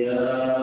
جاء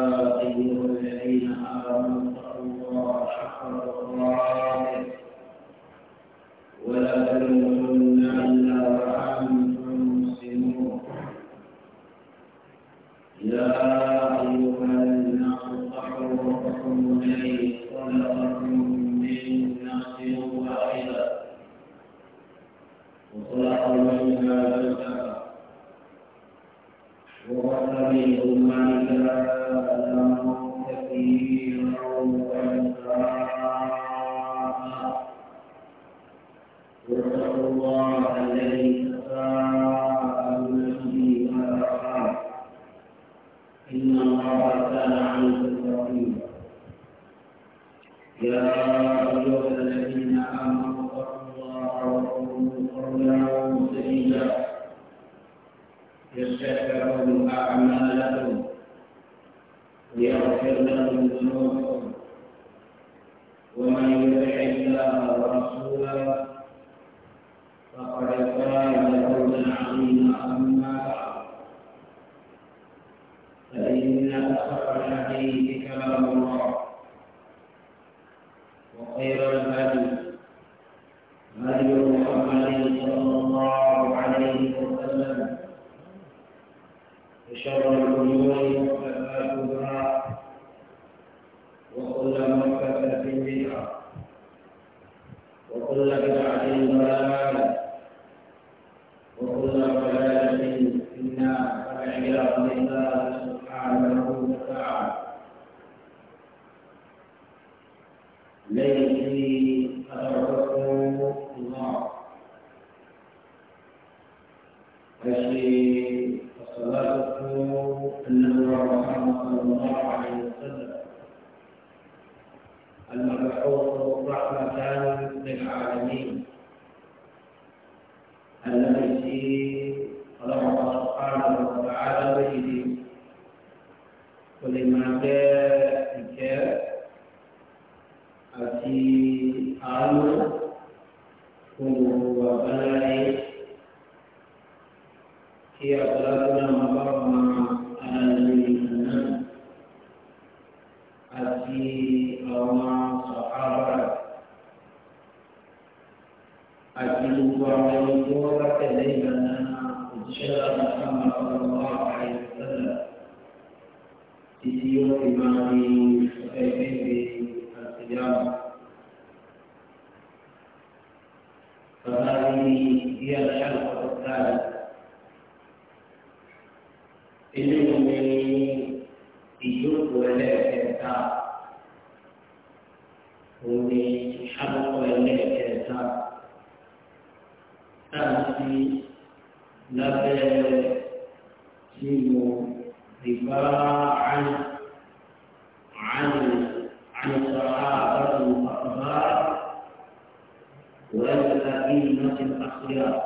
الذين الأخيار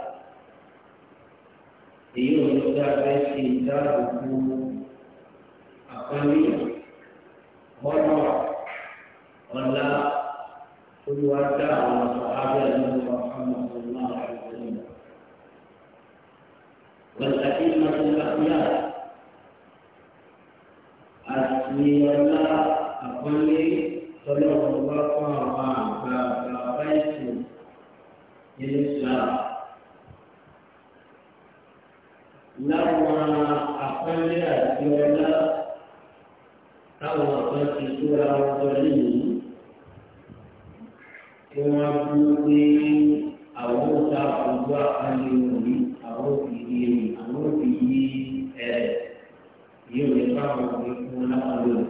يوجد في كتابه أقل مرة ولا كل ورداء وصحابة النبي محمد صلى الله عليه وسلم والأئمة الأخيار أسمي الله أقل صلى الله عليه وسلم nínú islam láwọn àpẹẹrẹ àti ọlá táwọn kan ti tóra ọjọ́ yìí tí wọ́n dúró pé àwọn ọ̀tá ọgbà àpẹẹrẹ òní àwọn òbí yìí àwọn òbí yìí ẹ̀ yóò lè fáwọn òbí fún wọn lápá lónìí.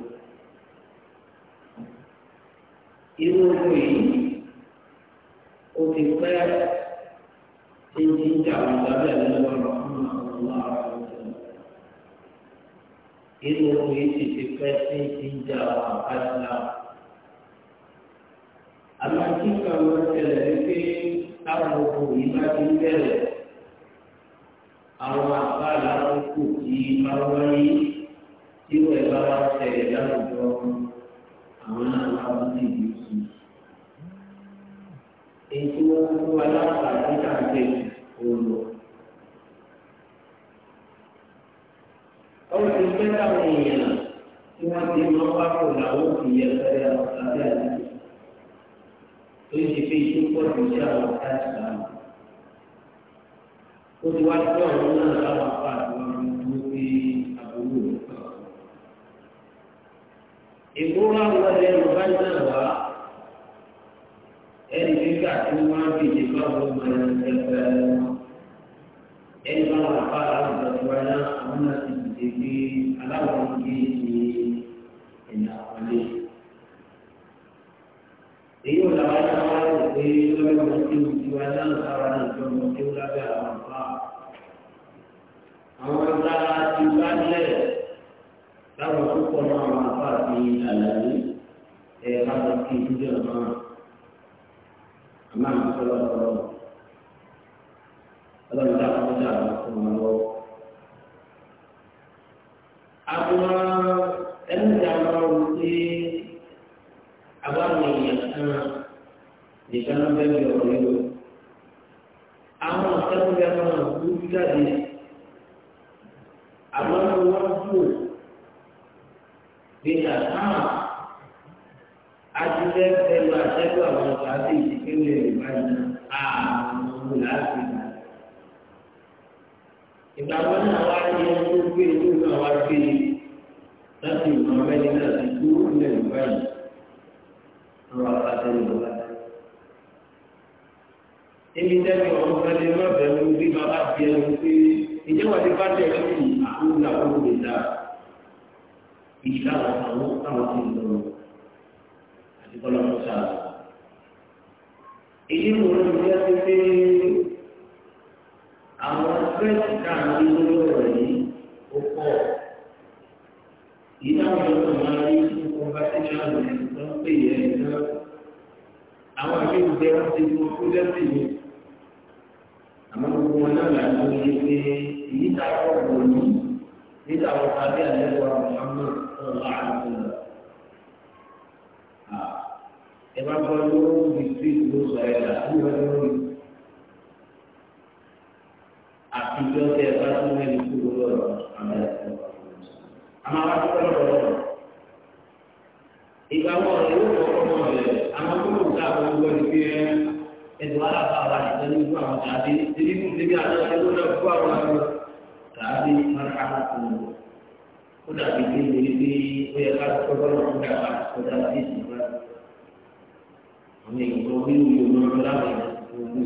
irú òkú yìí ti pẹ́ tí ń jíjà àwọn ìdábẹ́ lọ́wọ́ ọ̀hún àwọn àwọn inú omi sì ti pẹ́ tí ń jíjà àwọn àbájá. Àmọ́ kíkà wọn tẹ̀lé wípé táwọn ọkọ̀ yìí bá ti bẹ̀rẹ̀ àwọn àbáàlà ọkọ̀ yìí máa wáyé tí wọ́n ẹ̀ bá wá tẹ̀lé láwùjọ àwọn àwọn àbúrò ìlú. èyí tí wọ́n ń fún wa láǹfààní kàǹtì òòlù. ó ti pẹ́ táwọn èèyàn tí wọ́n ti mọ́ pápọ̀ làwọn ò fi yẹ fẹ́rẹ́ àbẹ́ àdúgbò. ó ti fi iṣẹ́ pọ̀ jù sí nígbà tí wọ́n fi lè bá wọn mọ ẹgbẹ́ ẹni bá wà bá àwùjọ tí wọ́n yá àwọn náà ti dìde pé aláwọ̀ ń gbé ní ẹ̀yà àpọ́nlé. èyí ò làwọn yá wá rò pé lọ́wọ́ wọn tí wọ́n ti wá yá lára náà jọ wọn tí ó lábẹ́ àwọn àpá. àwọn ìlara ti bá nílẹ̀ láwọn tó náà wọn àpá àti àlàyé ẹ̀ka lọ sí ìdílé ọ̀nà àmọ́ àwọn akọ́lọ́ ọ̀rọ̀ ọlọ́run dá àwọn ọjà àwọn fún wọn lọ́wọ́. àwọn ẹni tí a máa wò pé àbáwọn èèyàn kan nìkan ló àwọn akẹ́kọ̀ọ́ bí a máa wò ó jáde àwọn ọmọ wọn kú bí i àtàwọn adúlẹ̀ pẹ̀lú àṣẹ́jú àwọn ọ̀gáàbí ìdíkẹ́lẹ̀ ìbáyìí ààrùn ọ̀hún láti nà. ìgbàgbọ́ náà wá ní ẹni tó gbé inú náà wá gbé láti ìmọ̀ mẹ́ni náà ti kú ilẹ̀ ìbáyìí ọ̀rọ̀ àtàlẹ́ ìlú wa. ebi tẹ́lẹ̀ ọ̀hún fẹ́lẹ́ má bẹ̀rù bí bàbá bí ẹnu pé ìjọba ti bá tẹ̀ lórí àwọn ìlànà ìkọlọ̀ ọ̀sà. Èyí mú ló ń yá pípé àwọn fẹ́ẹ̀sì náà ní lórí ọ̀rọ̀ yìí ó pọ̀. Ìyí náà wọ́n lọ máa rí fún conversation rẹ̀ tó ń pè yẹn náà. Àwọn àbí ìgbẹ́ wọn ti fún fúlẹ́sì mi. Àmọ́ gbogbo wọn náà là ń lọ yé pé èyí ta ọ̀pọ̀ wọ̀ ní nígbà wọn tàbí àlẹ́ wa Mùhàmmad ọ̀la àná. àbúrò lórí àtijọ́ tẹ ẹ bá tún lẹ́nu kúrò lọ́rọ̀ àmì àti àmọ́ wá tó lọ́rọ̀ lọ́rọ̀. Ìgbà wọn ọ̀rẹ́ yóò kọ́ ọmọ rẹ̀ àwọn tó lò ká àwọn ọgbọ́n ní pé ẹ̀dùn alábà wà nìkan ní ìlú àwọn tàbí ebi kù síbi àdáṣe ló lọ fún àwọn ọmọ tàbí mara àwọn ọmọ ó dàbí pé ìdílé pé ó yẹ ká tó lọ́rọ̀ fún dàgbà kọjá sí ìsìnkú orí ìlú olóńgbò láwọn ìlú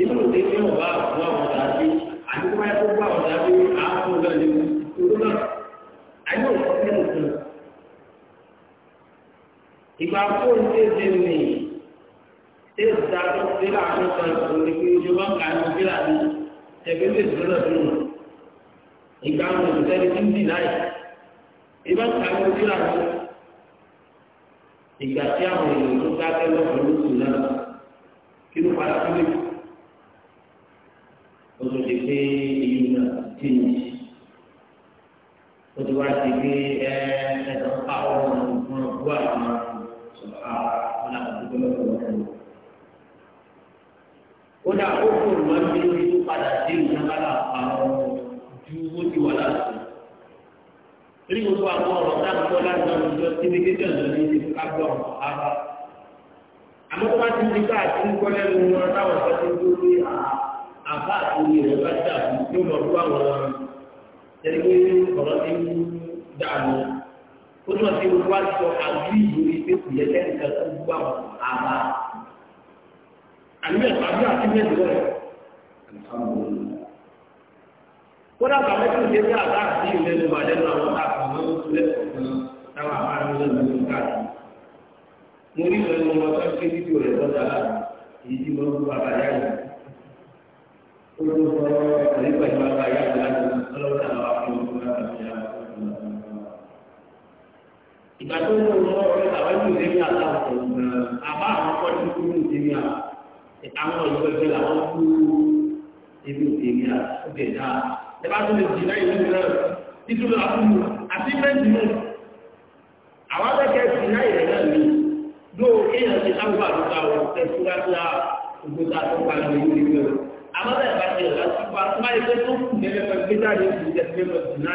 inú òde ní ọba àwọn àwọn dàbí àdúgbò ẹ tó bá àwọn dàbí àwọn ọ̀gá lè mú ìlú náà àyè òkú ní òkun ìgbà tó ń dé dé ní ṣé ìdájọ́ sí láàrin kan òní pé ìjọba ń ka ní ìgbéra ní ẹgbẹ́ lè dúró náà dúró ìgbà wọn ò tẹ́lẹ̀ tí ń dì láì ìbá ń ka ní ìgbéra ní ìgbà tí àwọn èèyàn tó dákẹ́ lọ́wọ́ lóṣù náà kí ló padà sílé o tó di pé èyí náà ti ń jì o tó wá di pé ẹ ẹ̀dọ̀ pa ọmọ nǹkan bú àwọn sọ̀rọ̀ àwọn àdúgbò lọ́wọ́ lọ́wọ́ ó dà ó kó olùmọ̀ bí ó sí ìjọba àwọn ju ó ti wà láti torí gbogbo àwọn ọ̀rọ̀ tá à ń gbọ́ láti ọ̀rọ̀ ìjọ tìbíkẹ́tì ọ̀nà ní ti ká gbọ́ ara. àmọ́ tó ti di ká àti ńkọ́ lẹ́nu wọn táwọn ọ̀sẹ̀ ti dúró ní àbá àti orí rẹ̀ bá dàbí yóò mọ̀ fún àwọn ẹni pé ọ̀rọ̀ ti ń dààmú. ó tún ọ̀sẹ̀ gbogbo wa sọ àbí ìlú pé kò yẹ lẹ́nu kan tó gbọ́ àwọn àbá. àmì ẹ̀fọ́ àbí àti mẹ́tọ́ kódà bàbá tó ṣe bí àbá àti ìlú ẹnu wà lẹ́nu àwọn àkàmọ́ lẹ́kọ̀ọ̀kan táwọn àbá ń lọ nínú káàkiri. mo rí ìlú ẹnu wọn tó ṣe fídíò rẹ̀ lọ́dà èyí tí wọ́n gbọ́ bàbá yá yìí. ó ló sọ ọ̀rẹ́ pẹ̀lú bàbá yá yìí láti ọlọ́wọ́ tà wá fún ọdún láti yá. ìgbà tó ń lọ ọ̀rẹ́ bàbá tó ṣe bí àbá àbá àwọn kọ́ ẹ̀bá tó lè jìnà ìlú náà títúlọ àkúrú àti mẹ́jì mú àwọn akẹ́kẹ́ jìnà ìrẹ̀ náà ní ló kéèyàn ti láwùbà lóta ọ̀ tẹ̀síwájá ògbóta tó pa ní ìlú ìlú rẹ̀ àmọ́tà ìbá ti rẹ̀ láti pa tó máa ẹgbẹ́ tó kù nílẹ̀ pẹ̀lú gbé jáde ìlú jẹ́ pé lọ jìnà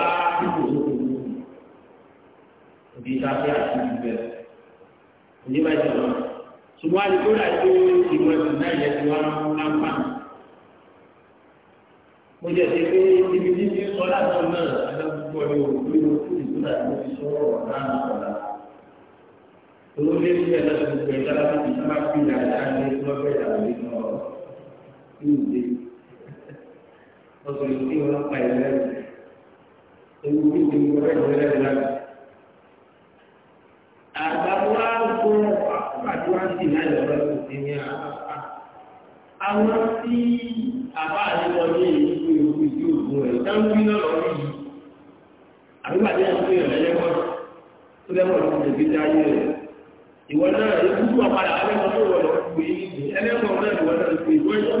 ìlú òsì tó bíi sáfẹ́ àti ìgbẹ́ òyìnbá ìjọba ṣùgbọ́n àdìgbòrà tó ìwọ ẹ̀sùn náà yẹ ti wá lápá mo jẹ ti pé ibi tí ti sọ láti ọ̀nà alágbègbè ọ̀rẹ́ òkú ló kú ìtura tó ti sọ ọ̀rọ̀ náà lọ́la owó lé ní ẹ̀dá tó gbẹ dára tó ti sábà fi ìyá ìyá ní lọ́gbẹ́ ìyàwó ní ọ̀rọ̀ tí ò dé ọ̀sẹ̀ ìlú tí wọ́n pa ìrẹ́lẹ̀ ewu tí ò dé ìwọ́n pa ìrẹ́lẹ̀ láti àgbàwá gbọ́ àgbàwá sì náà lọ́rọ̀ tó ti ní àwọn tí àbá àdéwọlé ìlú ìlú ìlú ògùn rẹ̀ dáńgbí lọ́rọ̀ yìí àbígbàdé àwọn èèyàn lẹ́yẹ́kọ́ tó lẹ́kọ̀ọ́ lọ́wọ́ tẹ̀sí dáyé rẹ̀ ìwọ náà yóò kú wà padà lẹ́kọ̀ọ́ tó wọ̀ lọ́wọ́ gbé yìí ẹlẹ́kọ̀ọ́ náà ìwọ náà gbé ìwọ ìṣọ́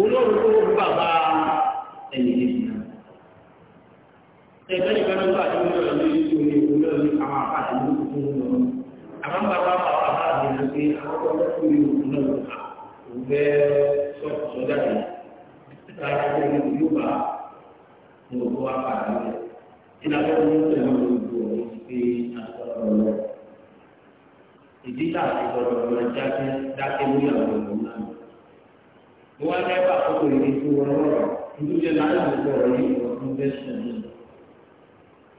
olóòrùn tó wọ́n bàbá ẹ̀yìn ní ìsìn ẹgbẹ́ nìkan ló bá àdúgbò náà lórí tí omi ìwúlò ní àwọn àpáàdé ní òkú lọ àwọn bàbá bàbá bàbá àti ìlú pé àwọn ọmọ tó ní òkú náà lọ kà ó bẹ́ sọ́ọ̀tù sọ́jà rẹ̀ nípa ìṣẹ́ ní ìlú bá ní òkú àpáàdé rẹ̀ ìlànà tó ń tẹ̀lé ọ̀rọ̀ ìlú ọ̀rọ̀ ti pé àtọ̀rọ̀ lọ ìdí tá àti ọ̀rọ̀ ọ̀rọ̀ jáde dákẹ́ lórí àwọn ọ̀rọ̀ náà wọ́n á lẹ́bàá àkókò ìdí tí wọ́n rọ̀ nítorí láyọ̀ ọ̀rọ̀ yìí ọ̀tún bẹ́sẹ̀ ní.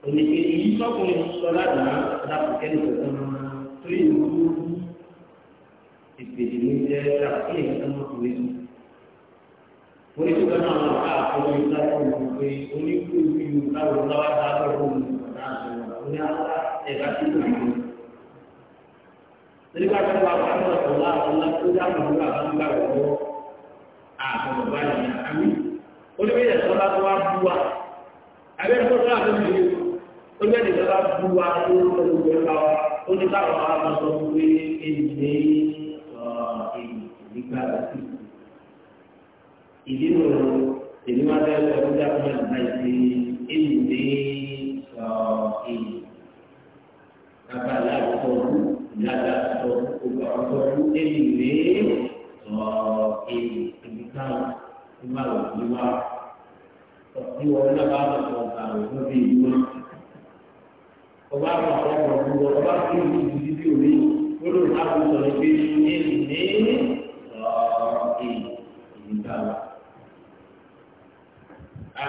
Ònìkè yìí sọ́kùnrin sọ ládàá dàpọ̀kẹ́ nìkan tó yẹ kó ìpèdè ní jẹ́ dàpọ̀kẹ́ nìkan tó kù lẹ́nu. Wọ́n ti gbọ́dọ̀ àwọn ọ̀gá àkọ́kọ́ ìta fún mi pé oníkúrú yìí láwọn ọ̀gáwá dá lọ́wọ́ mi Nígbà tí wọ́n bá wà lọ́sọ̀ọ́ láàrín láti ó dáhùn nígbà tó ń gbà àtọ̀rọ̀ báyìí ní àmì olùgbèdè tó bá tó wá bú wa abẹ́rẹ́ tó tó wà lórí ìlú olùgbèdè tó bá bú wa tó lórí ìlú wa ó ní káwọn wa máa sọ fún pé èdè ìgbà táwọn tó bá wà ní wá ọtí wọn náà bá wà lọ bá wọn lórí ìlú wọn. ọba àwọn àwọn ọmọ ọdún wọn ọba tó ní ìdílé bí òní wọn lòun láti sọ̀rọ̀ pé ní ní ọ̀ọ́dẹ ìgbà wa.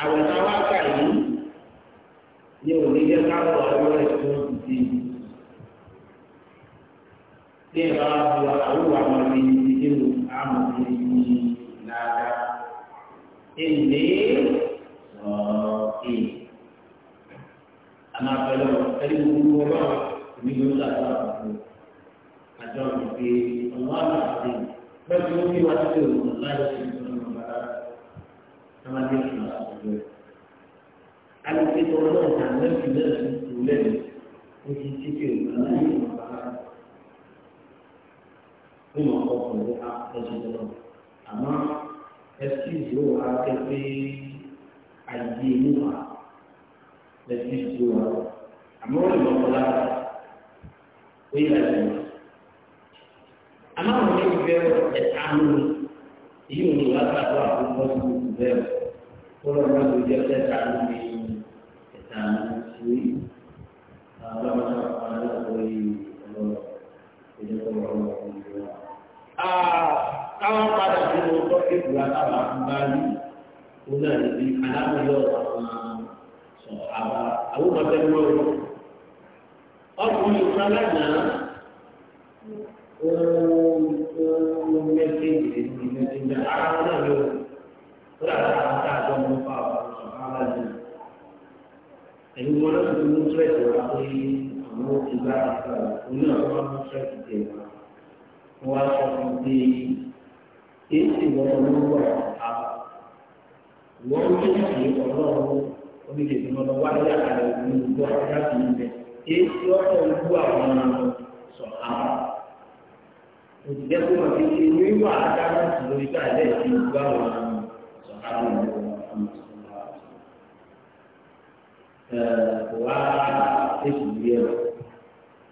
àwọn táwa kà yìí ní òní jẹ́ káwọn ọ̀rọ̀ rẹ̀ tó ti ní ìbára bí wà áwùwà wọn ni ìdílù àmọ̀tí ní nàdá. Èlé ọ̀ọ́kì. Àmọ́ àpẹẹrẹ ẹni gbogbo ọlọ́run èmi ló ń sàkóso àkókò. Àjọ mi pé ọlọ́run àti lọ́sí ó bí wá sí òun láyé sí ìtọ́nà bàbá ọmọdé ìlú àkókò. Alùpùpù ọlọ́run àti lẹ́sìn lẹ́sìn ìlú lẹ́nu ó ti ti fi òun láyé ìlú bàbá bí wọn kọ fún mi á ẹsẹ tó lọ àmọ́ ẹsíìsì ó wà á pé àyè nínú à ẹsíìsì ó wà á àmọ́ wọn lọ kọ lára ó yẹ àyè wọn àmọ́ àwọn ọmọ ìgbẹ́ ẹ̀ka ń lò èyí ò ní wàá gbà tó àkókò tó kù bẹ́ẹ̀ kó lọ́ọ́ máa lò jẹ́ ẹ̀ka ń lò ẹ̀ka ń sí i. Allahumma salli ala sayyidina Muhammad káwọn padà sí mo tọ́ ètò alábàá fún bá rí ó náà lè fi alábòyọ àwọn sọ àbá àwọn ọmọ bẹ́ẹ̀ mọ́ ọ. ọkùnrin kan lánàá ohun ohun mẹ́tẹ́ẹ̀dì ní mẹ́tẹ́ẹ̀dì ara wọn náà ló ó rà á ká àjọ mọ́ fà àwọn sọ ara jù. ẹ̀yin wọn náà ti mú tírẹ̀tì wá pé àwọn ìgbà àti àwọn oníyàwó wọn mú tírẹ̀tì jẹ̀ wá. wọ́n á sọ pé èyí sì wọ́n ń tún sí ọlọ́run oníkèké lọ́dọ̀ wá ní àkàrà gbọ́ láti ilẹ̀. Èyí sì àwọn. Òṣìṣẹ́ tó ṣe dáná sí lórí ká àwọn àwọn ọmọ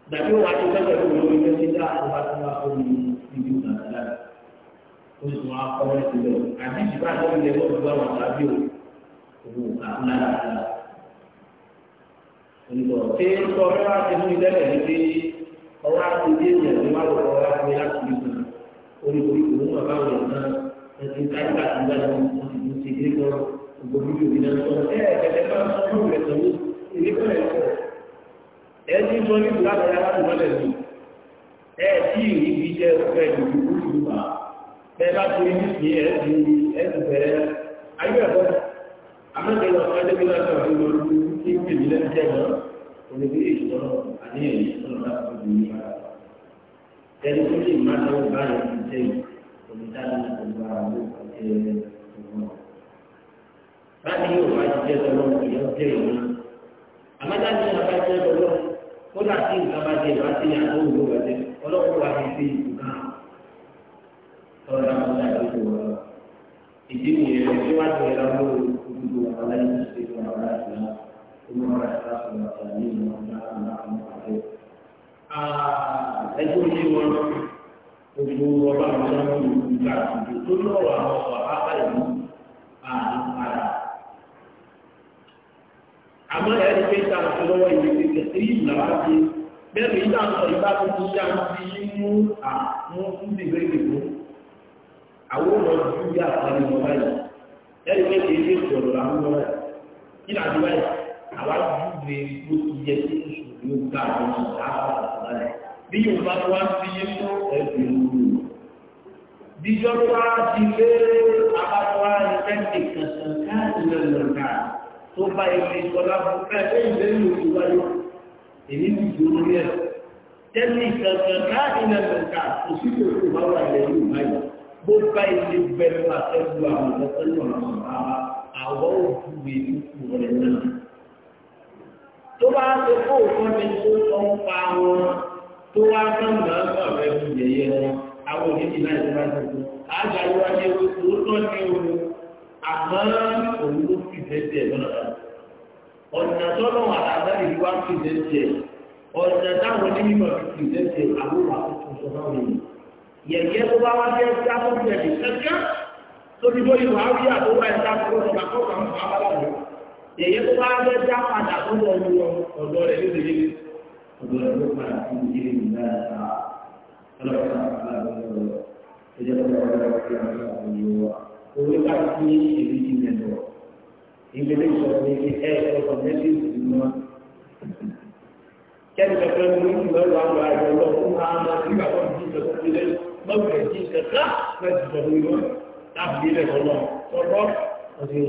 Tapi waktu kita dulu kita tidak dapat melakukan itu dan terus melakukan itu. Kami juga ada di dalam dua wajib. Bukan ada. Untuk tim korea itu tidak ada di orang itu dia cuma orang yang itu. Untuk itu maka kita mencintai kita dengan musik itu. Untuk itu kita eh kita semua ini kan ẹni tó ní ìgbà tó yára wọ́n lẹ̀ ní ẹ tí ìrìbí jẹ́ ọ̀fẹ́ ìlú kúrú bá bẹ́ẹ̀ bá tó ní sí ẹ̀sì ẹ̀sì bẹ̀rẹ̀ ayé ẹ̀kọ́ amẹ́kẹ̀lọ ọ̀fẹ́dẹ́gbẹ̀lá tó ní lọ sí kí n tèmi lẹ́nu jẹ́ mọ́ oníbi ìṣọ́ àníyàn ìṣọ́ láti fi ní ara ẹni tó ní ìmá tó bá yẹn ti jẹ́ onídàájú ọgbà àwọn kódà tí nǹkan bá jẹ ìwà sí àwọn òwúrò rẹ jẹ ọlọ́pàá wà ní sí ìlú náà tọ́lá ọ̀dà ìlú wa ìdí nìyẹn tí wàá tẹ̀lé lọ́wọ́ gbogbo àwọn aláìsí ṣe fún àwọn aláìsí náà ó mú àwọn aláìsí náà sọ̀rọ̀ àti àmì ìlú wọn náà wọn náà wọn pàdé. ẹgbẹ́ òní wọn gbogbo ọba àwọn ọmọ ìlú gbà tó lọ́wọ́ àwọn ọ̀rọ̀ àmọ́ ẹ̀rí pé ta ń lọ́wọ́ ìwé tètè sí ìlàwà sí bẹ́ẹ̀ ìdá ń sọ ìbá tó ti ṣe àwọn ti yí mú àmú fún ìgbé ìgbò àwọn ọmọ ìlú yà àpàdé wọn báyìí ẹ̀rí pé kì í ṣe ìṣòro àwọn ọmọ rẹ̀ kí ni àdúrà yìí àwa júwe ló ti yẹ sí ìṣòro gba àwọn ọ̀gá àpàdé rẹ̀ bí yóò bá wá sí yí mú ẹ̀bì òru bíjọ́ tó á ti lé abáwá ẹgbẹ́ nìkan kan káàkiri lọ́gàá tó bá ilé ìsọlá fún ẹgbẹ́ ìlé ìlú ìwáyé èyí ní ìdúró rí ẹ̀. tẹ́lẹ̀ ìkẹ̀kẹ̀ káàdì náà lọ́ka kò sí kò tó bá wà ilé ìlú ìwáyé bó bá ilé bẹ̀rẹ̀ àtẹ́gbù àwọn ọ̀sẹ̀lẹ̀ ọ̀sán àwọn òkúwe kúkú rẹ̀ náà. tó bá ṣe kó òkan ní tó sọ àmọ́ òun ló fi bẹ́ẹ̀ lọ́nà rẹ̀ ọ̀nà tọ́lọ̀ àtàgbàdì yìí wá fi bẹ́ẹ̀ ọ̀nà táwọn onímọ̀ fi bẹ́ẹ̀ àbúrò àkókò sọ́nà òun yẹ̀yẹ́ tó bá wá bẹ́ẹ̀ sí akókò ẹ̀dẹ̀ kẹ́kẹ́ tóbi tó yìí wàá rí àbúrò ẹ̀dá kúrò nípa kọ́kọ́ àwọn aláwọ̀ yẹ̀yẹ́ tó bá bẹ́ẹ̀ sí apàdà tó lọ ọ̀dọ́ rẹ̀ lóde ọ̀dọ́ rẹ̀ ló padà sí ìdílé ìgbà ẹ̀ka ọlọ́pàá àbúrò ẹ̀dẹ̀ kọ́kọ́ ọ̀dọ́ rẹ̀ orí bá ti èyí ti lẹ̀ lọ. Ìgbélé sọ pé ẹ ẹ̀kọ́ mẹ́tì sí mọ́. Kẹ́ni kẹ́kẹ́ mú ní ìlọ́rọ̀ àwọn àjọ lọ fún àmà nígbà tó ń jí sọ fún ilé lọ́gbẹ̀ẹ́ jí kẹ́kẹ́ láti sọ fún ìlú láti ilé ọ̀nà sọ̀rọ̀ ọ̀sẹ̀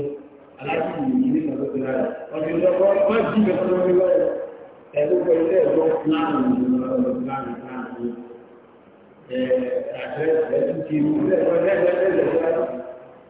aláàjì yìí ní ìgbàgbọ́ rẹ̀. Ọ̀sẹ̀ lọ́kọ́ má jí kẹ́kẹ́ lórí lọ́rọ̀ ẹ̀rú pẹ̀lú ẹ̀rọ láàrin ìlú láàrin láàrin. Ẹ̀ẹ́dẹ̀ẹ́dẹ̀ẹ́dẹ̀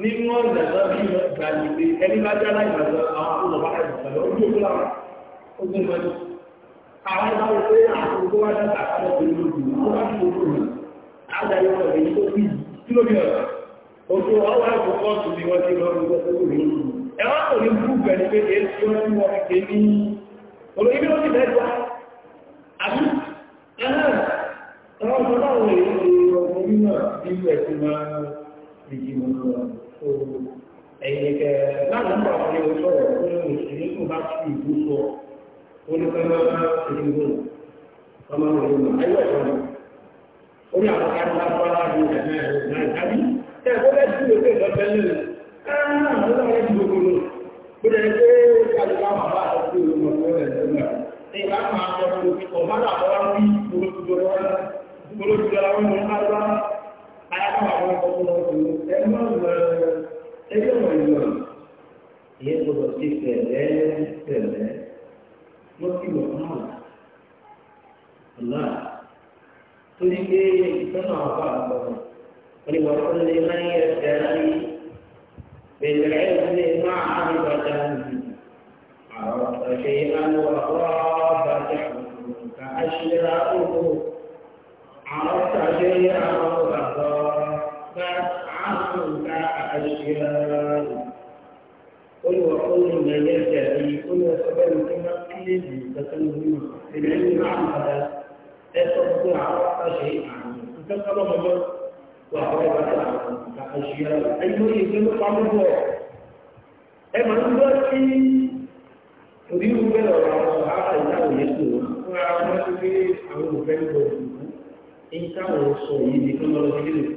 nínú ọ̀nà náà bí ìgbà ìgbé ẹni bá já láì bàjọ àwọn àkókò bá rẹ̀ bàjọ ojú òkú làwọn ogun mọ́ni. Àwọn ìgbà wo pé àkókò tó wá dáta àkọ́kọ́ pẹ̀lú ojú tó wá sí ojú rẹ̀. Àjà yóò sọ èyí tó bí kí ló bí ọ̀rọ̀. Ojú ọwọ́ ẹ̀kọ́ kọ́ọ̀tù ni wọ́n ti lọ rí ọjọ́ tó rí ojú. Ẹ wá kò ní bú pẹ̀lú pé kì í sí wọn tí wọ́n ké ní. Olóyè bí wọ́n ti bẹ́ẹ̀ gbá. Àbí ẹ̀hán ọ̀rọ̀ ọ̀sán láwọn èèyàn ti rọ̀ ẹ̀yìn kẹ láti pa àwọn ẹ̀wọ̀n sọ̀rọ̀ tó ní òṣèré tó bá ti ìlú sọ ó ní kọ́ máa máa ṣeré ìlú ọmọ ìlú mà ayé ọ̀sán ó ní àwọn kárí bá àwọn àwọn ọmọ ọdún ẹgbẹ́ ọ̀rọ̀ ẹgbẹ́ ọ̀rọ̀ ìlú ìyẹn gbọdọ̀ sí pẹ̀lẹ́ pẹ̀lẹ́ wọ́n sì wọ̀ náà ọ̀la torí pé ìtọ́nà àwọn àgbà wọn ni wọ́n fún mi máa ń yẹ ẹ̀sẹ̀ láyé bẹ̀rẹ̀ ẹ̀sẹ̀ máa ń bá dáhùn àwọn ọ̀sẹ̀ yìí máa ń wọ̀ ọ́ bá dáhùn ká aṣèrè àkókò àwọn ọ̀sẹ̀ yìí máa ń wọ̀. عنك أشياء قل وقل من يرتدي قل وسبب كما قيل تكلم بالعلم معرفة لا تستطيع عرفت شيئا أنت طلب وحرمت عنك أشياء أي يمكن قبله أما أنت تريد بلا وعرفها الله يسوع وعرفت به أو بلده إن كان يسوع يدي كما رجله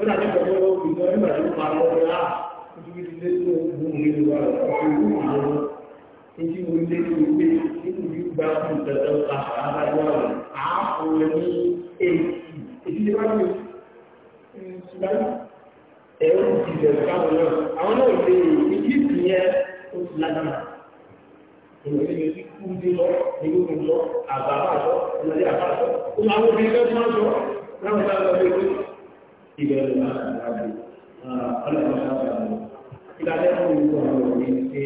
ó dàbí pẹ̀lú ọgbọ̀n ìjọ nígbà tó pa lọ́wọ́ rá nítorí ah, ilé tó gbọ́n mi lè wà ọ̀pọ̀ ìlú ìjọba èyí mo lé ní ilé nínú yìí gba fún ìtẹ̀tẹ̀ ọ̀tà àbájá rẹ̀ àápọ̀ rẹ̀ ní èyí èyí lè wá ní ìṣúgbáyé ẹ̀rọ ìjìnlẹ̀ ibẹ̀ ló máa ń dájú ah, ọlọ́run máa ń dájú. Ìgbà lẹ́nu ìlú ọ̀rọ̀ mi ni pé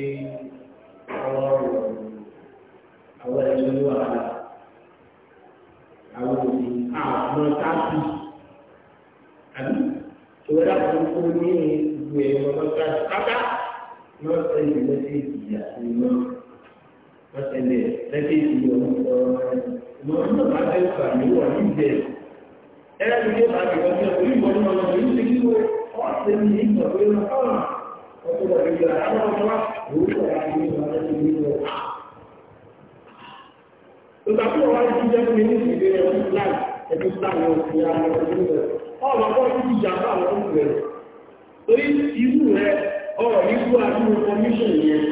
àwọn ọ̀rọ̀ àwọn ẹ̀ṣọ́ ló wà lára. Àwọn òbí àwọn táàbù àbí ìwé dàpọ̀ tó ní ìlú ẹ̀rọ lọ́sà pátá náà sẹ́yìn mẹ́sẹ̀jì àti náà wọ́n tẹ̀lé mẹ́sẹ̀jì ọ̀rọ̀ ọ̀rọ̀ ọ̀rọ̀ ọ̀rọ̀ ọ̀rọ̀ ọ̀rọ̀ ọ̀rọ̀ era el que para que cualquier turismo no lo dice que fue hace mi hijo fue una forma o sea que la rama no va usa la misma de su mismo lo tampoco a decir ya que me dice que era un plan que tú estás lo no lo o lo cual es que ya está lo que dice torí irú rẹ̀ ọ̀rọ̀ irú àdúgbò commission yẹn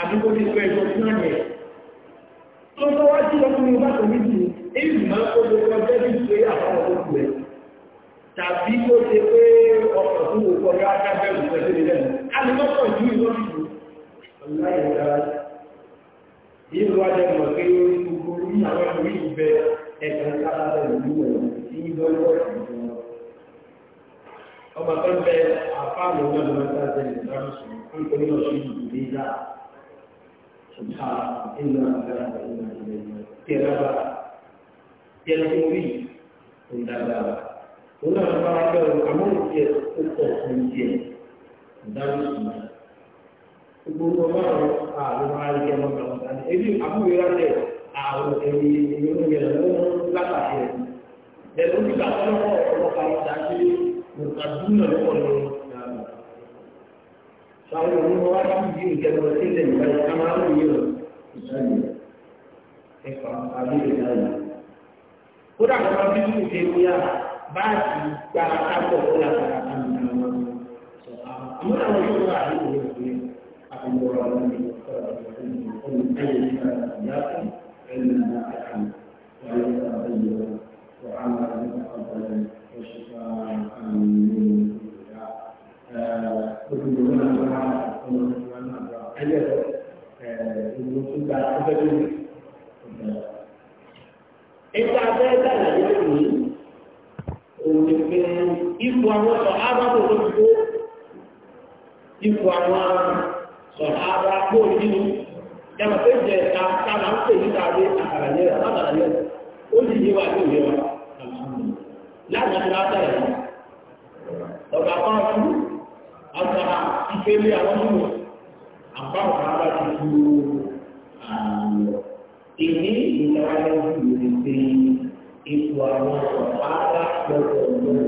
àdúgbò ti fẹ́ ẹjọ́ fún àyẹ̀ tó tọ́wọ́ sí ọkùnrin bá kọ̀ níbi èyí máa ń kó lóko ọjọ́ bí ìgbéyàwó tàbí kó ṣe pé ọkọ̀ tó wò kọjá ajábẹ̀rù pẹ̀lú ilẹ̀ alìmọ́sọ̀ ìlú ìlọ́sìlú aláìdára yìí wá jẹ́ mọ̀ pé gbogbo ní àwọn ìlú ìbẹ ẹ̀kọ́ sábàbẹ̀ ìlú ẹ̀ tí ń bọ́ lọ́wọ́ ìjọba ọmọ tó ń bẹ àfáàlù náà lọ́wọ́ sábẹ̀ ìdáhùsùn ń pè ní ọ̀ṣun ìlú nígbà ṣùgbà ìlú àgbàrá ìlú àgbàrá tẹ̀lé bá tẹ̀lé tó rí ìdágbára òun náà fara bẹ́ẹ̀ o àmọ́ òun tiẹ̀ ó pọ̀ fún tiẹ̀ ìdájọ́ sùn náà gbogbo ọmọ àwọn àwọn aráàlú ọmọ àwọn ọmọ ebi àbúrò rẹ àwọn ẹni ìlú yẹn lọ́wọ́ látàkì rẹ lẹ́nu nígbà tó lọ́wọ́ ọmọ kan dájú nǹkan dúró lọ́wọ́ lọ́wọ́ sáwọn ọmọ wa ti di ìjẹun sí ilẹ̀ ìgbà yìí ká máa ń yé o ìsáyé ẹ̀fọ́ àbí ìsáyé kódà kan bí kò ṣe ń yára. báàsì gbára kápọ̀ ó látara àmì àwọn àmọ́ àwọn yóò wà ní ìwé ìwé àbúrò àwọn olùkọ́ni ìyáàfin ẹni ní àkàmì wáyé àbẹ̀yẹ وعمل أفضل وشفاء من كل ما نرى وما نسمع أجل المسلمين أجل إذا أتيت على يومي òní pé ipò àwọn sọ̀hábà tó ló kó ipò àwọn sọ̀hábà kó nínú yàtọ̀ pé jẹ ẹ̀ka kára ń pè níta wé àkàrà yẹn àkàrà yẹn ó sì yé wa ní ìwé wa láti ṣe láti ẹ̀ ipò àwọn ọ̀pá lọ́wọ́ lọ́wọ́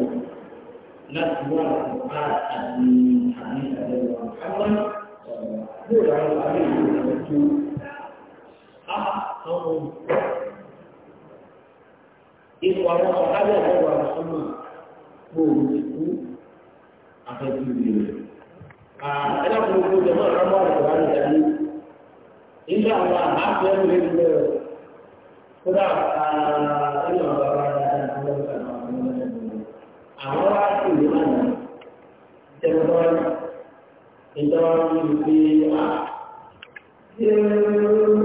láti wá ọ̀pá àti àmì ìdàgbàsókè àwọn yóò rà ọ́ àmì ìdàgbàsókè á àwọn ipò àwọn ọ̀pá lọ́wọ́ àtúmọ̀ gbòòrò ti kú àfẹ́jú rẹ̀. Ẹ̀dá kúrò kúrò jẹ́ mọ́ àrámọ́ àrẹ̀wá nìkan ní. Ilé àwọn àbáfẹ́ ń lé lọ́wọ́ kódà ẹ̀yọ̀ bàbá dáadáa tó ń bá àwọn ọmọ ẹ̀ àwọn wá sí ìlú àná tẹ̀wọ́n ìjọba ń fi à ah, ṣé ẹ̀sìn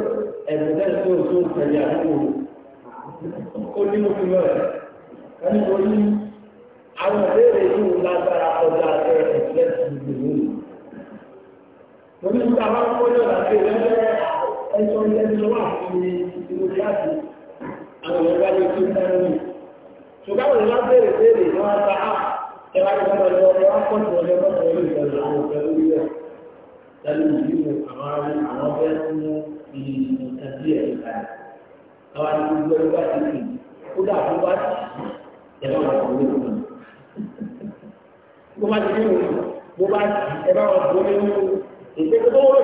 tẹ́lẹ̀ tó tó ń tẹ̀lé àdúgbò ó ní mo fi lọ ẹ̀ ẹni tó ní àwọn ìbéèrè yìí ń lágbára ọjà ẹ̀ ẹ̀sìn tẹ́lẹ̀ àwọn èèyàn wá lè fi mọ́ ní. ṣùgbọ́n àwọn èèyàn béèrè béèrè ní wọ́n bá a ah, ẹ wá lọ́wọ́ lọ́wọ́ ẹ wá pọ̀ tó ọjọ́ mọ́tò lórí ìgbàlù àwọn ọ̀gá lórí rẹ̀ lálẹ́ ìlú àwọn arí àwọn fẹ́ mú ìtàbí ẹ̀ kalẹ̀. àwọn àti gbogbo ẹni bá ti fi kódà tó bá ti ẹ bá wà lórí ìgbàlù. bó bá ti fi bó bá ti ẹ bá wà lórí ìgbàlù. ìgbésẹ̀ tó wọ́n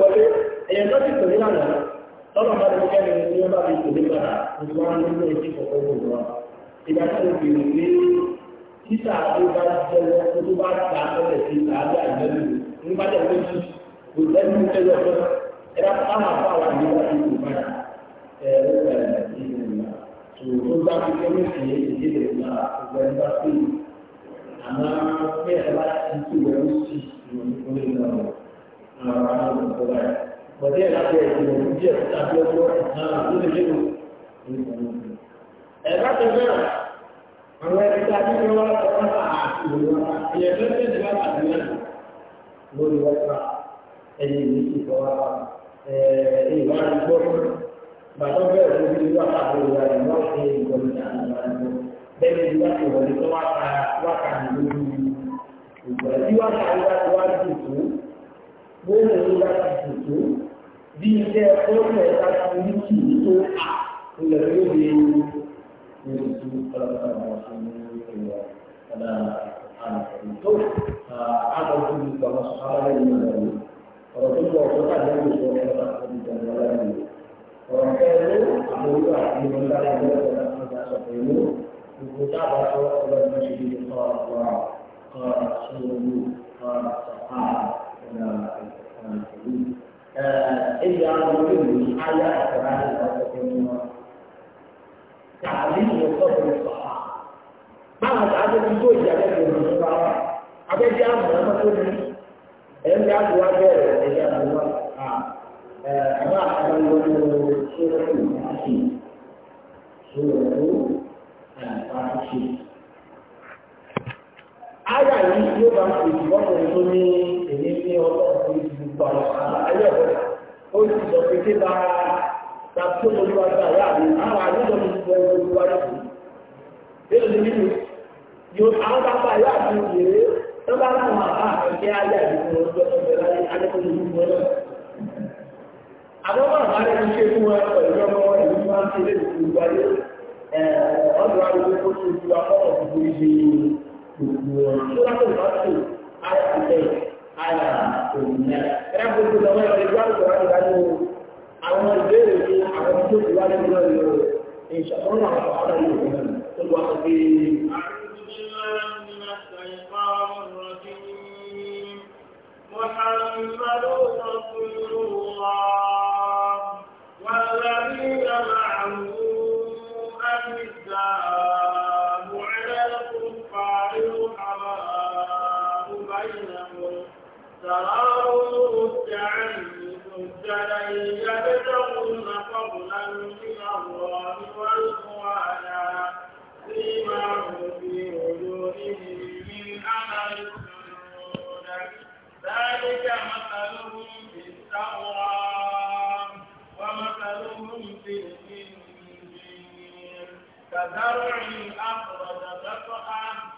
lọ́ tọ́lọ̀ bá lè jẹ́ ẹni tí ó bá lè tò nípa ìṣúná nínú ìdí kọ̀ọ̀kan wò lọ. ìgbà tí o bèrè pé títà tó bá jẹ́wọ́ tó tó bá ta tẹ́lẹ̀ sí tàbí àjẹ́lù nígbà tí o ti kò lẹ́nu tẹ́lẹ̀ fún ẹ bá bá wà fún àwọn àgbẹ̀ láti kò padà ẹ ó bẹ̀rẹ̀ sí ìrìnà. tó bá fi kẹ́mí sí ìdílé ìgbà ọgbẹ́ni bá pè é àmọ́ bí ẹ bá ti tó ẹ ó sì ìròyìn kọ́lé náà àwọn àwọn ọ̀gbọ́n báyìí bọ̀dé ẹ̀ lábẹ́ ìlú díẹ̀ tàbí ọjọ́ náà ló lè léwu ẹ̀ bá tẹ̀lé àwọn ẹni tí a ti fi wọ́n lọ́wọ́ náà àti òwò ìyẹn tó tẹ̀lé wá tàbí náà lórí wọ́pá ẹ̀yìn ìlú ti fọ́ wá ìwà àdúgbò bàtọ́ bẹ́ẹ̀ ló fi wá pàtó ìwà ìwà ṣe ìgbọ̀nìyà ìwà ìwà bẹ́ẹ̀ ni wá ti wọlé tó wá ka wá ka ní lójú ìgbà tí wá ka wá ti wá ti tó bóyá ìwà ti tó bí iṣẹ́ ọlọ́pàá ẹ̀ka ti rí kì í tó à ilẹ̀ tó lè ní oṣù ọlọ́pàá àwọn ọ̀sán ní ìwà ọ̀dà àlùfẹ́ tó àgbọ̀dọ̀ ní ìgbàgbọ́ sọ́kàlẹ̀ ní ìgbàgbọ́ ọ̀rọ̀ tó bọ̀ ọ̀sán tàbí oṣù ọlọ́pàá àti ìgbàgbọ́ láàyè ọ̀rọ̀ pẹ̀lú àwọn olú àti ìmọ̀lára ìgbàgbọ́ láti sọ pẹ̀lú gbogbo dábàá sọ ọlọ́pàá ṣe lè kọ́ ọ̀rọ̀ kọ́ ọ̀rọ̀ sọ́wọ́ إلا يدل على أسرار الأسرار تعليم قدر الصحابة بعد عدد الزوج عليه من الصحابة عدد أمر ما تقول أنت عدد واجب إن شاء الله أما أقل سورة الحشيد سورة الحشيد Ayà yìí yóò bá ti ìwọ́pọ̀ tó ní èyí ní ọlọ́run ìgbàlọ̀ àlàyé ó sì sọ pé kí bá ta tó lórí wa gba ìyá mi àwọn àdúgbò mi ti bẹ̀rẹ̀ lórí wa yìí. Bẹ́ẹ̀ ni nínú yóò àwọn bàbá ìyá mi yèrè tó bá láwọn àbá àkẹ́kẹ́ ayé àdúgbò lọ́jọ́ tó bẹ̀rẹ̀ láyé adékòó lórí wọn náà. Àwọn bàbá rẹ̀ ti ṣe fún wọn pẹ̀lú ọmọ ìlú máa ń ṣe lé ìgbà yìí. Ọ̀dọ̀ àdúgbò tó ṣe ju akọ́kọ̀ gbogbo ìṣe gbogbo ọ̀rọ̀. Ṣé àlà òmìnira. Ẹ̀rọ gbogbo lọ́wọ́ ẹ̀rọ ìgbà tó wà níwájú àwọn ìbéèrè ní àwọn tó ti wá nínú náà yóò ìṣàkóso àwọn ọ̀rọ̀ yóò wọ́n tó lọ́wọ́ sọ pé. محمد رسول تراهم ركعا سجدا يبتغون فضلا من الله ورضوانا سيماهم في وجوههم من امل السجود ذلك مثلهم في التوراه ومثلهم في الانجيل كزرع اخرج بطأه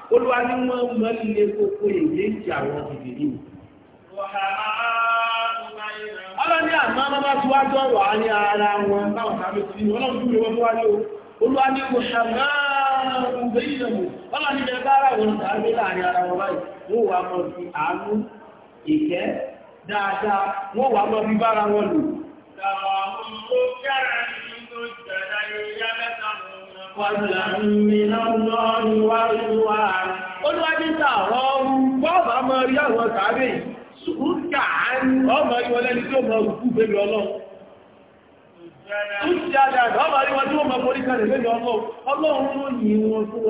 olúwa ní wọ́n mọ́ ilé kókó èyí ti àwọn mi. ọlọ́ni àmọ́ ọmọ bá tó ọ̀rọ̀ á ní ara wọn báwọn sáré sí ni ọlọ́run tún wà wọ́n tó ní ara wọn sáré láàrin ara wọn báyìí wọ́n wà mọ́ fi wọ́n wà mọ́ fi wọn Olúwájítà ọ̀rọ̀ bọ́ọ̀bà mọ́ rí àwọn tàbí ṣùgbùkà ọmọ ìwọlẹ́ni tí ó mọ̀ òkú bèbè ọlọ́run. Ó àjàdà ọmọ ìwọlẹ́ni tí ó mọ̀ ọgbọ ọgbọ. Ọgbọ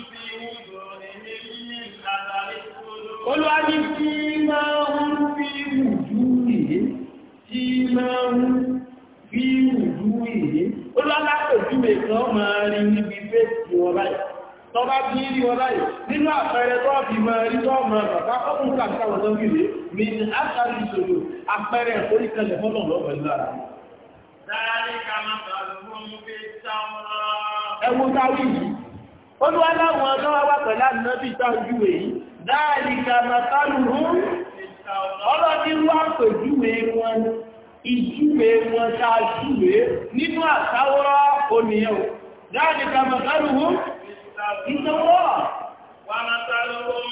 olúwa ní kí máa ń fi wùdú ìyé tí máa ń fi wùdú ìyé olúwa lápòjú mẹ́kan máa rí níbi fẹ́ẹ̀sì wọn báyìí tọ́ bá bí rí wọn báyìí nínú àpẹẹrẹ tó fi máa rí tọ́ máa bàbá kọ́kùn kàkàwọ̀ tó rí rí mi ní àtàrí ìṣòro àpẹẹrẹ ìforí kalẹ̀ fọ́lọ̀ lọ́wọ́ lára ẹwọ́n táwí yìí olúwa láwọn ọjọ́ wá pẹ̀lú ànábì táwí yìí dáàdìkà màtàlùhún ọlọ́dí wá pẹ̀júwé wọn ìjúwé wọn ṣáàjúwé nínú àtàwọ́rọ́ oníyàn dáàdìkà màtàlùhún ìtàwọ́ wà màtàlùhún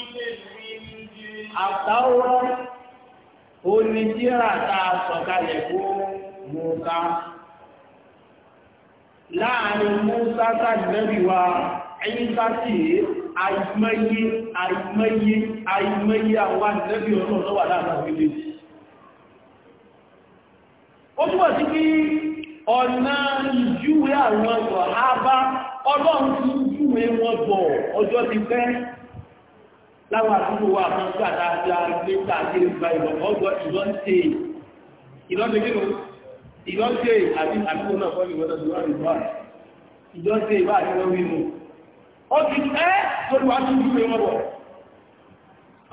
àtàwọ́rọ́ oníjírà tàà sọ̀kalẹ̀ fún mọ́ká láàrin mọ́sá sáàdìlẹ́bíwá ẹ̀yìn bá sí àìmọye àìmọye àìmọye àwọn àìlẹ́bí ọlọ́run lọ́wà láàrín orílẹ̀ ó túnbọ̀ sí pé ọ̀nà ìjúwé àwọn ọ̀hábá ọlọ́run ti júwé wọn bọ̀ ọjọ́ ti pẹ́ láwọn àdúgbò wa kan gbà dáadáa ilé tààdé gba ìrọ̀kọ́gbọ́ ìlọ́ǹtẹ̀ ìlọ́ǹtẹ̀ àbí àdúgbò náà fọ́ ìwọ́n náà ti wá ìjọ́ǹtẹ̀ ìbá àti wọ́n wí nù ó ti ẹ́ olùwà ti fi pé wọ́n wọ̀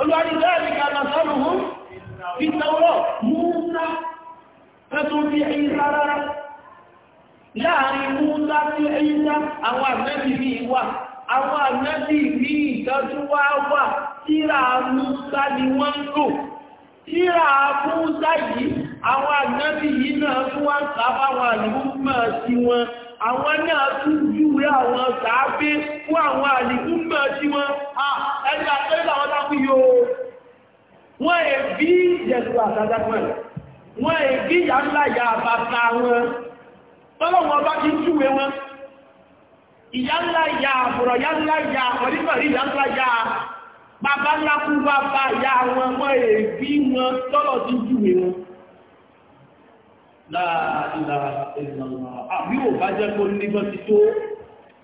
olùwà ti lẹ́ẹ̀ ní kàrà sọ́rọ̀ pẹ̀tù bí láàrin sá àwọn àmẹ́bí bí wà àwọn àmẹ́bí bí ìtọ́jú wá wà ni wọ́n ń lò yìí àwọn àmẹ́bí yìí náà fún àwọn náà tún júwe àwọn sàábé fún àwọn àlìkúnmọ̀ tí wọ́n ẹni àtẹ́lẹ̀ àwọn tápù yóò wọ́n è bí jẹ̀sù àtàdápọ̀ wọ́n è bí ìyá ńlá ìyá àbàtà wọn tọ́lọ̀wọ́n bá ti júwe wọn ìyá ńlá ìyá àbùrọ̀ ìyá ńlá ìyá ọ̀dífẹ̀rí ìyá ńlá ìyá bàbá ńlá kú bàbá ìyá láàrínlá ìrìnàmà ah, bí ò bá jẹ́ kó nígbọ́ ti tó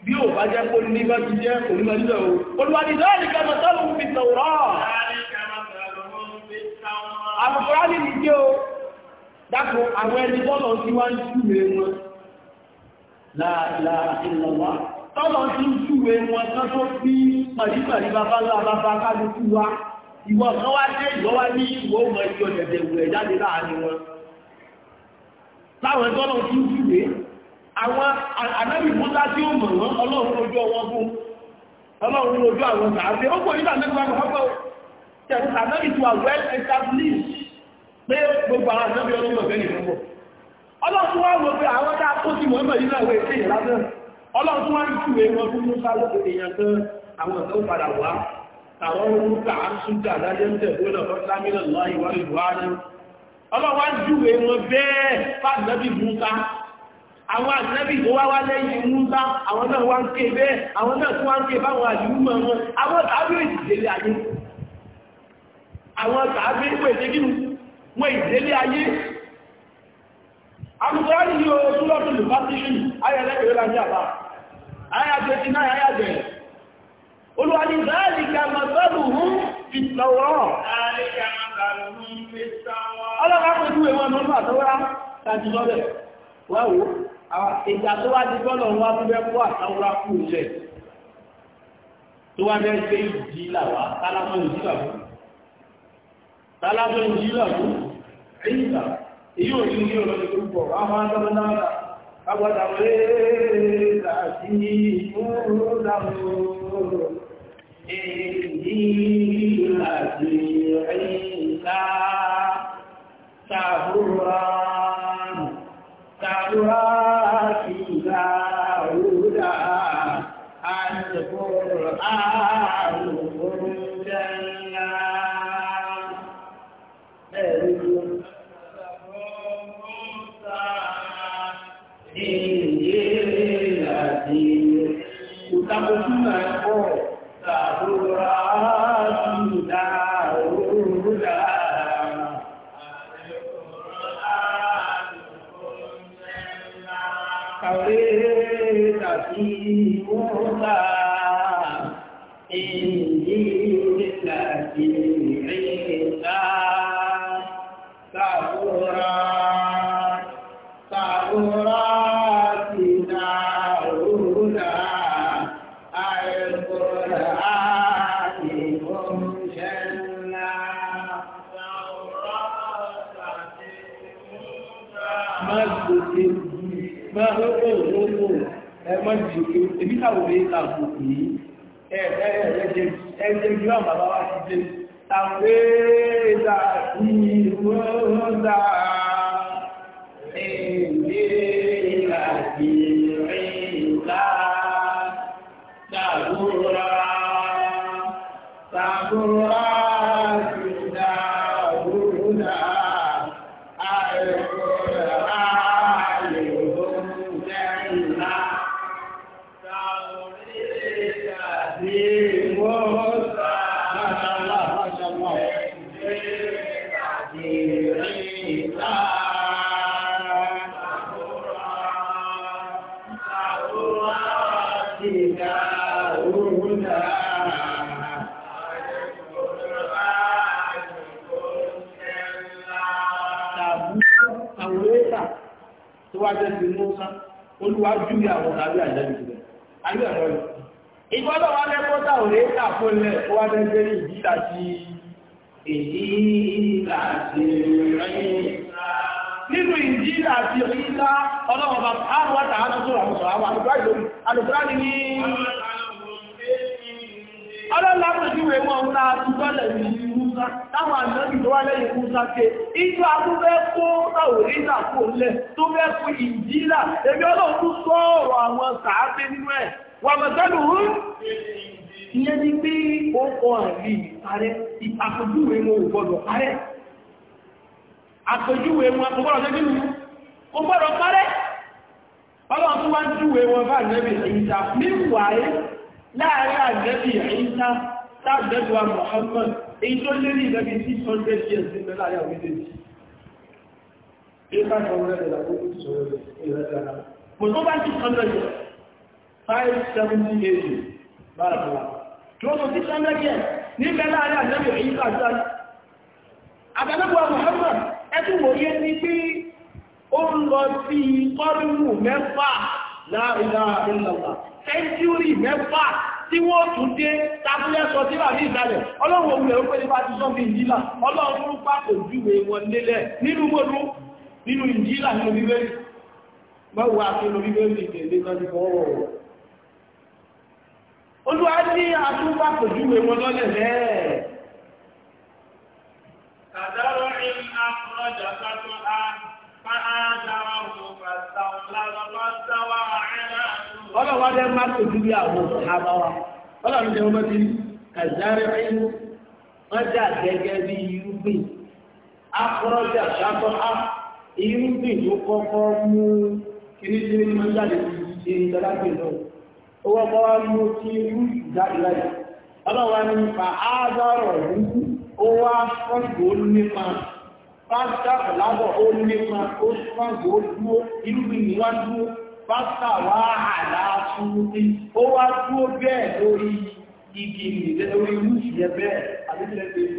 bí ò bá jẹ́ kó nígbọ́ ti jẹ́ onímọ̀lúwẹ̀ o olùwàdìdá nìkà mọ̀sánù fi tàwùrọ̀ àmọ̀kọ̀rá ní ìjẹ́ o dákùn àwọn ẹni bọ́lọ̀ tí wá ń súwé wọn láàrínlá ìrìnàmà tọ́lọ̀ tí ń súwé wọn tán tó bí pàdípàdí bàbá lábàbá kálukú wa ìwọ̀n kan wá dé ìwọ́wá ní ìwọ̀ láwọn ẹgbẹ́ ọlọ́run tí ń júwe àwọn ànábì mọ́lá tí ó mọ̀ wọ́n ọlọ́run lójú ọwọ́ fún ọlọ́run àwọn ó pọ̀ nígbà tẹ̀lú tí well established pé gbogbo àwọn ọlọ́run ọ̀fẹ́ ọlọ́wà júwe wọn bẹ́ẹ̀ fàdínàbí Musa àwọn ànábì tó wá wá lẹ́yìn Musa àwọn náà wá ń ké bẹ́ẹ̀ àwọn náà tó wá ń ké báwọn àdìmúmọ̀ wọn àwọn tàbí ìdílé ayé àwọn tàbí ìpèsèkínú wọn ìdílé ayé àmùsọ́rọ̀ ní ọdúnlọ́dún lè bá sí ṣì ayẹ́lẹ́gbẹ̀rẹ́ láti àbá ayájẹ́ tí náà ayájẹ́ olùwàní záàlì kàmàtọ́lù hún fi tọ̀wọ́ ọlọ́run àpòjú ìwọ̀n nọ́mbà tó wá tàbí lọ́bẹ̀ wá wò ìjà tó wá ti gbọ́dọ̀ wá tó bẹ́ kó àtàwọn akú ilẹ̀ tó wá bẹ́ gbé ìdí làwà tálámọ́ ìdí làwà tálámọ́ ìdí làwà èyí là èyí ò ní ní ọlọ́dún tó pọ̀ àwọn adọ́dọ́ náà agbọ́dà wẹ́ẹ́ láti ìmúrúdàmọ́ èyí láti ẹ̀yìn الله تهران تهران إلى هدى القرآن مجلى Kita berjumpa, oh, tak berhasil dah. kàwé àpò pè é ẹ̀ẹ́dẹ̀ bí wọ́n bàbá wá sí pé àwé ìdàkùn àpòlẹ̀ wá lẹ́gbẹ́ ìdí àti èdè àti rẹ̀. Nínú ìdí àti rílá ọlọ́ọ̀bà àwọn àtàrà tó rà sọ àwọn àdúgbà ìlú àdúgbà ní ní ọlọ́lápòjúwé wọn ń lá àtúgbọ́lẹ̀ ní Musa táwọn àjọ́bì tó wá lẹ́yìn Musa ké ìjọ àtúgbẹ́ kó tàwòrídà kò lẹ̀ tó fẹ́ fún ìdílà èmi ọlọ́run tó sọ́ọ̀rọ̀ àwọn sàábé nínú ẹ̀ wà mọ̀sẹ́lù ìyẹn ni pé ó kọ́ àrí ààrẹ àpòjúwe wọn ò gbọdọ̀ ààrẹ àpòjúwe wọn kò gbọdọ̀ lẹ́gbẹ̀ẹ́ mi kò gbọdọ̀ parẹ́ ọlọ́run tó wá ń júwe wọn bá nẹ́bì àyíká níwàáyé láàárín ànẹ́bì àyíká sáàbẹ̀dùwà Muhammad èyí lọ́nà sí sẹ́mẹ́gẹ̀ ní mẹ́lá àrẹ àjẹ́bì èyí sàtàlì àgbẹ̀lẹ́gbọ̀ Muhammad ẹtù wòye ní pé ó ń lọ sí kọ́rùnù mẹ́fà láàrínà ìlọ́wà sẹ́ńtúrì mẹ́fà tí wọ́n tún dé tábúlẹ́sọ tí wà ní ìdálẹ̀ ọlọ́run òun lẹ́rọ pẹ́lú bá ti sọ́ bí ìjìlá ọlọ́run ń pa kò júwe wọn lélẹ̀ nínú gbogbo nínú ìjìlá nínú bíbélì mọ́wàá tí olóbíbélì ìdẹ̀lẹ́ náà ti fọwọ́ olúwa ní àtúbà pèjúwe wọn lọ́lẹ̀ lẹ́ẹ̀. kàdárọ̀ máa tòjú bí àwọn àbáwá. Ọlọ́run jẹ́ ọmọ ti kàzárẹ́ ẹ̀yìn. Wọ́n jà gẹ́gẹ́ bí irúgbìn. Akọ́rọ́jà ṣàtọ́ á. Irúgbìn ló kọ́kọ́ mú kiri tí ó máa jáde ní ìdálágbè owó kọ́ wá mú kí irú jáde láyé ọlọ́wà ní fa áádọ́rọ̀ rú ó wá fọ́gbò nípa pásítà lábọ̀ ó nípa ó fọ́gbò dúó irúgbìn ní wá dúó pásítà wá àdáṣúrúdí ó wá dúó bẹ́ẹ̀ lórí igi ìrìnlẹ̀ orí irú ìyẹ bẹ́ẹ̀ àbíkẹ́lẹ́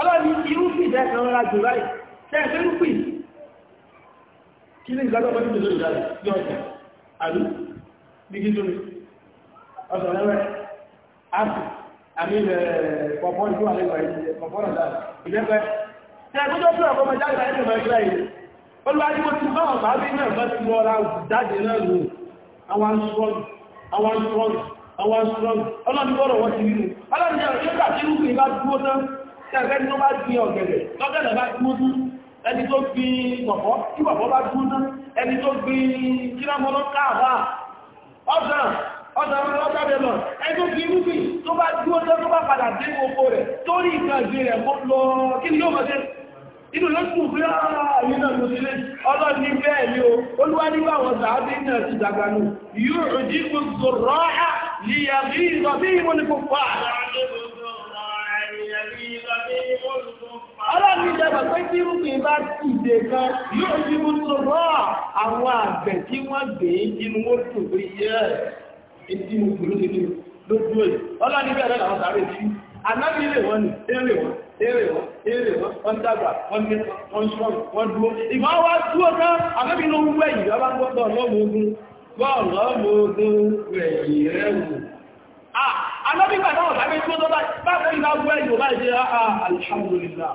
Ọlọ́run irúfì ìdẹ́kan rárá jù láì, kí ní ìgbàgbà bá nílò lórí ìdájọ́ sí ọjà àlú dígí lórí ọ̀sán lẹ́wẹ̀ áàpù àmì pọ̀pọ̀ ìlú àlẹ́wà pọ̀pọ̀ ọ̀dà ìlẹ́fẹ́ ẹgbẹ́jọ́ fún ọkọ̀ mẹ́ta ìgbà ìlú mẹ́ta ìlú olùwájú mo ti bá ọ̀bá bí náà bá ti lọ ra jáde náà lò àwọn strong àwọn strong àwọn strong ọlọ́run bọ́rọ̀ wọ́n ti rí mu ọlọ́run jẹ́ ọ̀rọ̀ yóò gbà tí irúgbìn bá dúró náà tí àgbẹ́ni tó bá gbin ọ̀gẹ̀dẹ̀ lọ́gẹ̀dẹ̀ bá dúró dúró ẹni tó gbin pọ̀pọ̀ kí pọ̀pọ̀ bá dúró náà ẹni tó gbin kílámọ́lọ́ káàbà ọ̀sán ọ̀sán ọ̀sán bẹ̀rẹ̀ ẹni tó gbin irúgbìn tó bá dúró náà tó bá padà dé oko rẹ̀ torí ìkàgbé rẹ̀ mọ́ lọ kí ni yóò mọ̀ sí inú ló kù bí ààrin náà ló sílé ọlọ́ni bẹ́ẹ̀ ni o olúwa nígbà wọn sàábí náà ti dàgbà nù yóò rí kò sọ̀rọ̀ á ní àbí ìsọ̀bí ìwọ̀n ni kò pa àdára ọlọ́ni ìjọba pé tí rúgbìn bá dìde kan yóò yí mú tó rọ́ àwọn àgbẹ̀ tí wọ́n gbé inú ó tò pé yẹ́ etí mú gbòrò nínú lójú ẹ̀ ọlọ́ni bẹ̀rẹ̀ làwọn sáré sí anábì ilé wọn ni eré wọn eré wọn eré wọn wọn dàgbà wọn ní wọn sọ̀rọ̀ wọn dúró ìgbà wa dúró tán anábì ló ń wẹ yìí ọba ń gbọ́dọ̀ lọ́mọ ogun bọ́ọ̀lù ọmọ ogun rẹ̀ yìí rẹ̀ wò anábì gbà náà sáré tí ó tọ́ báyìí báyìí náà wẹ yìí ọba ìṣe ah, ah, alhamdulillah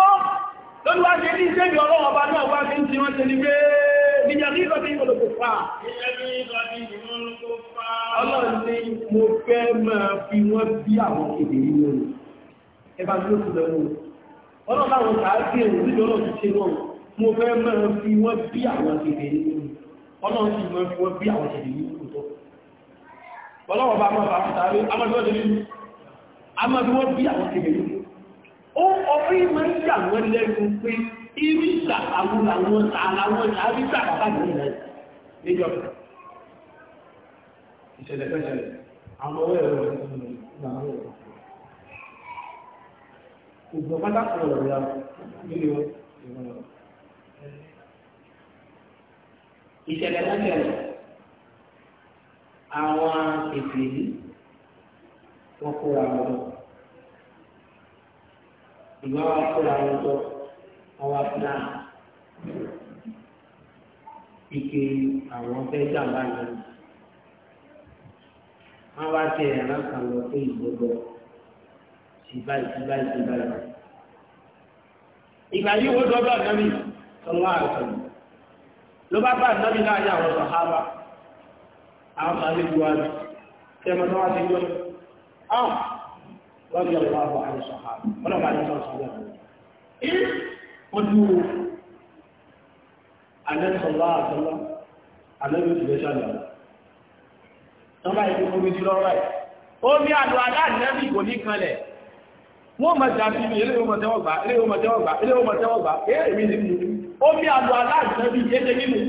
lórí wá ṣe ní ìṣẹ́bì ọlọ́wọ́ bá náà wá fi ń ti wọ́n ṣe ní pé níjà ní ìlọ́tí ìmọ̀lòkò fà ọlọ́run ni mo fẹ́ máa fi wọ́n bí àwọn èdè nínú ẹbá tí ó ti lẹ́wọ́ ọlọ́run àwọn sàárì ẹ̀rù níjọ́ náà ti ṣe wọ́n mo fẹ́ máa fi wọ́n bí àwọn èdè nínú ọlọ́run sì máa fi wọ́n bí àwọn èdè nínú tó ọlọ́wọ́ bá máa bá wọn sàárì amọ́bí wọ́n bí àwọn èdè nínú ó ọmọ ìmọ̀ ń yà wọ́n lẹ́nu pé irísà àwọn àwọn àwọn àrísà àbájú rẹ̀ níjọ́ ìṣẹ̀lẹ̀ fẹ́ṣẹ̀lẹ̀ àwọn ọwọ́ ẹ̀rọ ìgbọ̀n pátákì ọ̀rọ̀ ya nílé ìṣẹ̀lẹ̀ fẹ́ṣẹ̀lẹ̀ àwọn ètò ìlú wọ́n kóra ọ̀rọ̀ ìgbà wa kó la wọn jọ ọwọ́ fúnà ike àwọn fẹ́ jàmbá yẹn wọn wá tẹ ẹ̀rọ kan lọ pé ìgbọgbọ sí báyìí sí báyìí sí báyìí ìgbà yìí wọ́n dọ́dọ̀ ànábì sọlá àtọ̀nù ló bá bá ànábì láàyè àwọn sàhábà àwọn sàhábà wa tẹmọ náà wá sí gbọ́dọ̀. lọ́dí ọ̀pọ̀ àbọ̀ àìsàn ààbò ọlọ́pàá àìsàn ṣùgbọ́n ojú àlẹ́sọ̀lá àtọ́lá àlẹ́bí ìgbẹ́ sálà tọ́lá ìlú omi ti lọ́rọ̀ ẹ̀ omi àlọ́ aláàlẹ́bí kò ní kanlẹ̀ wọ́n mọ̀ jà sí ilé ọmọ tẹ́wọ́gbà ilé ọmọ tẹ́wọ́gbà ilé ọmọ tẹ́wọ́gbà èmi ní mú omi àlọ́ aláàlẹ́bí kéde nínú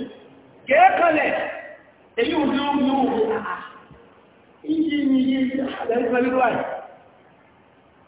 kéèkanlẹ̀ èyí ò ní ó mú òun àà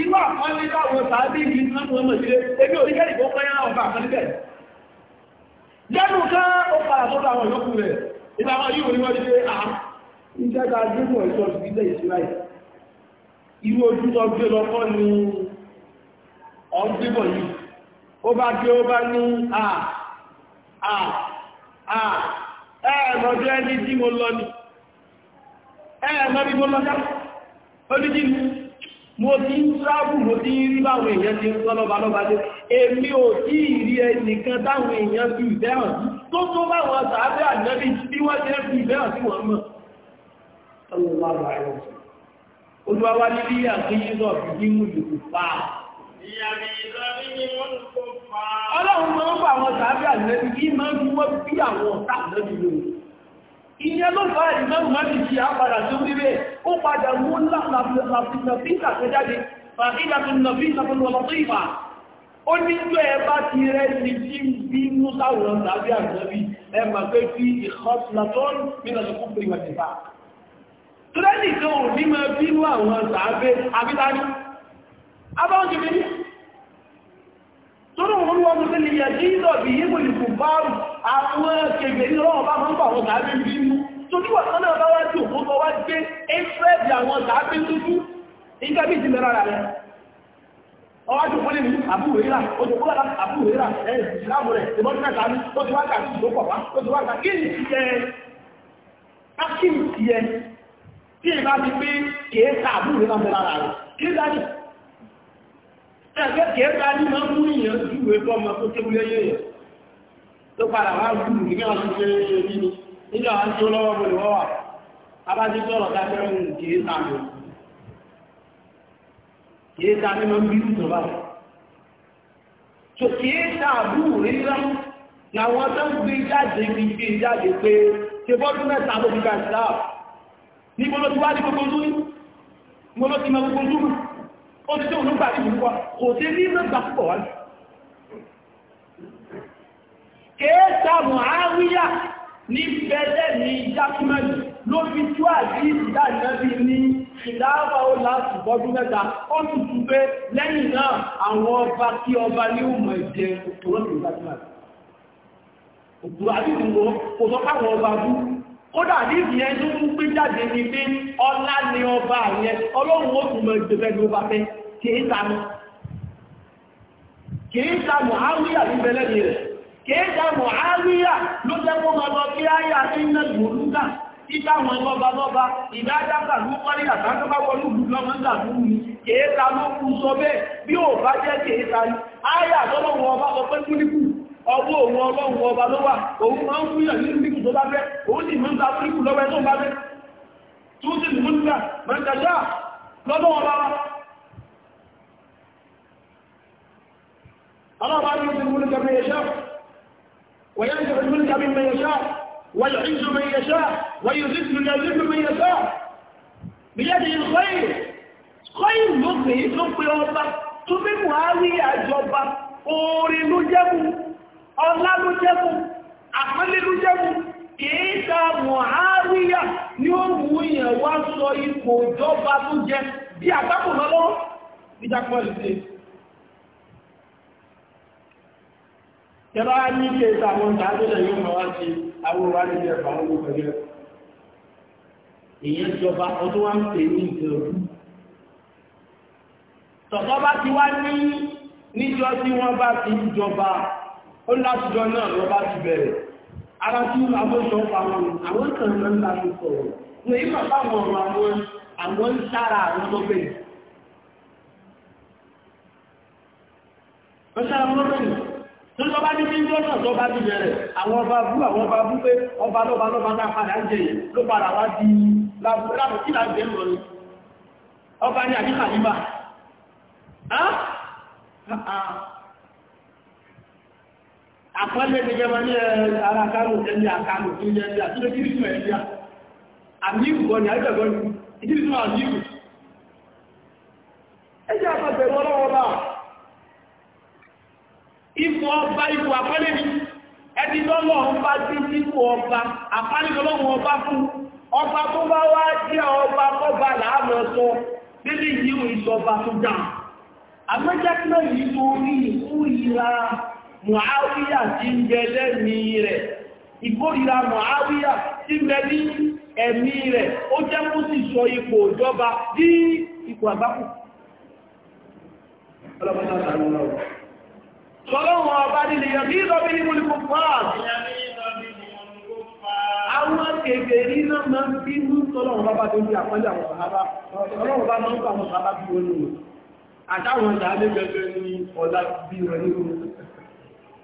inú àkọọ́lẹ̀ báwọn sàábí yìí ní wọ́n mọ̀ sílé ebi oríkẹ́lì kó pẹ́ yára ọba àkọọ́lẹ̀ bẹ̀rẹ̀ lẹ́nu ká ó padà tó àwọn ìyókù rẹ̀ ìgbà wọn yíò ní wọ́n ti pé a iṣẹ́ ta gbẹ́mọ̀ ìṣọ́ ìgbẹ́ ìṣúráì irú ojú tó gbé lọ́kọ́ ni ọgbẹ́bọ̀ yìí ó bá gbé ó bá ní à à à ẹ̀ẹ̀mọ̀jọ́ ẹni tí mo lọ ni ẹ̀ẹ̀mọ̀ bí mo lọ mo ti ń sáàbù mo ti ń rí báwọn èèyàn ti ń sọ lọ́ba lọ́ba dé èmi ò tí ì rí ẹnìkan táwọn èèyàn fi ìfẹ́ hàn tó tó báwọn sàábẹ́ àjẹ́bí bí wọ́n jẹ́ fi ìfẹ́ hàn sí wọn mọ̀ olùwàwà ní bí àkíyí sọ fìdí mú ìlú pa ọlọ́run máa ń bá àwọn sàábẹ́ àjẹ́bí kí máa ń fi bí àwọn ọ̀tá àjẹ́bí lónìí ìyẹn ló bá ìmẹ́rù máa ti àpàdà tó wíwé ó padà mú láfíìsà tó jáde fàílàtò nàfíìsà tó lọ lọ́tọ́ ìfà ó ní tó ẹ bá ti rẹ̀ sí tí bí mú sáwòrán tàbí àgbẹ̀bí ẹ mà pé fi ìkọ́sùlátọ́n mílọ̀lọ́ fún pé ìwàjẹ̀bá tírẹ́nì tó ò ní mẹ́ bí wà wọn tàbí abílání abáwọn jẹ́ torí wọn wọ́n tó lè yẹ jíìdọ̀ bí i wọ́n ìlú bárù àwọn kèbèrè lọ́wọ́ bá máa ń bà wọn tàbí bí mú tó ní wọ̀sán náà bá wá tí òkú tó wá gbé ẹ́fẹ́ẹ̀dì àwọn tàbí dúdú nígbà bí ti mẹ́ra rẹ̀ ọwájú fún ní àbúrẹ́rà ojòkúrà àbúrẹ́rà ìsìlámù rẹ̀ ìmọ́dúnmẹ́ta ní ó ti wá kà sí ìlú pọ̀pá ó ti wá kà kí ní ti yẹ kí ní ti yẹ tí ìbá ti pé kìí ká àbúrẹ́rà mẹ́ra rẹ̀ kí ní ẹgbẹ́kẹ̀ẹ́ bá ní máa mú ìyàn sí ìwé fọ́mọ tó tó lẹ́yẹ yẹ ló padà wá rú nígbà wọn ṣe nínú nígbà wọn tí ó lọ́wọ́ bọ̀ lọ́wọ́ wà abájí sọ̀rọ̀ dájọ́ ń kìí sàmì kìí sàmì máa ń bí ìjọba tó kìí sàbú rírá làwọn tó ń gbé jáde bí gbé jáde pé ṣe bọ́dún mẹ́ta ló fi ó ti tí òun gbà tí òun wá kò sí ní mẹ́gbà púpọ̀ wá ní kéèta mọ̀háwíyà ní bẹ̀rẹ̀ ní jákúmẹ́lì ló fi tú àdíjì dáìlẹ́bí ní ìdáwà ó láti bọ́dún mẹ́ta ó tún tún pé lẹ́yìn náà àwọn ọba kí ọba ní òmò ìjẹ òpùrọ̀ kódà níbi yẹn tó ń gbé jáde ní pé ọlá ni ọba yẹn ọlọ́run ó tún mọ ìgbẹ́fẹ́ ní ọba fẹ́ kìí sanu kìí sanu áwíyà ní bẹ́lẹ̀ ní rẹ̀ kìí sanu áwíyà ló jẹ́ kó máa lọ kí áyà ní iná gbòlúgbà títà àwọn ọba lọ́ba ìdájáta ló kọ́lé àtàkọ́bá wọlú lọ́mọ ń dàbí mi kìí sanu kú sọ bẹ́ẹ̀ bí ò bá jẹ́ ọwọ́ òun ọlọ́run ọba ló wà òun máa ń fúyàn ní ìpínkù tó bá fẹ́ òun sì máa ń ta fúrikù lọ́wẹ́ tó bá fẹ́ tó sì mú nígbà mẹ́tẹ̀ṣà lọ́dọ̀ ọba ọlọ́ba ní ìpínkù ní kẹfẹ́ yẹṣẹ́ wọ́yẹ́ ìpínkù ní kẹfẹ́ mẹ́ yẹṣẹ́ wọ́yẹ́ ìṣù mẹ́ yẹṣẹ́ wọ́yẹ́ ìṣù mẹ́ yẹṣẹ́ bíyẹ́ ọba tó bí buhari àjọba orin ló jẹ́ mú ọlá ló jẹ́ fún àpọ́nlé ló jẹ́ fún ìdá mọ̀háríyà ni ó mú ìyẹn wá sọ ipò ìjọba tó jẹ bí àgbákò náà lọ́wọ́ ìjàpọ̀ ìṣe tẹ́lá ní ilé ìtàwọn ìdájọ́lẹ̀ yóò máa wá sí àwọn ìwádìí ẹ̀fà àwọn olùgbẹ̀rẹ̀ ìjọba ti ó látijọ́ náà lọ bá ti bẹ̀rẹ̀ ara tí abóṣọ́ pàwọn àwọn kan náà ń bá mi sọ̀rọ̀ ní ìmọ̀ fáwọn ọ̀rọ̀ àwọn àwọn ń sára àwọn lọ́bẹ̀ wọ́n sára lọ́bẹ̀ tó lọ bá ní bí ní ọ̀nà tó bá ti bẹ̀rẹ̀ àwọn ọba bú àwọn ọba bú pé ọba lọ́ba lọ́ba náà padà ń jẹ ló padà wá di lábùkú kí láti jẹ́ lọ ni ọba ní àdíkà níbà àpẹẹlẹ gẹ́gẹ́ wọn ní eh, ara kánù tẹ́lẹ̀ àkánù tó jẹ́ ẹ̀dẹ́ àti lókè ìtumọ̀ ẹ̀dẹ́ àmìyíkù gọ́ ni àìbẹ̀gọ́ ni ìdí ìtumọ̀ àmìyíkù ẹjẹ́ àpẹẹlẹ wọn ọrụ ọba ipò àpẹẹlẹ ni ẹni lọ́wọ́ ọba tí ọba Mùháwíyà ti ń bẹ lẹ́mìí rẹ̀, ìkórìíra Mùháwíyà ti ń bẹ ní ẹ̀mí rẹ̀, ó jẹ́ kó sọ ipò ìjọba ní ipò àgbákù. ọba ní bí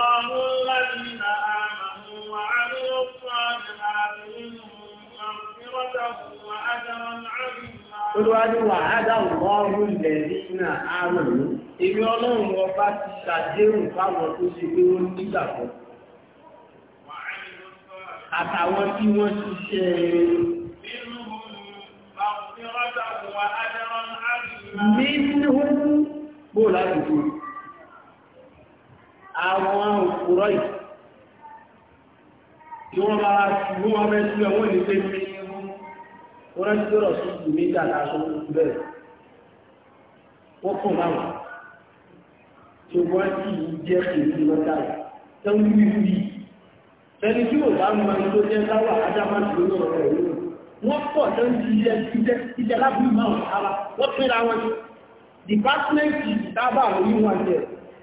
الله الذين آمنوا وعملوا الصالحات منهم مغفرة وأجرا عظيما Olúwàdíwà Adáwọ̀lọ́rù lẹ̀rí náà àrùn èmi ọlọ́run ọba ti ṣàdéhùn fáwọn tó ṣe pé ó nígbàgbọ́. Àtàwọn tí wọ́n ti ṣe ẹ̀rẹ́ Nínú bó láti fún àwọn òkúrọ̀ yìí tí wọ́n bá ṣubú wọn bẹ́ sí ọwọ́ ìlẹ́gbẹ́ ní wọ́n rẹ́ sí ọ̀rọ̀ sí ìmídà láṣọ bẹ́ẹ̀ wọ́n kàn láwọn tí wọ́n sì jẹ́ kìí lọ́dà tẹ́ ń wí wí ẹni tí ò bá mọ ẹni tó jẹ́ láwà ádámá tí ó lọ́rọ̀ rẹ̀ lónìí wọ́n pọ̀ tó ń di ìjẹ́ lábúrú máa ń sára wọ́n pẹ́ra wọn dìpátímẹ́ǹtì ìdábà orí wọn jẹ́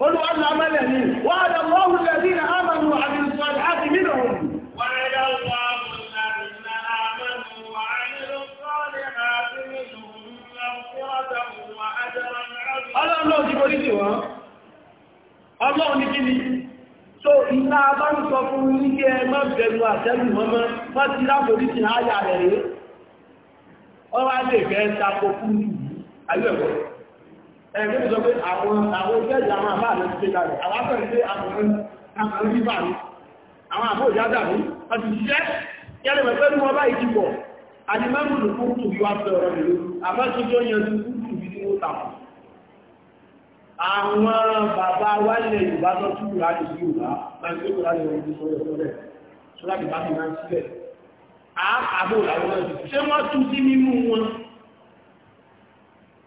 قلوا na عملني وعد الله الذين آمنوا وعملوا الصالحات منهم وعد الله الذين آمنوا وعملوا الصالحات منهم مغفرة وأجرا عظيما ألا الله تقولي الله نكني so iná bá ń sọ fún ní kí ẹ má bẹ̀rù àtẹ́lù mọ́mọ́ wọ́n ti lábòrí sí àyà rẹ̀ rí ọwá lè fẹ́ sàkó fún ìlú ayé ẹ̀kọ́ ẹ̀rí sọ pé àwọn iṣẹ́ ìyá máa bá àlẹ́ ṣe kalẹ̀ àwọn afẹ́rẹ́ pé àwọn rí bá mi àwọn àbó ìyá dàbí ọdún ṣiṣẹ́ yẹ́lẹ̀ mẹ́fẹ́ ní wọ́n bá ìdí pọ̀ alimẹ́mù ló kún tù yóò afẹ́ ọ̀rọ̀ ìlú àbáṣe tó yẹn tó kún tù bí nínú tàbí àwọn bàbá wálẹ̀ Yorùbá tó tún kùrá ní Yorùbá máa ń gbé kùrá ní orí sọ́yọ̀ sọ́lẹ̀ sọ́lá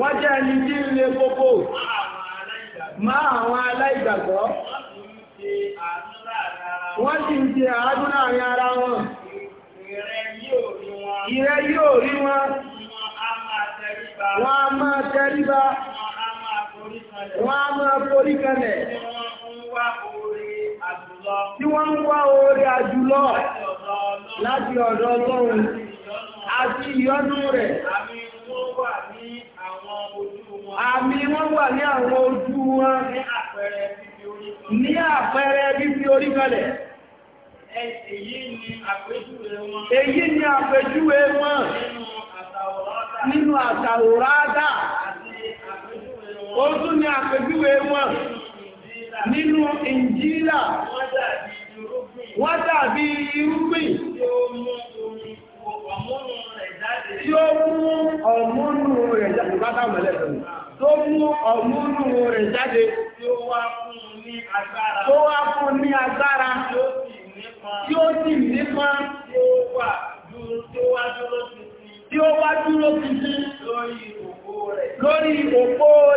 wọ́n jẹ́ ẹni tí ń le kókó máa àwọn aláìgbàgbọ́ wọ́n sì ń ṣe àánú láàrin ara wọn ìrẹ́ yóò rí wọn wọ́n a máa tẹríba wọ́n a máa forí kalẹ̀ tí wọ́n ń wá orí àjùlọ láti ọ̀dọ̀ ọlọ́run àti ìyọ́nú rẹ̀. Àmì wọ́n wà ní àwọn ojú wọn ní àpẹẹrẹ bíbí orí kalẹ̀. Èyí ni àpèjúwe wọn nínú àtàwòrádà. Ó ni àpèjúwe wọn. nínú ìnjílà wọ́n dàbí irúgbìn tí ó mú ọ̀múnú rẹ̀ jáde bátà mẹ́lẹ̀kùn tó mú ọ̀múnú rẹ̀ jáde tí ó wá fún ní agbára tí ó sì nípa tí ó wá dúró títí lórí òpó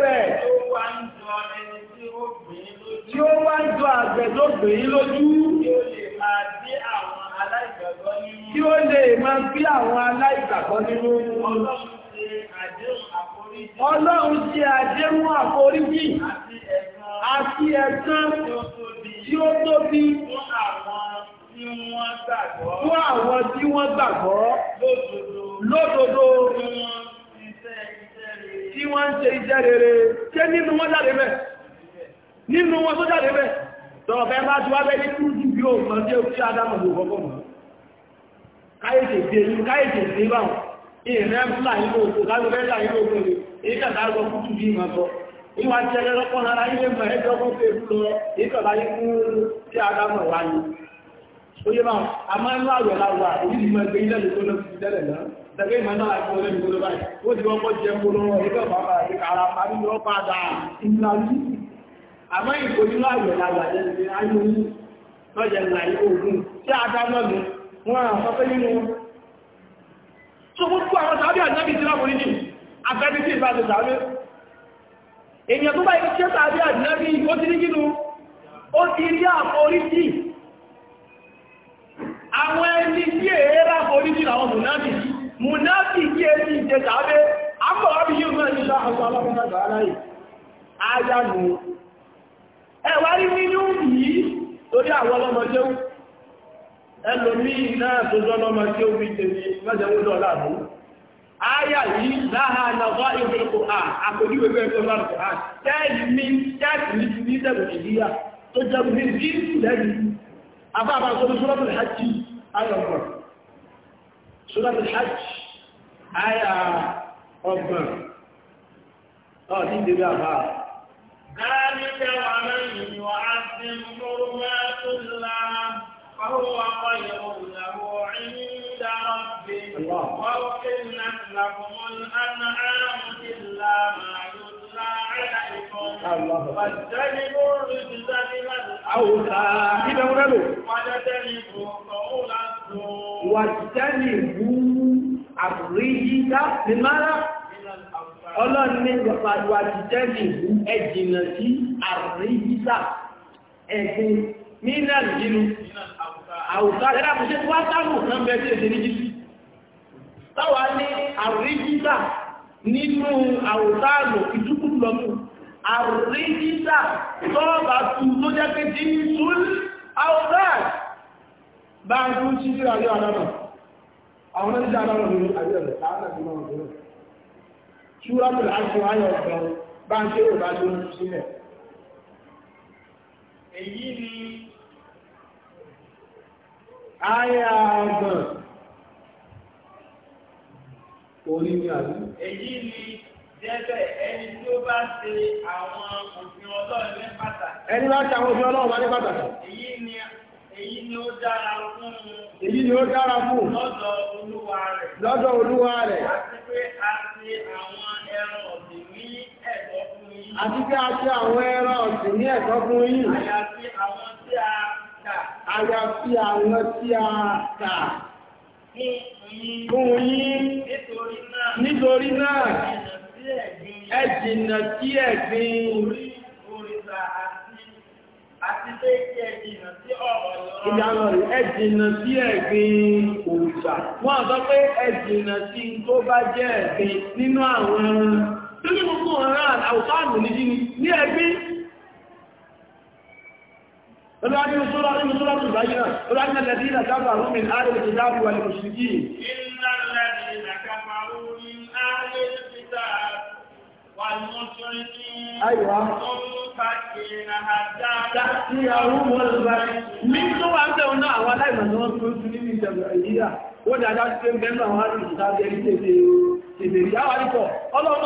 rẹ̀ tí ó wá ń jọ ẹni tí ó gbìn tí ó wá jọ àgbẹ̀dọ́gbè yí lójú tí ó lè máa bí àwọn aláìgbàgbọ́ nínú ọlọ́run ti àdéhùn àforíjì àti ẹ̀san tí ó tóbi fún àwọn tí wọ́n gbàgbọ́ lódodo tí wọ́n ń ṣe iṣẹ́ rere ṣé nínú wọ́n jáde bẹ́ẹ̀ nínú wọn tó jáde bẹ́ tọ̀ọ̀fẹ́ bá ti wá bẹ́ ní kúrúdù bí o mọ̀ tí ó tí adámọ̀ ló kọ́kọ́ mọ̀ káyèsè dé báwọn ìrìnlẹ́ fúlà nínú òkú káyèsè nínú òkú ni ìkàtà lọ kútù bí ìmọ̀ sọ ìwà tí ẹgbẹ́ lọ́pọ̀ lára ilé mọ̀ ẹjọ́ kó fẹ́ fún lọ ìkàtà yí fún tí adámọ̀ wá ní ó yé a máa ń láwẹ̀ láwà orílẹ̀ ìmọ̀ ẹgbẹ́ ilẹ̀ lókó àmọ́ ìfòjúlọ́ àwẹ̀ lágbàdé ti ayé ní lọ́jẹ̀ ìlàyé ogun tí a dá lọ́nu wọn àwọn pẹ́ nínú wọn tó gbogbo àwọn tàbí àjábì tí láwọn oníjì àfẹ́bí tí ìbá ti tàbí ènìyàn tó bá yẹ kí tàbí àjábì ó ti ní kínú ó ti rí àforíjì àwọn ẹni tí èèrà àforíjì làwọn mùnábì mùnábì kí ẹni ìjẹ tàbí àpọ̀ àbíyí ẹwà rí mílíọ̀nù yìí lórí àwọn ọlọ́mọdé ẹlòmí náà tó jọ́nà ọmọ tí ó fi tèmi mẹ́jẹ̀wó lọ́la mú ayà yìí láha nàwọ́ ìrìnkò àkòjúwé pẹ̀lú ọlọ́pàá tẹ́ẹ̀lì mi tẹ́ẹ̀lì mi ti ní ìdẹ̀bù ìdíyà tó jẹ́bù ní ìdíyà lẹ́yìn afáàbà sọ́dún sọ́dún hajj ayọ̀gbọ̀n sọ́dún hajj ذلك ومن يعظم حرمات الله فهو خير له عند ربه وأحلت لكم الأنعام إلا ما يتلى عليكم فاجتنبوا الرجز من الأوثان واجتنبوا قول الزور واجتنبوا الرجز من ماذا؟ ọlọ́run ní ìjọpàdùwà ti tẹ́lì ìlú ẹ̀jìnà sí àríyíṣà ẹ̀sìn nínà nínú àwùká ẹ̀dàkùnṣe wá sáàmù kan bẹ sí èdè níjìsí táwa ní àríyíṣà nínú àwùkáàlù ìtúkùlọ́mù àríyíṣà tọ́ọ̀bà tún ló jẹ́ pé ṣúrọ́pù láti wáyọ̀ ọ̀gbọ̀n bá ń ṣe òbá ló ń sílẹ̀ èyí ni àyà ọgbọ̀n orí ni àrí èyí ni jẹ́bẹ̀ ẹni tí ó bá ṣe àwọn òfin ọlọ́run ní pàtàkì ẹni bá ṣe àwọn òfin ọlọ́run ní pàtàkì èyí ni èyí ni ó dára fún èyí lọ́dọ̀ olúwa rẹ̀ láti pé a ṣe àwọn Àti kí a ṣe àwọn ẹran ọ̀sìn ní ẹ̀tọ́ fún yín. àwọn tí a àwọn tí a tà. Fún Nítorí náà. Ẹ jìnnà sí ẹ̀gbin. Orí àti. Ìyànà rẹ̀ ẹ̀jìnà sí ẹ̀gbin òrìṣà. Wọ́n sọ pé ẹ̀jìnà sí tó bá jẹ́ ẹ̀gbin nínú àwọn ẹran. Tí ní gbogbo ọ̀rán àwùsáàmù ní jí ní ẹ̀gbin. Olúwájú Mùsùlá ní Mùsùlá tó báyìí Wọ́n dáadáa ti ń àwọn àrùn àwọn àríkọ̀. Ọlọ́run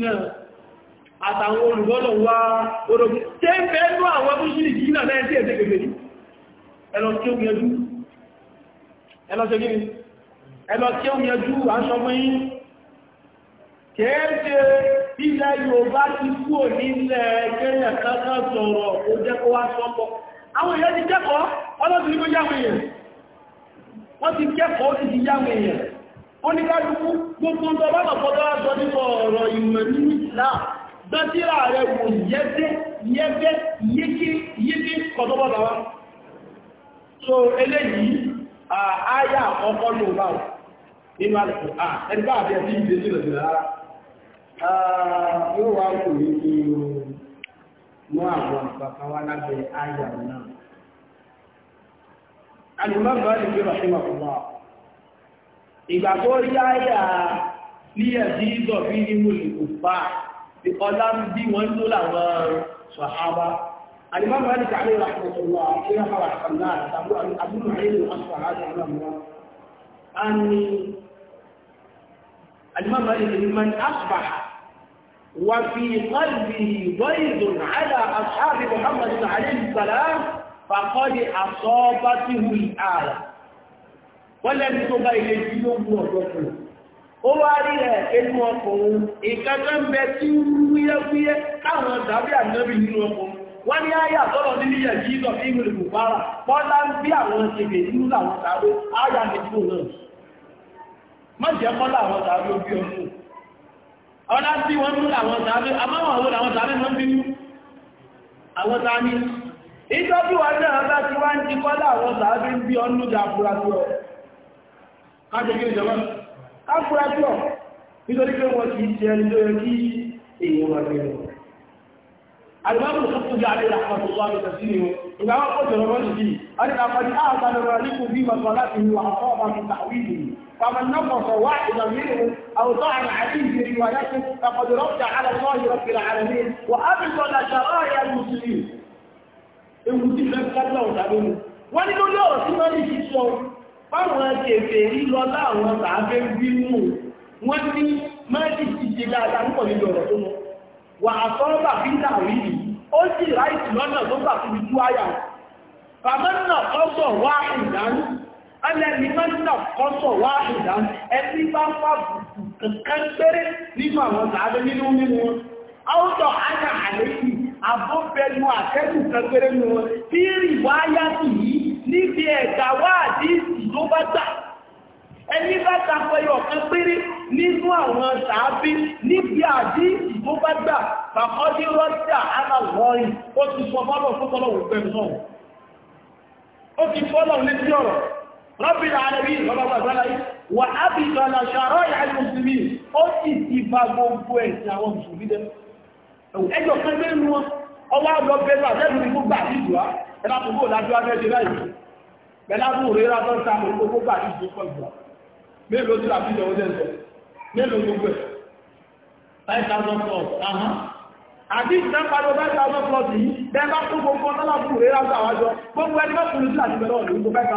náà àtàwọn olùgbọ́nà wá Tẹ́ ń bẹ́nu àwọn tí ẹ̀ẹ́ tèbèrè. Ẹlọ tí ó yẹjú, ẹlọ kẹ́ẹ̀ṣe ilẹ̀ Yorùbá ti kú ò ní ilẹ̀ kẹ́yẹ̀ kankan sọ̀rọ̀ ó jẹ́kọ́ wá sọ́pọ̀ àwọn èèyàn ti kẹ́kọ̀ọ́ ọlọ́sìn ló yàwó èèyàn wọ́n ti kẹ́kọ̀ọ́ ti ti yàwó èèyàn wọ́n ní kájúkú gbogbo ọba bàbọ́dọ́ sọ nípa ọ̀rọ̀ ìmọ̀ nínú Islam gbẹ́tíra rẹ̀ so eléyìí àáyà ọkọ̀ lóòbá nínú àlùkò à ẹgbẹ́ àti ẹ̀sìn ìdèjì lọ́sìn rárá yóò wá kù ní kí o mú àwọn àpapọ̀ wá lábẹ́ àyà náà. Alùmọ́gbà lè gbé bàtí wà fún wa. Ìgbà tó rí àyà ní ẹ̀dí ìzọ̀ fi ní mú ìlú bá ti ọlá bí wọ́n tó làwọn ṣọ̀háwá. Alùmọ́gbà lè kàrí ìràkùnrinwà tí wọ́n fara kan náà A ní وفي قلبه ضيض على أصحاب محمد عليه السلام فقد أصابته الآلة ولم تبقى إليه يوم وضعه ó wá rí ẹ̀ inú ọkùnrin ìkẹ́kẹ́ ń bẹ tí wúyẹ́wúyẹ́ káwọn dàbí ànábì nínú ọkùnrin wọ́n ní àyà tọ́lọ̀ nínú yẹ̀ yìí lọ sí ìwé ìbùbára bọ́lá ń bí àwọn ṣèlè nínú làwọn tàbí àyà nìkú náà ọlá tí wọ́n mú àwọn tàbí àmáwọn àwọn àwọn tàbí wọ́n bí àwọn tàbí ìjọ́ bí wà náà bá ti ti kọ́lá àwọn tàbí bí ọdún jà fúrasíọ̀ káàkiri ìjọba ká fúrasíọ̀ nítorí pé wọ́n ti ṣe ẹni tó yẹ kí wà فمن نقص واحدا منهم أو طعن عليه في روايته فقد رد على الله رب العالمين وأبطل شرايع المسلمين ewu ti fẹ́ kájọ ọ̀dàlónú wọ́n ní lórí ọ̀rọ̀ tí wọ́n ní sísọ fáwọn ẹgbẹ̀ẹ́ rí lọ láwọn tàbí bínú wọ́n ní mẹ́rin ti jẹ dáadáa nípa nílò ọ̀rọ̀ tó mọ́ wà àtọ́rọ́bà bí dàrí yìí ó sì ráìtì lọ́nà tó gbà fún ibi tú àyà bàbá náà kọ́gbọ̀n wá ìdánù alẹ́ni mẹ́ta kọ́sọ̀ wá ìdá ẹni bá wà kankan péré nínú àwọn tàbí nínú nínú wọn áwùtọ̀ ayà àlẹ́yìn àbọ́bẹnu àtẹ́kù kan péré nínú wọn tí rí wá yàtì yìí níbi ẹ̀dà wá àdíìsì tó bá gbà ẹni bá tapẹyọ kan péré nínú àwọn tàbí níbi àdíìsì tó bá gbà ó ti fọ́lọ̀ fún fọ́lọ̀ ọ̀rọ̀ رب العالمين bàbá wà sálàyé wà á fi gbàlà ṣàrọ́ ìhàlì mùsùlùmí ó sì ti bá gbogbo ẹ̀sìn àwọn mùsùlùmí dẹ́ ẹjọ́ kan gbé nu wọn ọwọ́ àlọ́ bẹ́ẹ̀ bá lẹ́nu ní gbogbo àdìjú wa ẹ̀rọ àkókò lájọ́ abẹ́jẹ́ láyé pẹ̀lú àbúrò rẹ̀ látọ́ sa gbogbo gbogbo àdìjú pọ̀ jù wa mélòó tí àbí ìjọwọ́ dẹ́ sọ mélòó gbogbo ẹ̀ five thousand plus àbí ìdápadọ̀ bá ta ọjọ́ pọ̀ sí bẹ́ẹ̀ bá tó gbogbo ọ̀nà lábúrò rẹ̀ látọ́ àwájọ gbogbo ẹni bá kùnú sí àtìbẹ̀rẹ̀ ọ̀dọ́ gbogbo bá ta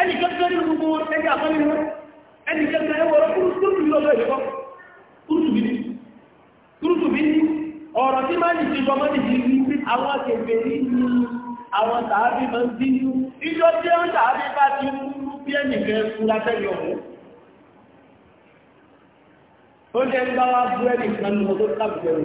ẹni kẹta ní gbogbo ẹgbẹ́ àkọ́lé wọn ẹni kẹta ẹwọ kúrúsùbí lọ́dọ̀ ìkọ́ kúrúsùbí ní kúrúsùbí ní ọ̀rọ̀ tí máa nìtì sọmọ́ nìtì ní àwọn kẹfẹ́ ní àwọn tààbí máa ń dínú ìjọ tí ó ń tààbí bá ti ń kúrú bí ẹnì kẹ fúra tẹ́lẹ̀ ọ̀hún ó jẹ́ ń bá wá bú ẹnì kan ní ọdún tàbí ẹ̀rọ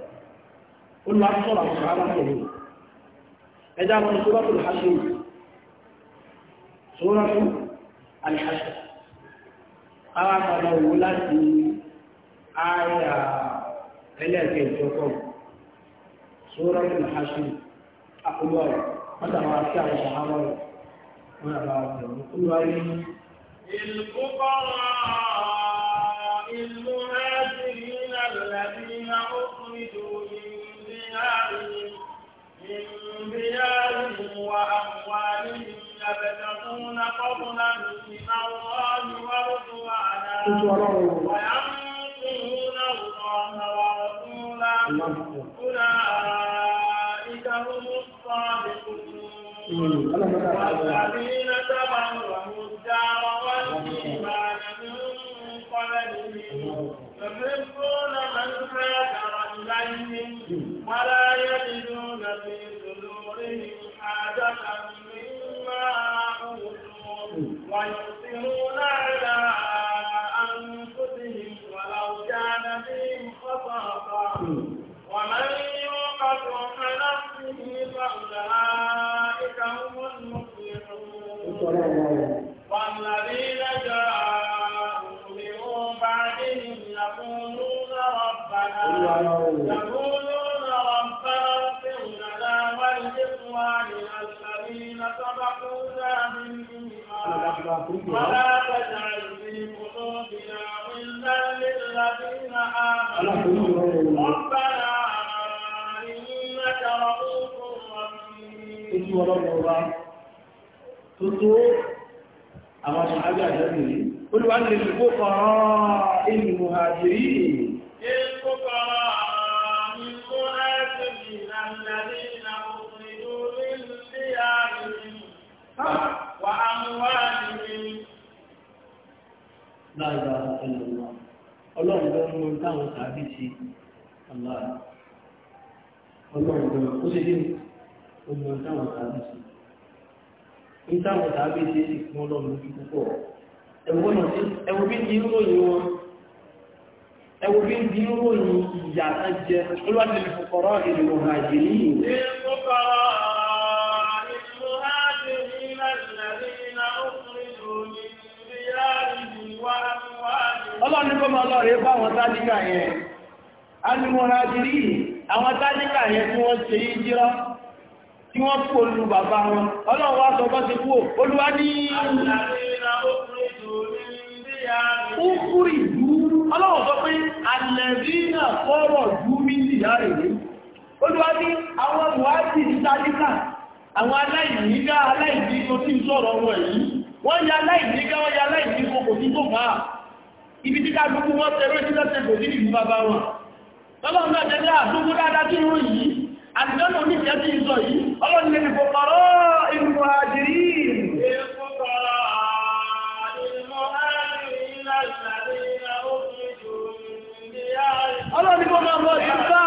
ó lọ sọ̀rọ̀ àwọn ará pẹ̀lú ẹjá wọn tó bá tó lè haṣe sọ́rọ̀ fún alìhaṣe ara padà wò láti ààrẹ ẹlẹ́ẹ̀kẹ́ ìjọkọ̀ sọ́rọ̀ fún alìhaṣe àkúlọ̀ wọ́n tàbí àti àwọn ṣàhábọ̀ wọ́n tàbí àwọn ọ̀pẹ̀lú olúwa rí ìlú kó bá wà ìlú ديارهم وأموالهم يبتغون فضلا من الله ورضوانا وينصرون الله ورسوله أولئك هم الصادقون والذين تبوأوا الدار والإيمان من قبلهم يحبون من هاجر إليهم ولا يجدون مما أوتوا ويؤثرون على أنفسهم ولو كان بهم خصاصة ومن يوق شح نفسه فأولئك هم المفلحون والذين جاءوا من بعدهم يقولون ربنا سبقونا من إيمان ولا تجعل في قلوبنا غلا للذين آمنوا ربنا إنك رؤوف رحيم Tuntun àwọn àjọ àjọ́ ìrìn, olùwà nílùú kó kọ̀ọ̀rọ̀ ìlú Mùhàjírí وأموالهم لا إله إلا الله ọlọ́run ló ń mú táwọn tàbí ti aláà ọlọ́run ló ó sì dé ó mú táwọn tàbí ti ń táwọn tàbí ti sì fún ọlọ́run lójú púpọ̀ ẹwọ bí ti ń ròyìn wọn ẹwọ bí ti ròyìn ìyà ọlọ́run kó máa bá wọn tálíkà yẹn alìmọ̀ràdìrí wọ́n ṣe yí tí wọ́n kú olú bàbá wọn ọlọ́run wá sọ bọ́sí kú olúwa ní ọkùnrin ìlú ọlọ́run sọ pé alẹ́rí náà kọ́rọ̀ ya ya ibi tí ká gbogbo wọ́n tẹ̀rọ ìṣẹ́ tẹ̀kọ̀ sí ìlú bàbá wọn lọ́lọ́run náà tẹ̀lé àdúgbò dáadáa tí wọ́n yìí àdìjọ́nà oníṣẹ́ tí ń sọ yìí ọlọ́run lè fò pàrọ́ ìlú àjírí ọlọ́run kó máa bọ́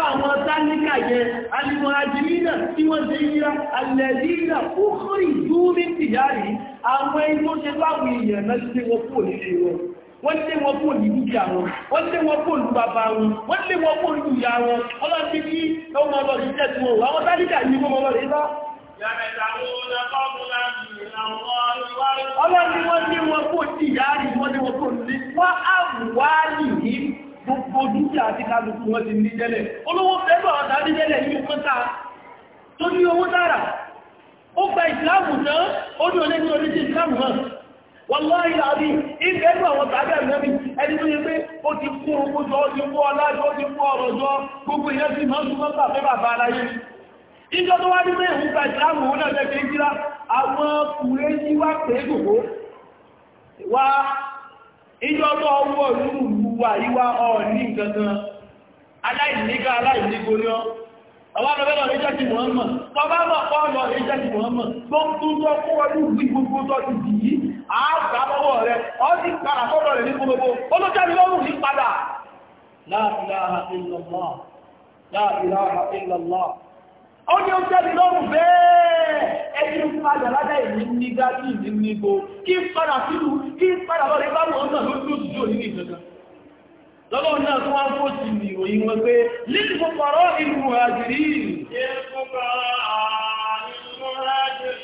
àwọn táníkà yẹ alìmọ̀ àjírí tí wọ́n ti yíra alẹ́lí náà ó kọ́ ìdúrí àwọn ẹgbẹ́ tó ṣe èèyàn náà ti wọ́n nílé wọn wọ́n lé wọn kó ní ìjà wọn wọ́n lé wọn kó lù bàbá wọn wọ́n lé wọn kó lù ìyá wọn ọlọ́dún ní ọmọ ọlọ́dún jẹ́ tí wọ́n wà wọ́n tálíkà ní ọmọ ọlọ́dún lọ. ọlọ́dún wọ́n lé wọn kó ní ìyá rí wọ́n lé wọn kó lè wá àwùwárì ní gbogbo dúkìá àti kálukú wọn ti ní jẹ́lẹ̀ olówó fẹ́lú àwọn tàbí jẹ́lẹ̀ ní ọkọ́ta tó ní owó dára ó gba ìsìláàmù náà ó ní oníṣẹ́ oníṣẹ́ ìsìláàmù náà wàláhì láàrí ìgbẹ́ ẹgbẹ́ àwọn tàbí àmì ẹni tó yẹ pé ó ti kú owó jọ ó ti kú ọlá jọ ó ti kú ọ̀rọ̀ jọ gbogbo ìyẹn sí máa ń súnmọ́ gbà fẹ́ bàbá aráyé ìjọ tó wá ní pé ìhùn gba ìsìláàmù òun náà lẹ́gbẹ̀ẹ́ ìjìlá àwọn kùrẹ́ yí wá pé gbogbo wá ìjọ tó ọwọ́ ìlú wà yíwá ọ̀ní gangan aláìníkà aláìníkò ní ọ àwọn lọ ìjẹ́ àgbà lọ́wọ́ rẹ̀ ọ́ sì padà sọ́dọ̀ rẹ̀ ní gbogbo olójẹ́mi lọ́rùn ní padà la ilaha ó ní oúnjẹ́mi lọ́rùn bẹ́ẹ̀ ẹni padà ládá ìní ní gáàsì ìní níbo kí padà sílù kí padà lọ́rẹ̀ bá wọn náà lójú òjò ní ìjọba lọ́lọ́run náà tó wọ́n fò sí ìròyìn wọn pé lílù fọ́pọ̀rọ̀ ah, ìlú àjìrí ìlú fọ́pọ̀rọ̀ ìlú àjìrí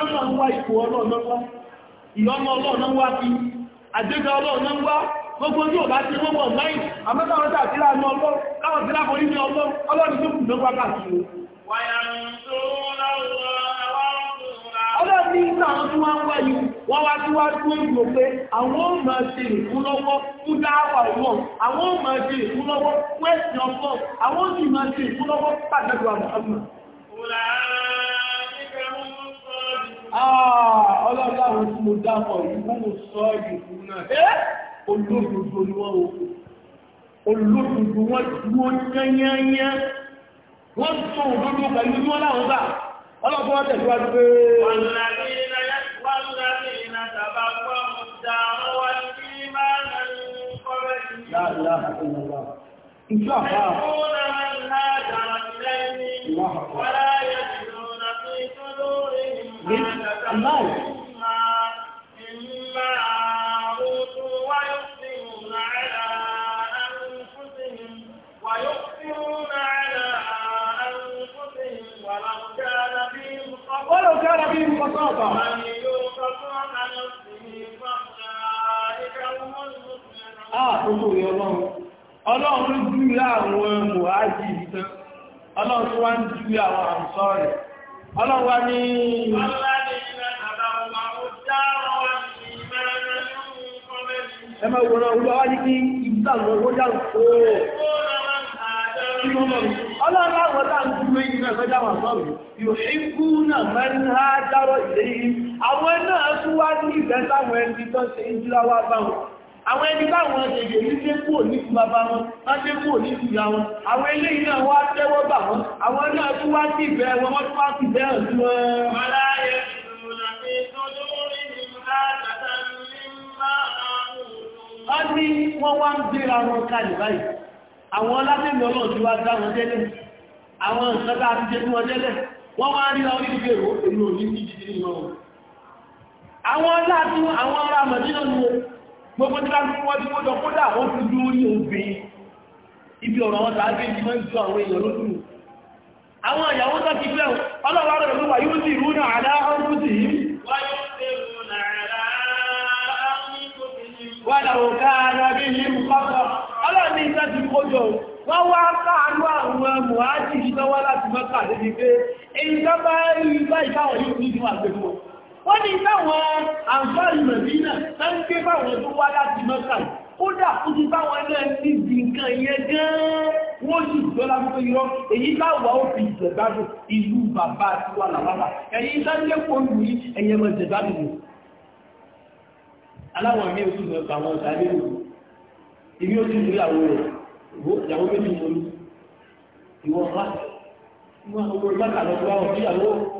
Ọlọ́run wá ipò ọlọ́run wá, ìyọ́nà ọlọ́run wá bí, àjẹ́gbẹ́ ọlọ́run wá, gbogbo tí ò bá wọ́n wọ̀ láì, àmọ́ta ọjọ́ àti láàrin ọlọ́run, káwọn tí wọ́n wá yìí, wá tí wá tó pé àwọn ò máa ṣe ìfúnlọ́wọ́ fún dáwà wọn, àwọn ò máa ṣe ìfúnlọ́wọ́ fún ẹ̀sìn ọgbọ́n, àwọn ò sì máa ṣe ìfúnlọ́wọ́ pàtàkì àwọn Ah, Ọlọ́láwọ̀ tí mo dámọ̀ ìgbóhùn sọ ìgbò náà. Eh? Olóòdòdó ni wọ́n o. Olóòdòdó wọ́n dúró yányányá. Wọ́n tó òdòdó pẹ̀lú ní wọ́n láwọn bá. Ọlọ́pọ̀ wọ́n tẹ̀síwájú pé. Wọ́n lábí ولا يجدون في صدورهم حاجة مما أوتوا ويؤثرون على أنفسهم ويؤثرون على أنفسهم ولو كان بهم خطأ ولو كان بهم خطأ من يوقف نفسه فأولئك هم المفلحون آه قلوا يا الله ọlọ́run ló jú láàrin mùhájì ìtàn ọlọ́run tó wá ń júwe àwọn àmsọ́ rẹ̀ ọlọ́run ní ẹmọ ìwòrán olúwa wá ní owó dáhùn tó ọlọ́run láwọn dáhùn tó méjì náà sọ́jà wà sọ́rọ̀ àwọn ẹni báwọn ẹgbẹ̀gbẹ̀ ní lékò ní ti bàbá wọn wọ́n lékò ní ti ìyá wọn àwọn ilé iná wá tẹ́wọ́ bà wọn àwọn náà tún wá sí ìfẹ́ wọn wọ́n tún wá sí ìfẹ́ ọ̀sùn wọn. Màláyé wọ́n ní wọ́n wá ń gbéra wọn kalẹ̀ báyìí àwọn ọlábẹ́mì ọlọ́run ti wá dá wọn tẹ́lẹ̀ àwọn ìṣọ́dá àti jẹ́ fún wọn tẹ́lẹ̀ wọ́n wá rí orí ìgbèrò èmi ò ní ní ìdíjì nínú wọn àwọn ọlá tí àwọn ará màdínà gbogbo tí wọ́n fi wọ́n jọ kódà ó fi dúró ní obìnrin ibi ọ̀rọ̀ wọn tàbí ibi máa ń ju àwọn èèyàn àwọn ìyàwó tó ti fẹ́ ọlọ́wọ́ rẹ̀ ló wà yóò sì rú náà àdá sí i wádà ò káàrà bí i mú pápọ̀ ọlọ́ni wọ́n ó ní táwọn àǹfààní mẹ̀bínà tá ń gbé báwọn tó wá láti mọ́ta kódà fún báwọn náà ti di nǹkan yẹn gan-an wọ́n sì dọ́là fún irọ́ èyí táwa ó fi ìjẹ̀gbádùn ìlú bàbá àti wà làwàlà ẹ̀yìn sáńdẹ́kọ̀ọ́ lù yí ẹ̀yẹ mọ̀ ìjẹ̀gbádùn ni aláwọ̀ mi ò tún mọ̀ ẹ̀fà àwọn ọ̀tà lérò ìbí ó tún ìyàwó rẹ̀ ìyàwó méjì mọ̀ ní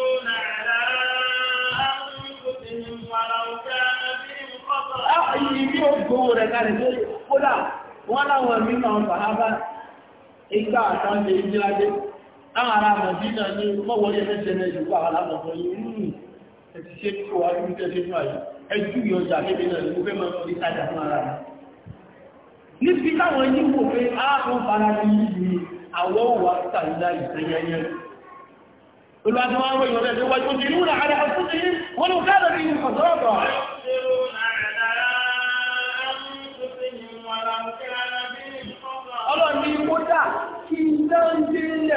ibi ògbówó rẹ̀ kalẹ̀ tó kódà wọ́n láwọn mínà ọ̀fàhábá igbá àtàndé ìjíládé láwọn ará mọ̀dínà ní mọ́wọ́lé mẹ́jẹ̀mẹ́ ìjùgbà alámọ̀fọ́ yìí hmm, ẹ̀tí ṣe kí wà ní ìjẹ́ ṣe fún àyè ẹjú ìyọjà níbi náà ní fẹ́ mọ́ orí sájà fún ara rẹ̀ níbi táwọn yìí wò pé áàrùn fara ní ìlú àwọ̀ wà tàbílá ìsẹ́yẹyẹ olùwàjọ́ wọn rọ̀ ìrọ̀lẹ́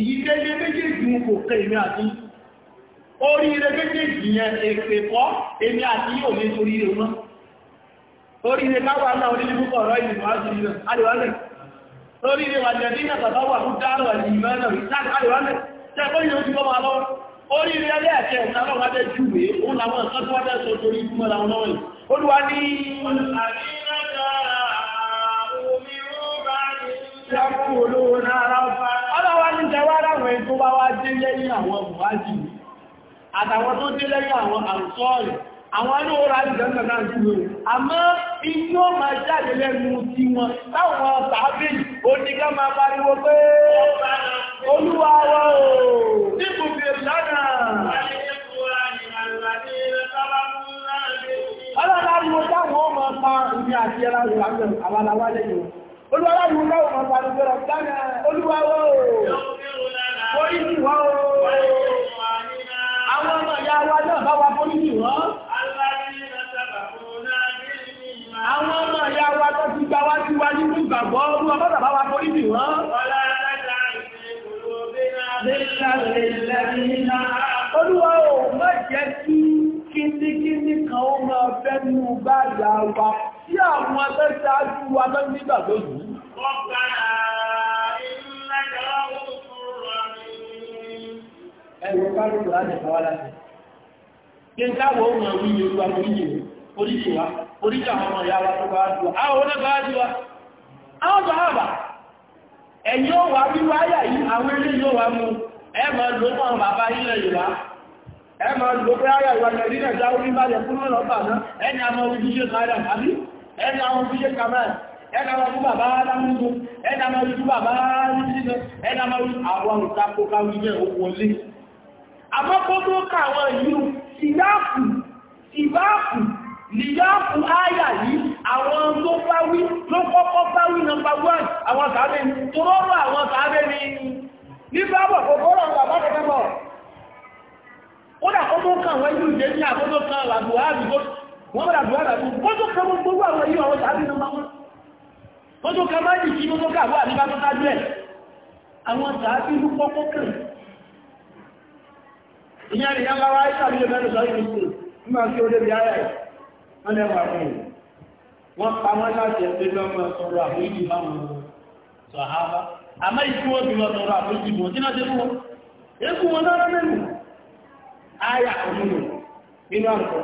ìyíkéyé méjèèjì mú kò kẹ èmi àti orí ire méjèèjì yẹn èpè kọ́ èmi àti yóò ní torí ire wọn orí ire káwà náà onílé púpọ̀ ọ̀rọ̀ ìlú àdìwálẹ̀ orí ire wàjẹ̀ ní àtàbáwà fún dáàrọ̀ ìmọ̀ náà àdìwálẹ̀ tẹ́kọ́ yóò ti bọ́ tẹwà ráwọn ẹni tó bá wá dé lẹ́yìn àwọn buhari àtàwọn tó dé lẹ́yìn àwọn àrùsọ́ọ̀rẹ̀ àwọn inú ọ̀rọ̀ àdìjọ́nà náà sí lórí àmọ́ inú ọmọ jáde lẹ́nu tí wọn táwọn tàbí oníká máa pariwo pé olúwa wọ́ o nípò bèèrè lánàá ọlọ́lá ni mo táwọn ọmọ pa ìrìn àti ẹlá olúwaláwù láwù máa bá lùgbọ́rọ̀ dáná olúwawọ́ oríṣi wá o àwọn ọmọ ìyá wa náà bá wa fóríṣi wọ́n àwọn ọmọ ìyá wa tó ti gbà wá sí wa nínú ìgbàgbọ́ olúwa bá bàbá wa fóríṣi wọ́n. Olúwa ò má jẹ́ kan ìyá wa lọ tó jù. Ẹ̀rọ àwọn ọmọ ìyá wa tó bá Àwọn ọmọ wa. ẹ̀yìn ó wà wíwá yìí àwọn ilé yóò wà mú ẹmọ máa bàbá ilẹ̀ ìwá ẹ máa ayà ìwà ìrìn nílẹ̀ ìdáwó ní fún lọ́lọ́ náà ẹni àwọn ojúṣe kàrà àbí ẹni àwọn ojúṣe ẹni bàbá ẹni ojú bàbá ẹni ojú àwọn nìyàpù áyà yìí àwọn tó bá wí ló kọ́kọ́ bá wí nọmba one àwọn sàábẹ́ ni tó rọ́rọ̀ àwọn sàábẹ́ ni ní bábọ̀ kòkòrò ọ̀rọ̀ àbájẹ́kẹ́bọ̀ ó dà kó tó kàn wọ́n ìlú ìjẹ́ ní àkótó kan làbùhárì wọ́n bá làbùhárì àbú kó tó kàn wọ́n gbogbo àwọn yìí àwọn one kó tó kàn má jìkì mú tó kàwọ́ àbíbá tó tájú ẹ̀ àwọn sàábẹ́ ló kọ́kọ́ kàn ìyá ìyá lára wọ́n lẹ́wọ̀ àwọn wọ́n pa láti wọn bí wọ́n sọ̀rọ̀ àforíjì bọ̀ kí náà ṣe fún wọn èkú wọn náà lẹ́nu àyà òmùnú nínú àpò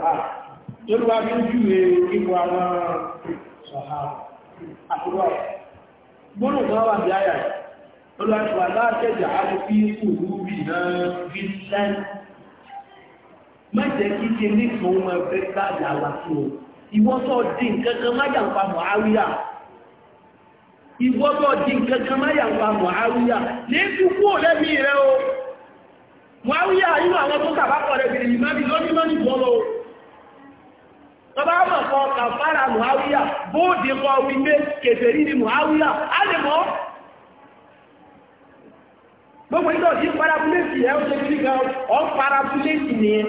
má jẹ́ kí kí ní fún ọmọ ẹgbẹ́ gbá yàrá sí o ìwọ́tọ̀ di nǹkan kan má yà ń pa mọ̀háríyà ìwọ́tọ̀ di nǹkan kan má yà ń pa mọ̀háríyà lè fi kú lẹ́mí rẹ o mọ̀háríyà nínú àwọn tó kàbá pọ̀ rẹ̀ bìrì mẹ́bí lọ́ní mọ́ní bọ́lọ́ tọba mọ̀ gbogbo ìtọ̀ sí parapulẹ́sì ẹ̀ ń ṣe kí ọ parapulẹ́sì nìyẹn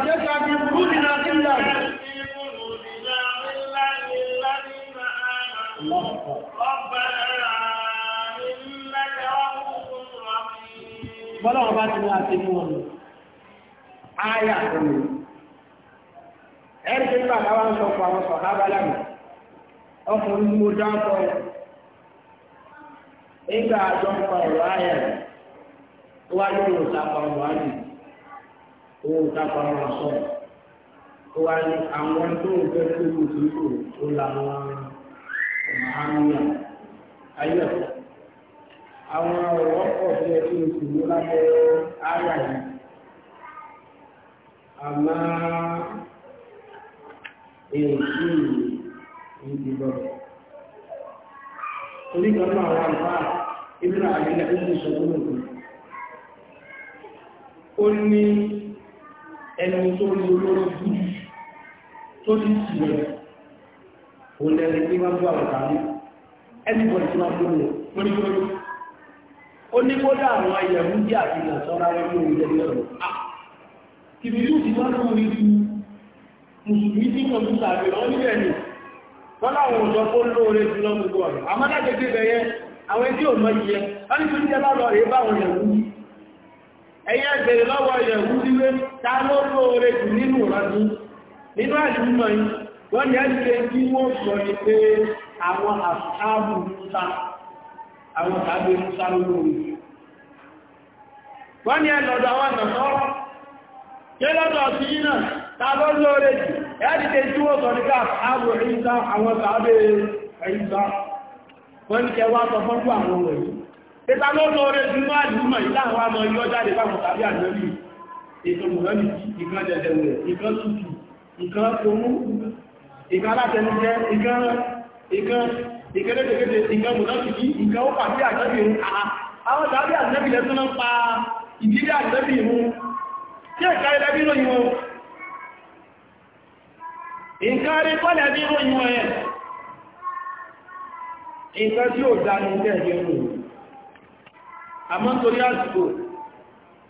تجعل في قلوبنا غلا Bọ́lá ọba ti ní àti mú ọ̀nà, ayà ọ̀nà. Ẹ̀rí tí nígbà láwá ń ìgbà ọ̀rọ̀ ọ̀rọ̀ owó ìtàkùn àwọn ọ̀sọ́ ó wá ní àwọn tó ń fẹ́ tó wù sí ìlú ó làwọn àmìyà ayé àwọn ọ̀rọ̀ pọ̀ sí ẹtí oṣù mú lábẹ́ ara yìí àmọ́ èyí ìdìbò torí kan náà wà nípa ìbúra àgbẹ̀lẹ̀ ìṣòwò nìkan ó ní. ẹni tó ní olóró bú tó ní sílẹ̀ òun lẹ́rẹ̀ tí wọ́n bú àwọn ẹni bọ̀ tí wọ́n bú ní ó ní kó dá kìbìrú ti wọ́n lọ́wọ́ ní ju mùsùlùmí tí wọ́n tún sàbẹ̀ ní wọ́n láwọn òjò kó lóore jù lọ gbogbo ọ̀rọ̀ àmọ́ bẹ̀yẹ àwọn ò mọ wọ́n ní bá lọ ta ló lóore jù nínú ìrọ̀lú nínú àdúgbò yìí wọ́n ni ẹ́sẹ̀ tí wọ́n sọ ní pé àwọn àṣàbù Musa àwọn tàbí Musa lóore wọ́n ni ẹlọ́dọ̀ àwọn àtàkọ́rọ̀ tí lọ́dọ̀ sí iná ta ló lóore jù ẹ́sẹ̀ ètò mọ̀lọ́nì ìkan jẹjẹrẹ ìkan tútù ìkan omú ìkan alátẹnujẹ ìkan ìkẹ́lẹ́dẹ̀kẹ́dẹ̀ ìkan mọ̀lọ́nì ìkan ó pàtí àjẹ́bì ìrún àwọn tàbí àjẹ́bì lẹ́tún náà pa ìdílé àjẹ́bì ìrún tí ẹ̀ka ẹlẹ́bí lóyìn wọn ìkan rí kọ́lẹ̀ bí lóyìn wọn ẹ̀ ìkan tí ó dá ní ilé ẹ̀jẹ̀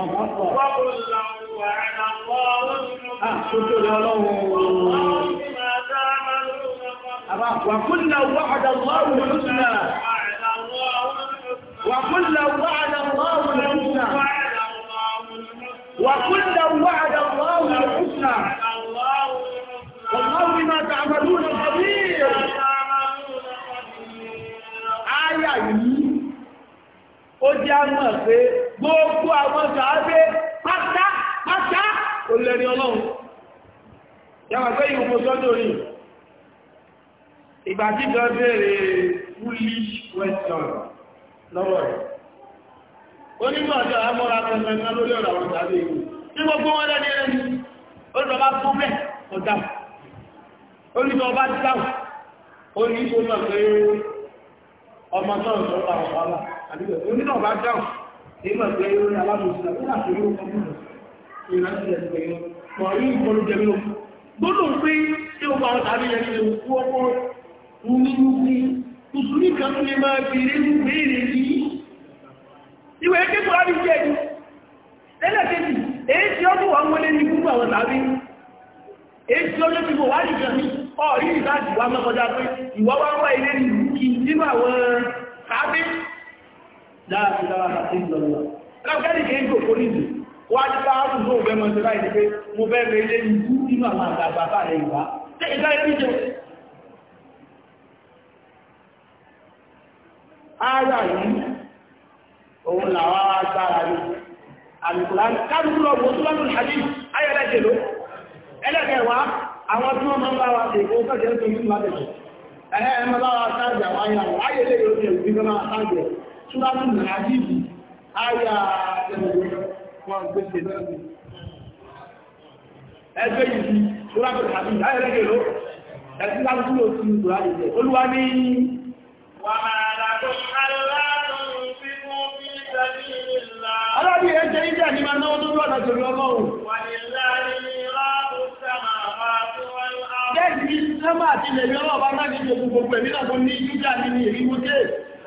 الله أكبر وقل له وعد الله الحسنى وقل لو وعد الله الحسنى وكل وعد الله الحسنى وكل وعد الله الحسنى والله بما تعملون خبير آية ó jẹ́ àmọ́ pé gbogbo àwọn sàábé pátá pátá kò lẹ́ni ọlọ́run yàwà pé ìwòkó sọ́dọ̀ rí ìgbà tí kan bèèrè foolish question lọ́wọ́ rẹ̀ ó nígbà ọjọ́ àmọ́ra pẹ̀lú lórí ọ̀rọ̀ àwọn sàábé ìwò tí gbogbo wọn lẹ́ni ẹni ó lọ bá fún bẹ́ẹ̀ ọ̀dà ó ní ọba dáhùn ó ní ìṣòro pé ọmọ náà lọ́wọ́ àwọn ọmọ náà onínà bá dáhùn nígbà pé ó ní alámùsùn àti láti rí ọkọ̀ mọ̀ ìrántí ẹ̀ pé mọ̀ rí ìkọlù jẹ́ mílò gbọ́dọ̀ pé tí ó bá wọn tàbí yẹn lè kú ọkọ̀ nínú sí tuntun ní kan tó lè máa fi rí ní béèrè yìí ìwé kékeré á ní jẹ́ ẹni lẹ́lẹ́kẹ́jì èyí tí ó bù wá wọlé ní gbogbo àwọn tàbí èyí tí ó lé ti bò wá nìkan ní ọ̀rí ìdájì wá mẹ́kọjá pé ìwọ́wọ́wọ́ ilé ní kí nínú àwọn tàbí láàrín lára sí ìlọ́lọ́. Káàkiri kìí jò kó nìdí, wá ní káàkù tó bẹ́ mọ́ sí láìsí pé mo bẹ́ rẹ̀ ilé ìlú nínú àwọn àgbàgbà bá rẹ̀ ìwá. Ṣé ìgbà ìlú jẹ? Ara yìí, òun làwọn agbára rí. Àlùkùnrin káàkù lọ bó tó lọ́nà ìhàdí ayẹ́lẹ́jẹ̀ ló. Ẹlẹ́kẹ̀wá, àwọn tí wọ́n máa ń bá wa ṣe kó kọ́jẹ́ ń tó yìí máa bẹ̀rẹ̀. Ẹ̀ẹ́ túnlájú nàájíìbì ayà wọn gbèsè náà ẹgbẹ́ yìí túnlájú nàájíìbì ayẹ́rẹ́gẹ̀ ló ẹ̀sìn láti túnlò sí ìgbòrá ìjẹ́ olúwa ní Alábí ẹjẹ́ ìjẹ́ àníma náà tó lọ́nà torí ọlọ́run. Wà ní láàrin ìrọ́bù sẹ́mà máa tó wáyé. Jẹ́ ìdí sẹ́mà àti ilẹ̀ yọ́rọ̀ bá náà ní ìjẹ́ gbogbo ẹ̀mí náà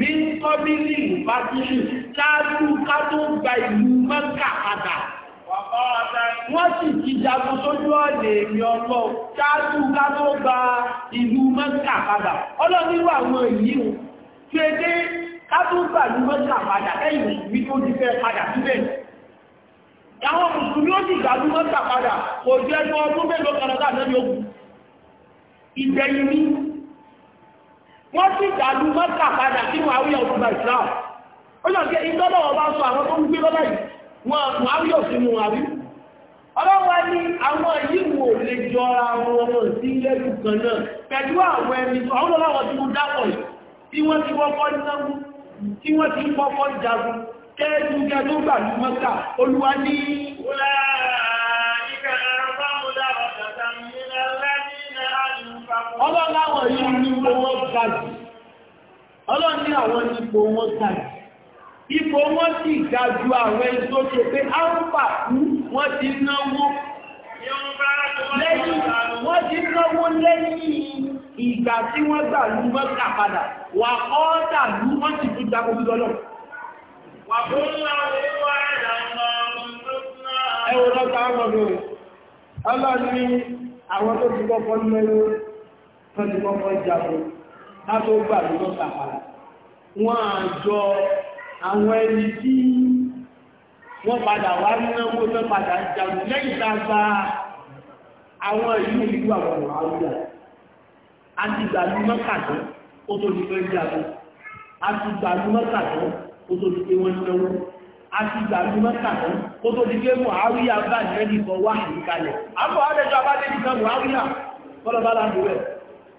ní kọ́bílì ìfàtíṣù ṣáájú ká tó gba ìlú mẹ́kà padà wọ́n sì ti jagun sójú ọ̀nà èmì ọlọ́ ṣáájú ká tó gba ìlú mẹ́kà padà ọlọ́nírú àwọn èyí o tí é dé ká tó gba ìlú mẹ́kà padà lẹ́yìn òṣùwí tó ti fẹ́ padà síbẹ̀ àwọn mùsùlùmí ó sì gba ìlú mẹ́kà padà kò jẹ́ ọdún mélòó wọ́n sì dàlú mọ́ta padà sí Muawiya òfin bá ìsìlá ó yàn kí ìtọ́lọ̀ ọba sọ àwọn tó ń gbé lọ́lá yìí wọn Muawiya òfin mu àrí ọlọ́wọ́ ní àwọn yìí wò lè jọra wọn ọmọ sí lẹ́yìn kan náà pẹ̀lú àwọn ẹni àwọn ọlọ́wọ́ tí mo dápọ̀ yìí tí wọ́n ọlọ́run àwọn yìí ní owó gàjù ọlọ́run ní àwọn ipò wọn gàjù ipò wọn sì gàjù àwọn ẹni tó ṣe pé áńpà kú wọ́n ti náwó lẹ́yìn wọ́n ti náwó lẹ́yìn ìgbà tí wọ́n gbà lú mọ́ta padà wà ọ́dà lú wọ́n sì tún gba omi lọ́lọ́ Ẹwọ́n lọ́ta ọmọdé, ọlọ́ni àwọn tó ti kọ́kọ́ lẹ́yìn tó ti kọ́kọ́ jagun látó gbà ló lọ́ sàpàlà wọ́n àjọ àwọn ẹni tí wọ́n padà wá náwó tó padà jagun lẹ́yìn tàbá àwọn ìlú ìlú àwọn ọ̀rọ̀ àwùjọ àti ìgbàlú mọ́kàtọ́ ó tó ti fẹ́ jagun àti ìgbàlú mọ́kàtọ́ ó tó ti fẹ́ wọ́n náwó àti ìgbàlú mọ́kàtọ́ ó tó ti fẹ́ mọ̀ àwíyà bá ìrẹ́dìkọ̀ wá ìkalẹ̀ àbọ̀ àrẹ́jọ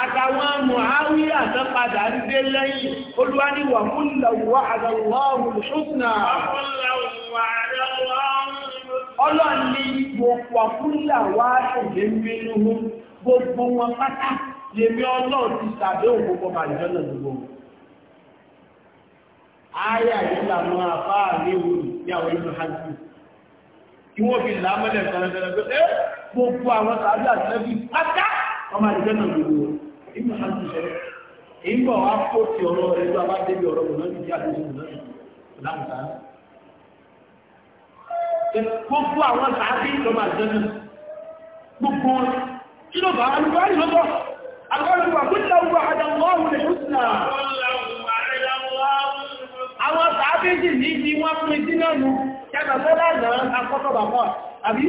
àtàwọn mọ̀háwí àtọ́padà ń dé lẹ́yìn olúwaníwà múlọ̀wọ́ àdàwọ̀wọ̀ ṣúsùnà ọlọ́ni gbogbo fúnlàwà ṣògbé mẹ́lú gbogbo wọn pátá lèmi ọlọ́ọ̀ ti sàbẹ́ ògbogbo màjọ́nà gbogbo ayà ìlà àwọn àfáà léwu ní àwọn ìlú hajjú kí wọ́n gbogbo àwọn ọmọ àjọ́nà gbogbo ìmọ̀ láti ṣẹlẹ̀ èyí bọ̀ wá kó ti ọ̀rọ̀ rẹ̀ ló bá débi ọ̀rọ̀ mọ̀ lọ́dún tí a ti sùn lọ́dún láǹtà. gbogbo àwọn sàábí lọ́ba àjẹnù gbogbo kí ló bá alùpùpù àyè lọ́tọ̀ àgbàlùpùpù àkúndà wù àdàmọ́ àwọn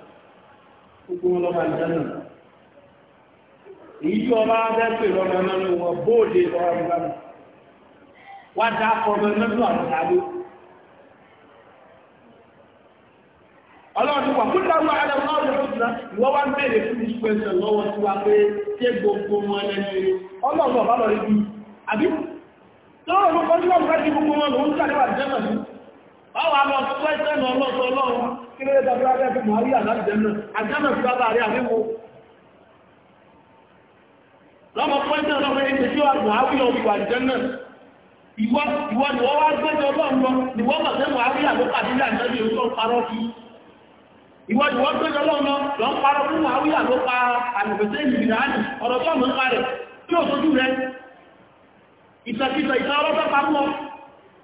gbogbo wọn lọ́wọ́ àjẹ́nà èyí tí ọba adẹ́gbè lọ́wọ́ ẹ̀mẹ́nu wọn wá lọ́wọ́ ọwọ́ àmọ́ pẹ́sẹ̀nù ọlọ́sọ ọlọ́run kí ló dá búrádá fún mọ̀rí àlájẹ́ náà àjánà sí bàbá rẹ̀ àríwọ̀ lọ́mọ pẹ́sẹ̀nù ọlọ́run ẹni tí ó àgbà áwíyọ̀ ìwà àjẹ́ náà ìwọ ni wọ́n wá gbẹ́jọ ọlọ́run lọ ni wọ́n mọ̀ sẹ́nu àríyà ló pàdé àjẹ́ ní oṣù parọ́ sí ìwọ ni wọ́n gbẹ́jọ ọlọ́run lọ lọ ń parọ́ fún àríyà ló pa àlùfẹ́sẹ́ ìrìnàjì ọ̀rọ̀ tó mọ̀ ń parẹ̀ tí ò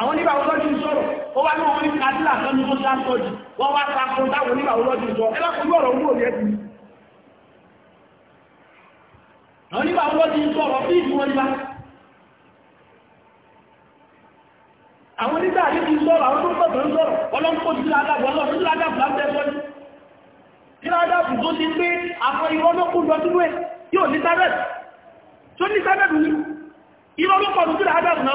àwọn oníbà olójú sọ̀rọ̀ ó wá ní wọn ní kàdílà sọ́nù tó sá sọ́jù wọ́n wá tako táwọn oníbà olójú sọ ẹ lọ́kùn yọ̀rọ̀ owó rẹ̀ bí. àwọn oníbà olójú sọ̀rọ̀ bí ìlú wọn bá. àwọn oníbà àti ti sọ̀rọ̀ àwọn tó ń sọ̀rọ̀ ń sọ̀rọ̀ ọlọ́pọ̀ sí ládàbọ̀ ọlọ́pọ̀ sí ládàbọ̀ lábẹ́ sọ́jù. sí ládàbọ̀ tó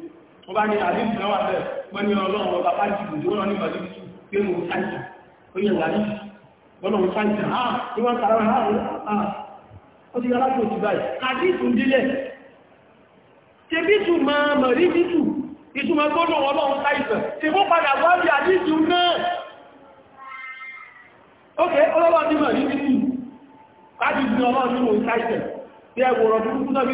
wọ́n bá ní àdíjì náà wà bẹ́ẹ̀ wọ́n ní ọlọ́run ọba bá jìbù tí wọ́n ní ìbàdí pé mo sáìjà ó yẹ ah, wà níbi ah, ah, wọ́n lọ́wọ́ sáìjà á tí wọ́n tara náà ó ti yára tó ti báyìí àdíjù dílẹ̀ tẹbítù máa mọ̀ rí bítù ìtumọ̀ tó lọ́wọ́ ọlọ́run sáìjà tí wọ́n padà wá bí àdíjù náà ókè ọlọ́wọ́ ti mọ̀ rí bítù láti gbin ọlọ́run tí mo sáìjà bí ẹwọ̀rọ̀ burúkú náà bí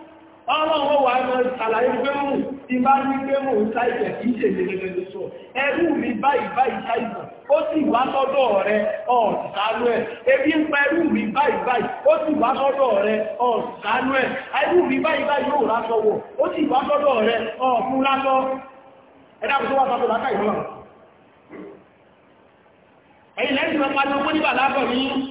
ọlọ́run wà ní àlàyé gbẹ́mù tí bá ní gbẹ́mù ṣáìsẹ̀ kì í ṣe lẹ́lẹ́lẹ́lẹ́ sọ ẹrú mi báyìí báyìí ṣáìsàn ó sì wá sọ́dọ̀ rẹ ọ̀sánú ẹ̀ ebi ń pa ẹrú mi báyìí báyìí ó sì wá sọ́dọ̀ rẹ ọ̀sánú ẹ̀ mi báyìí báyìí yóò lásọ wọ̀ ó sì wá sọ́dọ̀ rẹ ọ̀fun lásọ ẹ̀dá kò tó wá sábọ̀ látà ìlú ẹ̀yìn lẹ́yìn lọ́pàá ni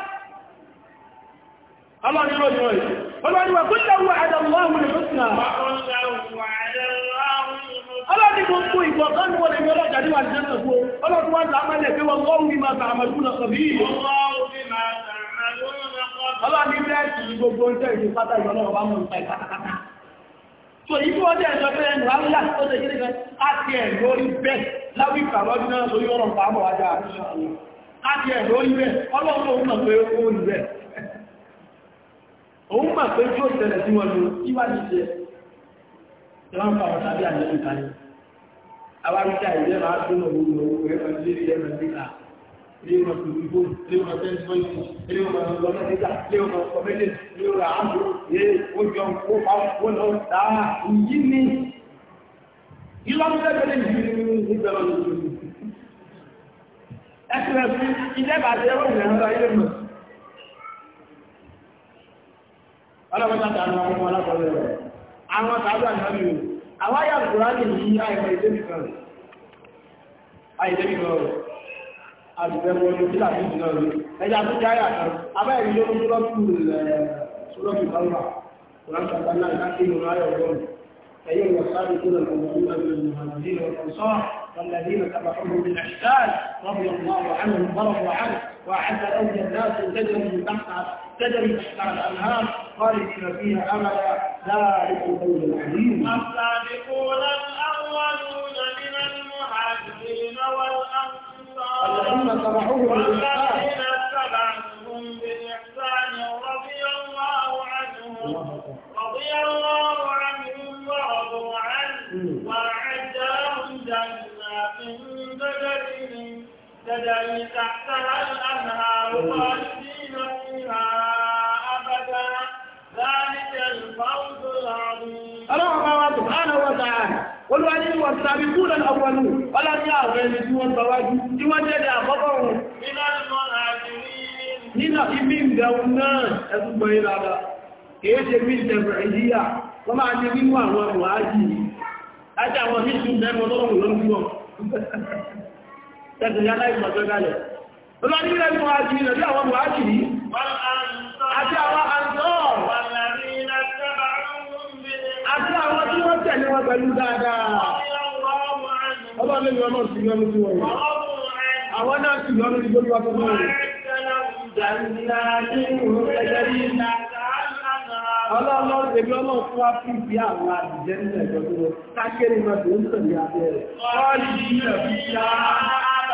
ọlọ́rin lóyún rẹ̀ ọlọ́rin wà kúlẹ̀ wà àdàlọ́wọ̀ ìrọ̀sìnà ọlọ́rin gbogbo ìgbọ̀kan ní wọ́n lè yọ́ lọ́jà níwà jẹ́ ẹ̀kọ́ ọlọ́rin wọ́n lámẹ́lẹ̀ pé wọ́n lọ́rùn ní máa tààmàlú na sọ̀bí ọlọ́rin bẹ́ẹ̀ gbogbo ń tẹ́ ìdí pátá ìgbọ̀lọ́wọ́ bá mọ̀ nípa ìpátápátá so ìbí wọ́n dẹ̀ ẹ̀sọ́ pé ẹnu àríyá tó tẹ́ gírígẹ́ láti ẹ̀ lórí bẹ́ẹ̀ láwí ìpàlọ́dún náà lórí ọ̀rọ̀ pàápọ̀ wájá àríṣà ọ̀rọ̀ láti ẹ̀ lórí bẹ́ẹ̀ ọlọ́run òun náà pé ó rí bẹ́ẹ̀ òun gbà pé tí ó tẹ̀lẹ̀ sí wọn ló tí wá ní ṣe ìwọ́n fa ọ̀tà bí àjẹ́ ìkàlẹ̀ awáríkà ìjẹ́ máa tún òun lò ó pẹ̀lú ẹgbẹ̀rẹ̀ ilé ẹgbẹ̀rẹ̀ níta ilé ọmọ tòbí bó ilé ọmọ tẹ́sán ìlú ilé ọmọ ọlọ́mọ níta ilé ọmọ kọmẹ́lẹ̀ ilé ọmọ àbúrò ilé ọjọ́ ó pa ó lọ dáa ìyí ni ìlọ́mọdébẹ̀rẹ̀ ìlú nígbà lọ́dún ẹ̀sìn ẹ̀sìn ìjẹ́bàjẹ́ ó ọlọ́pàá tàbí àwọn ọmọ alákọ̀ọ́lẹ̀ rẹ̀ àwọn tàbí àtàbí o àwáyà kùránì yìí àìmọ̀ ìdébìkan àìdébìkan àdìbẹ̀wọ̀ ní sílà sí ìdíná rẹ̀ ẹjá tó jẹ́ àyà kan abẹ́ẹ̀rí ló ń sọ́lọ́pù sọ́lọ́pù bálùbà kùránì tàbí àtàbí àyà kan والذين تبعوهم بالإحسان رضي الله عنهم ورضوا عنه وأعد لهم الناس تجري من تحت تجري تحت الأنهار خالدين فيها أبدا ذلك الفوز العظيم السابقون الأولون من المهاجرين والأنصار الذين تبعوهم بالإحسان تبعهم بالإحسان رضي الله عنهم رضي الله تجري تحتها الأنهار خالدين فيها أبدا ذلك الفوز العظيم الله سبحانه وتعالى ṣe bí ìjẹ̀bẹ̀ ìyíyà, tẹ́sẹ̀ yá láì mọ̀tọ́ dálẹ̀. Olúwàdí ilẹ̀ ìfọ̀ àti ilẹ̀ bí àwọn Buhari rí, àti àwọn àǹtọ́, àti àwọn tí wọ́n tẹ̀lé wọn pẹ̀lú dáadáa. Ọba lè yọ náà sí lọ́nà sí wọ̀nyí. Àwọn náà sì lọ́nà ní gbogbo ọkọ̀ náà. Ọlọ́run ẹgbẹ́ ọmọ fún wa fi bí àwọn àdìjẹ́ nílẹ̀ ìjọdúró, káàkiri náà tó ń tẹ̀lé abẹ́rẹ̀. Ọlọ́run ìjìnlẹ̀ fi ṣáá.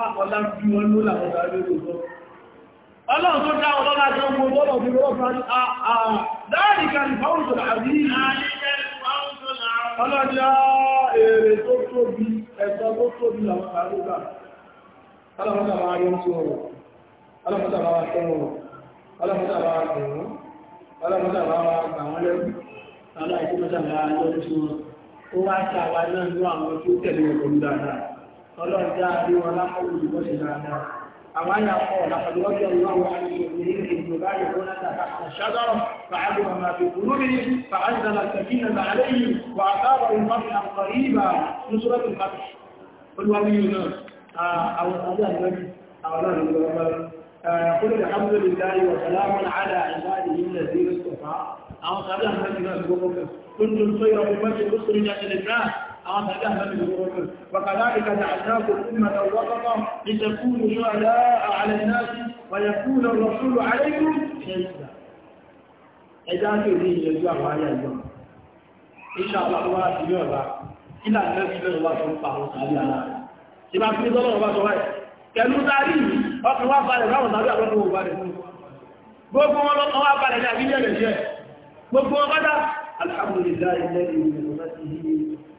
ọlá bí wọn ló làwọn ọ̀dá lórí ọ̀dọ́ ọlọ́run tó dá ọlọ́ láti ọmọ ọlọ́run fi rọ́ fún dáàrí kan fáwọ́sọ̀ àbí ọlọ́jà èrè tó tóbi ẹ̀sọ́ tó tóbi làwọn àrúgbà alámọ́tàbà ayọ́ tí ọ̀rọ̀ alámọ́tàbà ẹ̀rọ alámọ́tàbà ẹ̀rọ alámọ́tàbà àwọn ẹlẹ́gbẹ̀ẹ́ aláìkú mẹ́tàbà ayọ́ tí wọ́n ó wá sàwà náà ní àwọn tó tẹ̀lé ẹ̀kọ́ dáadáa ọlọ́run já àbí wọn lápòlù ìwọ́sẹ̀ dáadáa àwọn àyàpọ̀ làpàdùwọ́sẹ̀ ọlọ́run àti فعلم ما في قلوبهم فأنزل السكينة عليهم وأثابهم فتحا قريبا من سورة الفتح قل ولينا أو هذا النبي أو لا يقول الحمد لله وسلام على عباده الذين اصطفى أو هذا النبي كنتم خير أمة أخرجت للناس وكذلك جعلناكم أمة وسطا لتكونوا شهداء على الناس ويكون الرسول عليكم شهيدا ẹjá tí ò ní ìyẹjú àwọn ayé ẹjọ́ iṣẹ́ àpapọ̀ wá sí ilé ọ̀bá ilé àtẹ́sí ilé ọ̀bá tó ń pa àwọn tàbí ara tí bá fi tọ́lọ̀ ọ̀bá tó wáyé pẹ̀lú tàbí ọkùn wá balẹ̀ láwọn tàbí àwọn ọmọ balẹ̀ gbogbo wọn lọ́kọ̀ wá balẹ̀ ní àbílẹ̀ rẹ̀ jẹ́ gbogbo wọn bá dá alhamdulillah ilẹ̀ ìrìn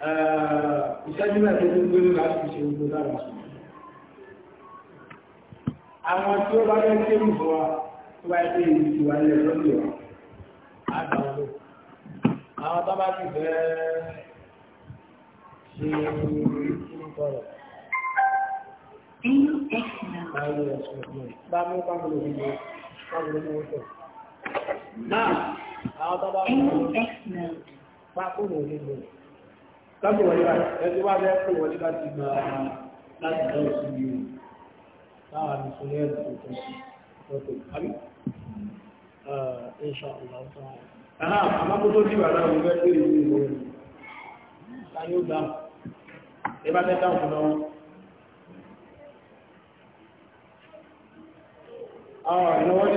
Eh, ìṣẹ́jú mẹ́ta tó gbérú láti ṣe ogun lára ṣùgbọ́n àwọn tí ó bá rẹ̀ tí ó bọ́ tó bá ẹgbẹ́ ìrìsì wà ilẹ̀ lọ́dọ̀ àtàwọn àwọn tó bá ti bẹ́ ṣe ìrìnkọrọ̀ lábọ̀ wọlé báyìí ẹjọ́ bá bẹ́ẹ̀ kó wọlé láti gba láti dá òsì bí i láwọn àmìsọ ní ẹ̀dùn tó tọ́ sí ọ̀tọ̀ àbí ẹ̀ṣọ́ ọ̀làwọ̀tọ̀ àná àmọ́kótó bí wàrà òun fẹ́ pé ìlú ìlú rẹ̀ ta ni ó dáhùn ẹ bá fẹ́ dáhùn lọ́wọ́ àwọn ìnáwó ní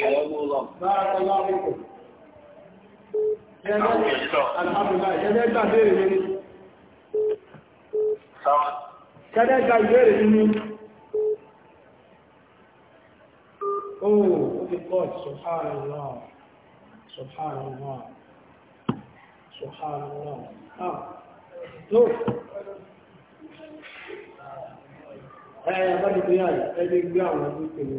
حياكم الله بارك الله فيكم الحمد لله ṣẹlẹ́ gbà bèèrè nínú ṣẹlẹ́ gbà ìbèèrè nínú ooo ó ti pọ̀ subhanallah subhanallah subhanallah ah tó ẹ̀yà bá ti pè yáyì ẹgbẹ́ gbé àwọn ọdún pẹ̀lú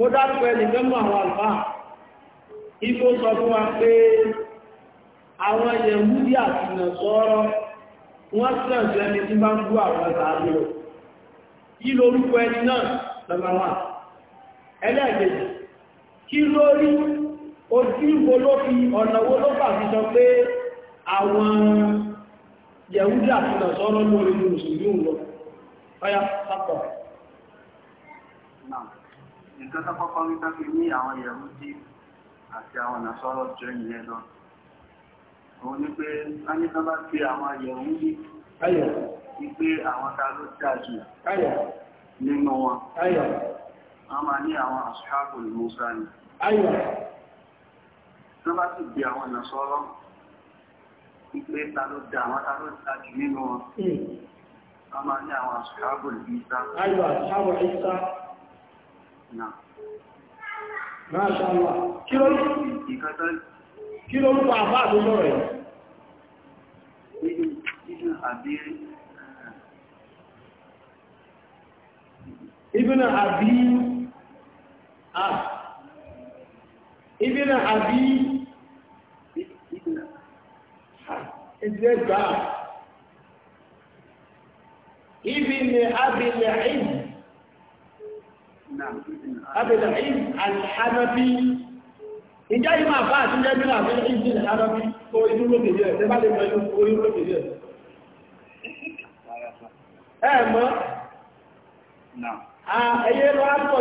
mo dárúkọ ẹnìkan mọ́ àwọn àlùfáà ibi ó sọ fún wa pé àwọn yẹ̀wúdí àtìnà sọ́rọ́ wọ́n sàn sí ẹni tí bá ń bú àwọn àtàrí rẹ̀ kí lórúkọ ẹni náà lọ́gbàwà ẹlẹ́ẹ̀kejì kí lórí ojú ìwò ló fi ọ̀nà owó ló bà fi sọ pé àwọn yẹ̀wúdí àtìnà sọ́rọ́ lórí mùsùlùmí lọ ọya sápọ̀ Now nǹkan tó kọ́kọ́ wí tán fi ní àwọn Yẹhudi àti àwọn nàṣọ́rọ̀ jọ ìyẹn lọ òun ni pé wọ́n ní tán bá fi àwọn Yẹhudi ní pé àwọn ta ló dájú nínú wọn wọ́n máa ní àwọn àṣíhábò Mùsá ni tán bá sì bí àwọn nàṣọ́rọ̀ ìpé ta ló dá àwọn ta ló dájú nínú wọn hmm. wọ́n máa ní àwọn àṣíhábò Ìsá Máṣàlá, kí ló ń pa àbá àdúgbò eh, Abi Ah Abi Ìjẹ́gbà Abi أبي العيد الحنفي ìjá yìí máa bá àti jẹ́bílá àti ìjìn àrọ́bí tó inú lókè jẹ́ ẹ̀tẹ́ lè mọ̀ inú orí lókè jẹ́ ẹ̀ mọ́ ẹ̀yẹ lọ ápọ̀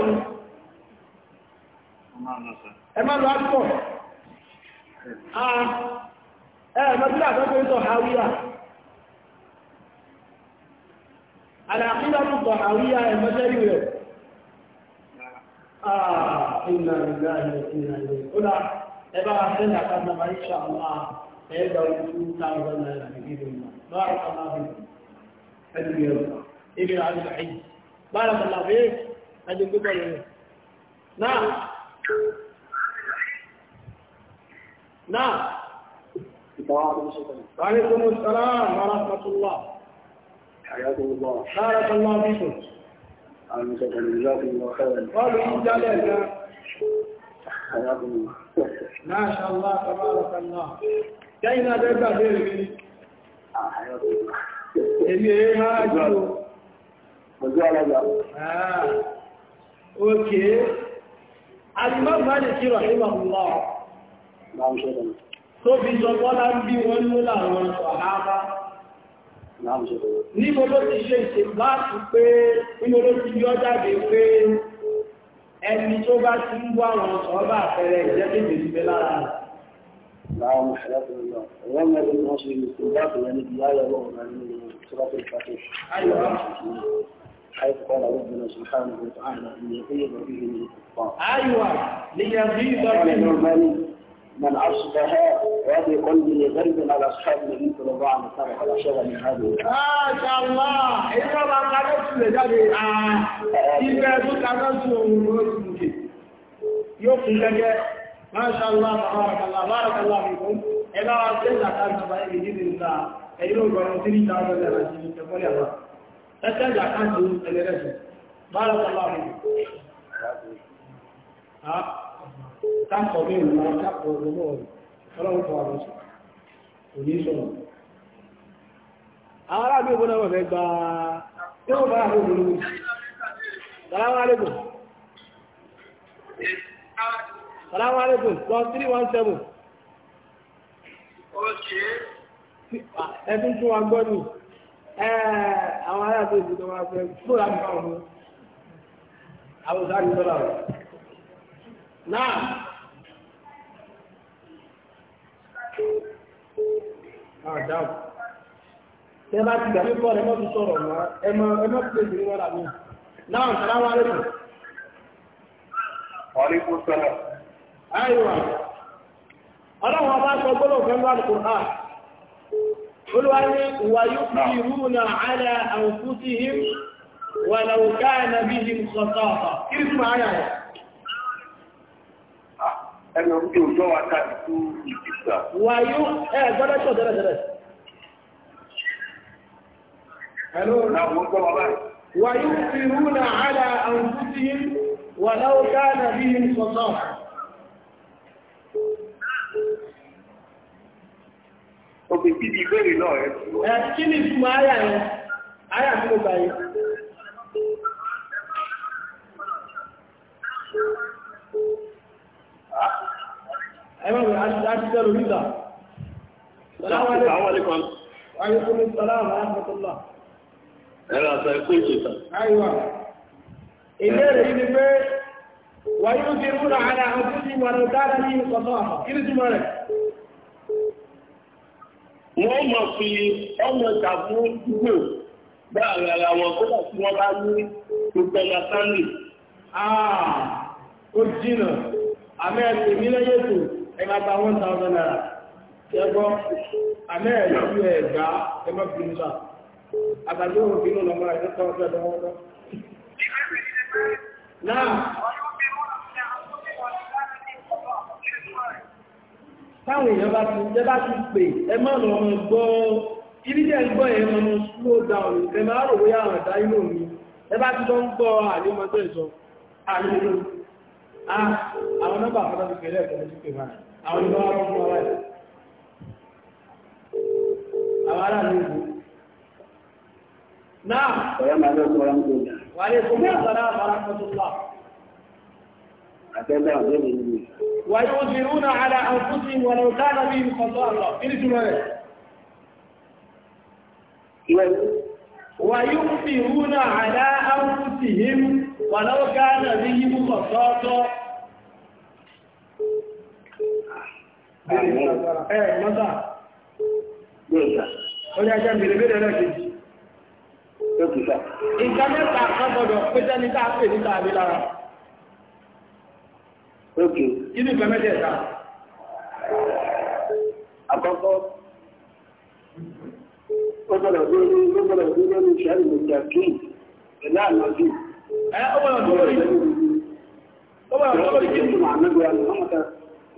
ẹ lọ àtọ́kọ́ ìtọ̀ tó آه، إنا لله وإنا إليه راجعون ẹ̀bá àtẹ́lẹ̀ àkànnàmà ìṣà àwọn ẹ̀ẹ́gbà ojú táwọn náà ìgbìyànjú بارك الله فيك أدري الله ابن عبد الحي بارك الله فيك أدري كتب نعم نعم وعليكم السلام ورحمة الله حياكم الله بارك الله فيكم جزاكم الله خيرا قالوا إن لنا حياكم الله ما شاء الله تبارك الله كينا بيبقى بيري حياكم الله èmi èyí máa jù ú. Ojú alága. Òkè. Àdìmọ́bù máa lè kírọ̀ ní Màmúlá. Máa ń ṣẹ́dọ̀. Tó fi sọ bọ́lá ń bí wọn ló láwọn ọ̀hábá. Máa ń ṣẹ́dọ̀. níbo ló ti ṣe ìṣèbáàtì pé níbo ló ti yọ́ jáde pé ẹni tó bá ti ń bọ́ àwọn ọ̀bá àfẹ́rẹ́ ìjẹ́ méjì lára láwọn ìṣẹ́lẹ́pẹ̀lẹ́ ọ̀rọ̀ mẹ́rin wọ́n ṣe ìṣèbáàtì من أصبح وفي قلبه غرب على أصحاب الله عليه وسلم على شغل هذه ما شاء الله إذا ما قلت لجري إذا كنت أنسوا يقول لك ما شاء الله تبارك الله بارك الله فيكم إذا أردت أن تبقى بإذن الله أيضاً قرنتني تعالى لرسول تقول يا الله تتجع كانت لرسول بارك الله فيكم ها káàkọ̀ mí ìrìnà káàkọ̀ ọmọ rẹ̀ ọlọ́run fọ àwọn sí àwọn aráàlú ìbọn náà fẹ́ gba tí ó bá àwọn olùlú salamu alaikum salamu plus àwọn fẹ́ àwọn náà àdáwò tẹ́ bá ti gbàgbé kọ́ ẹmọ́ ti sọ̀rọ̀ mọ́ ẹmọ́ ẹmọ́ ti pèsè níwọ́n làmú náà sára wá lẹ́kùn. ọ̀rẹ́kùn sọ̀rọ̀. àìwà ọlọ́run ọba sọ gbọ́dọ̀ fẹ́ lọ́wọ́ àdìkò náà olùwárí wà yóò fi rúnà àlẹ́ àwòkútì yìí wà làwùká ẹ̀nà bí i kọ̀tọ̀ kí ni túmọ̀ ayà rẹ̀? ẹnu ọdún ọjọ́ wa tàbí tó ìdìgbà. wàyú ẹ gbọ́dọ̀ tó dẹ́rẹ́dẹ́rẹ́. hello làwọn gbọ́ wa báyìí. wàyú fi rúnà àlà àǹfùsí wà láwọ́ káàdà bí i sọ̀tọ̀. òkè bíbí ìbéèrè náà ẹ. ẹ kí ni ìtumọ̀ àyà yẹn àyà tí gbà yẹn. ẹgbẹ̀rún aṣíṣẹ́ lórí ìgbà. Wọ́n fi ọmọ bá àwọn bá ní ìpẹ̀lẹ̀ ó jìnà, àmẹ́ ẹ máa gba one thousand naira ṣẹgbọ́ àmẹ́ ìlú ẹ̀gbá ẹ má bínú sá àgbàdo òbínú lọ́mọ rẹ̀ tó tọ́jú ẹ̀dọ́ wọn lọ. náà táwọn èèyàn bá ti jẹ́ bá ti pè ẹ má lọ ọmọ gbọ́ ibi tẹ́ ń gbọ́ ẹ̀ mọ́ mọ́ slow down ẹ máa rò wíyà àwọn àdá inú mi ẹ bá ti lọ ń gbọ́ àlímọ́tò ìsọ àlímọ́tò ah, àwọn nọ́mbà àfọ́tọ́ ti pè lẹ́ẹ̀kọ́ ní pè máa àwọn ìgbà wọn fún ọwọ́ ẹ̀ àwọn ará ní ìlú náà ọ̀yá máa lọ sọ́ra ń gbòdà wà ní ìsúnmí àtàrà àtàrà kọ́tùlá àtẹ́gbà ọ̀dọ́ mi ní ìlú wà yóò ti rú náà àlà àǹfùsì wọn ló dáná bí nǹkan lọ kí ni túmọ̀ rẹ̀ wà yóò ti rú náà àlà àǹfùsì him wọn ló dáná bí nǹkan lọ́tọ́ Ẹ eh, mọ́tà. Ó ní ẹjẹ́ mèrè mèrè náà kejì. Ìjọ mẹ́ta kan gbọdọ̀ péjẹ́ ní tá a pè níta àbí lára. Inú ìfẹ́ mẹ́tẹ̀ẹ̀ta. Àkọ́kọ́,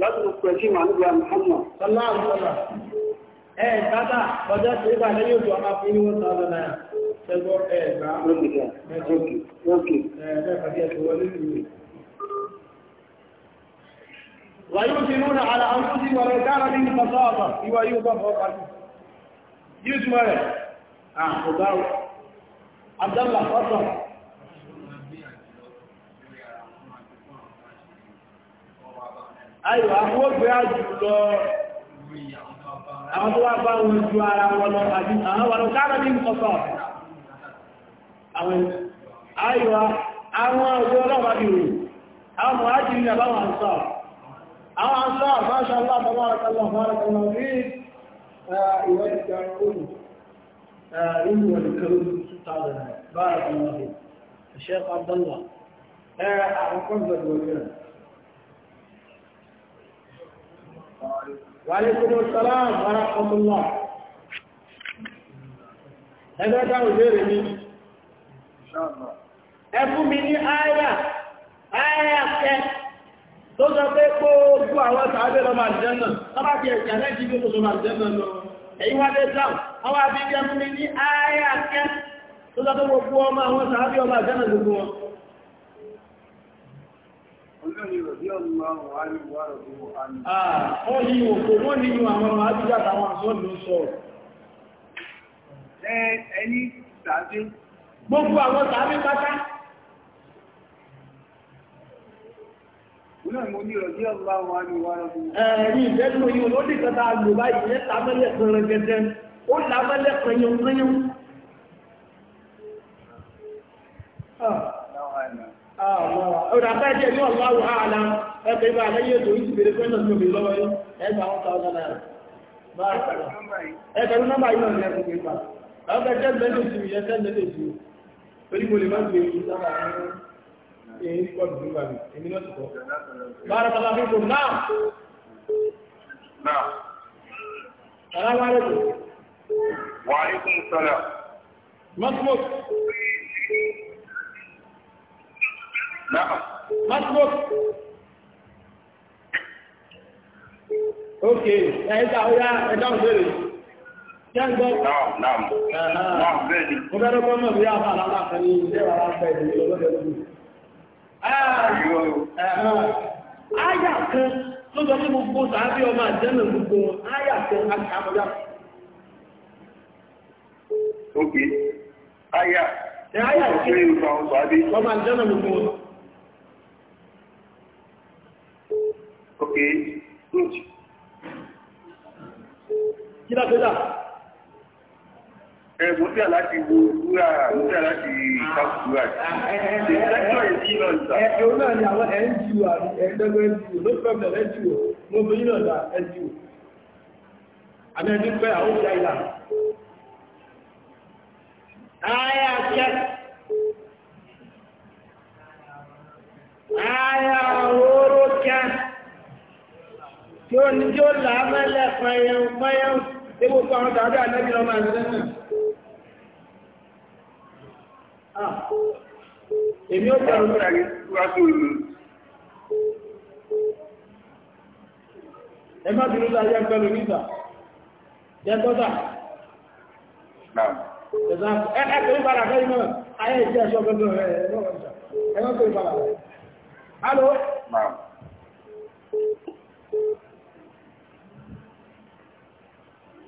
láti lọ pẹ̀lú ìmàlúwà Muhammad. Sọláàmùsọ́lá. Ẹ tátà, ọjọ́ tí ìgbà lẹ́yìn òjò ọmọ fún yíwọ́n tààdọ̀ náà. Ṣẹgbọ́ ẹ̀ gbá. Ókè, ókè. Ẹ ويؤثرون على أنفسهم ولو كان بهم خصاصة ويوضع فوق يجمل عبد الله فضل ayò àwọn ògbé àjù lọ àwọn tó wá bá wọn ju ara wọn lọ àbí àwọn wọn kára ní kọ̀sọ̀ àwọn ayò àwọn ògbé ọlọ́wà bí rò àwọn mọ̀ ájì ní àbáwọn àǹsọ̀ àwọn àǹsọ̀ àbáṣà aláàbọ̀wọ́rọ̀kọ́lọ̀ fọ́rọ̀kọ́lọ̀ rí ìwọ̀n ìjà òòrùn ìlú olùkọ́rù 2009 bára kan lọ́dẹ̀ الشيخ عبد الله أعقب الوكيل Wàlékún Sọ́lám Bára Ọmọlá. Ẹgbẹ́ dáhùn léèrè mi. Ẹ fún mi ní àyà, àyà kẹ, tó sọ pé kó gbú àwọn sàábẹ́ lọ máa jẹ́ náà, tọ́bá ti ẹ̀kẹ́ lẹ́jì bí oṣù máa jẹ́ náà lọ. tó gbogbo ọmọ àwọn sàábẹ́ ọmọ àjẹ́ gbogbo wọn. Ọ̀yí òkò wọ́n nínú àwọn ọmọ àbíjá àtàwọn àṣọ́lù ń sọ. Ẹni tàbí. Gbogbo àwọn tàbí pátá. Ẹ̀rí ìfẹ́lú yìí ló dì kẹta ní ọ̀dàpá ẹ̀jẹ̀ ní ọ̀láwọ̀ ààlà ẹgbẹ̀ ibà lẹ́yìn ètò ìsì bèèrè fẹ́ náà lóbi lọ́wọ́ yìí ẹgbẹ̀ àwọn tàwọn náà ẹgbẹ̀rún nọ́mbà yìí náà ní ẹgbẹ̀ ibà ọgbẹ̀ jẹ́ lẹ́lẹ̀ sí ìyẹn tẹ́ lẹ́lẹ̀ sí orí mo lè má gbé yìí sábà ní èyí kọ́dù nígbà mi èmi náà ti kọ́ bára bàbá mi kò náà náà sàrà wà lẹ́kọ̀ọ́ wà á yẹ kún sọ́lá mọ́tò mọ́tò ok, Masbuk. Okay, ẹ̀ẹ́dà ọ̀yá ẹ̀dá òṣèrè. Jẹ́ǹgbọ́. Na'am, na'am. Na'am bẹ́ẹ̀ ah, ok, Mo bẹ́rẹ̀ kọ́ náà bí a máa láláfẹ́ ní ilé wa láfẹ́ ìlú lọ́dọ̀ lórí. Áyà kan tó sọ pé gbogbo sàábí ọmọ àjẹ́nà gbogbo wọn, áyà kan á kà á mọ́já. Okay, áyà. Ẹ áyà Ọmọ àjẹ́nà gbogbo Okay, good. Kí láti dá? Ẹ̀bùn tí a láti wo wúra tí a láti kàkùrà. Ah, eh, eh, Ṣé sẹ́kọ̀ eh, ìdí lọ ìgbà? Ẹ̀bùn náà ni àwọn NGO àti ẹgbẹ́gbẹ́ NGO, no problem NGO, mo fi yínà ìgbà NGO. Àmì ẹni pẹ́ àwọn òṣìṣẹ́ ìlà. Ayé àṣẹ. Ayé àwọn oró tí ó ní yóò là á mẹ́lẹ̀ pẹ́yẹun pẹ́yẹun tí gbogbo àwọn tàbí àlẹ́bí ọmọ ìrìnlẹ́nà èmi ó tẹ́rù pẹ̀lú ìrìnlẹ́sùn ìlú ẹ má bínú láyé pẹ̀lú nígbà jẹ́ tọ́ta ẹ̀ẹ́kùn ìbára fẹ́ ìmọ̀ ayé ìjẹ́ ẹ̀ṣọ́ pẹ̀lú ẹ̀ẹ́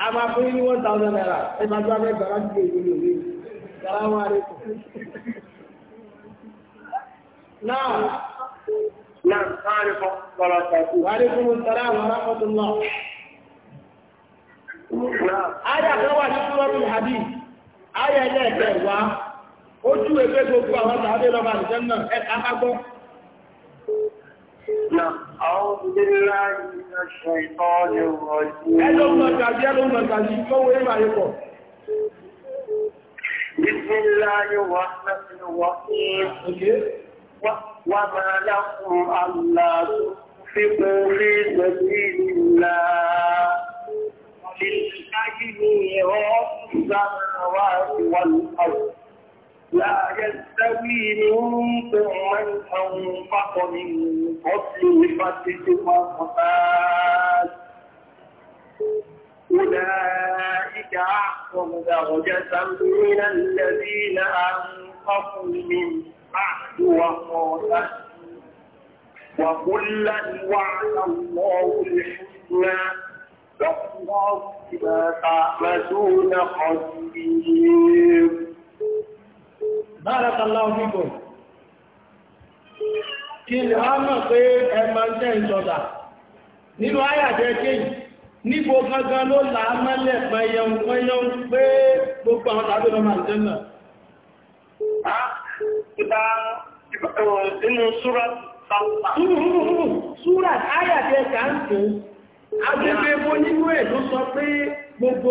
a máa fún yín ní one thousand naira ẹ máa gbá bẹ́ẹ̀ gbàrà sí èyí ló lé wọn àrẹ kù. náà náà sáré fún sọ̀rọ̀ sàkú. wàhálà fún mi àwọn arákọ̀tò náà. Aya kan wà ní Súrọ́bù Hadi, aya ilé ẹ̀kẹ́ wa, ó jú ẹgbẹ́ gbogbo àwọn أعوذ بالله من الشيطان الرجيم بسم الله الرحمن الرحيم وما لكم ألا تنفقوا في سبيل الله لله ميراث السماوات والأرض لا يستوي منكم من أنفق من قبل فتح وقتال أولئك أعظم درجة من الذين أنفقوا من بعد وقاتلوا وكلا وعد الله الحسنى والله بما تعملون خبير Barakallahu fikum. Kí ni a mọ̀ pé ń tẹ́ ìjọdà? Nínú ayàjẹ́ kéyì, gangan ló pẹ̀yẹun pẹ̀yẹun pé gbogbo àwọn tàbí tẹ́lẹ̀. nínú ẹ̀ ló sọ pé gbogbo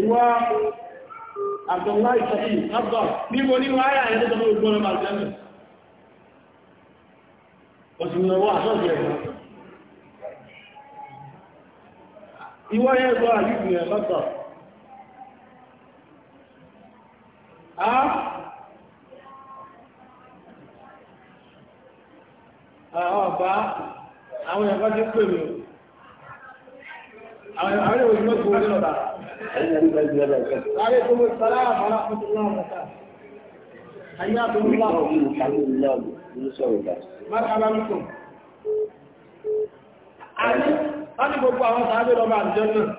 ìwọ́ àbdọ̀lá ìsọ̀tí àbdọ̀ níbo ní wọ́n ayà ẹ̀rẹ́ tọ́lọ́ ìgbọ́n ọmọ àjẹ́mẹ̀ òsìnàwọ́ àtọ́jẹ̀ ẹ̀rọ ìwọ́ yẹ́ ẹ̀rọ àyíkù ẹ̀ lọ́tọ̀ a ọba àwọn ẹ̀kọ́ ti pè mí àwọn ẹ̀kọ́ ti pè mí الله وبركاته حياكم الله مرحبا بكم àní láti gbogbo àwọn sàájẹ́ lọ bá jẹ́ náà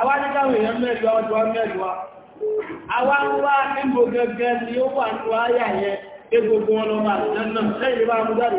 àwa ní káwọn èèyàn mẹ́jọ ọjọ́ mẹ́jọ àwa ń wá nígbò gẹ́gẹ́ ni ó wà ní wáyà yẹn egbogbo wọn lọ bá bá mú jáde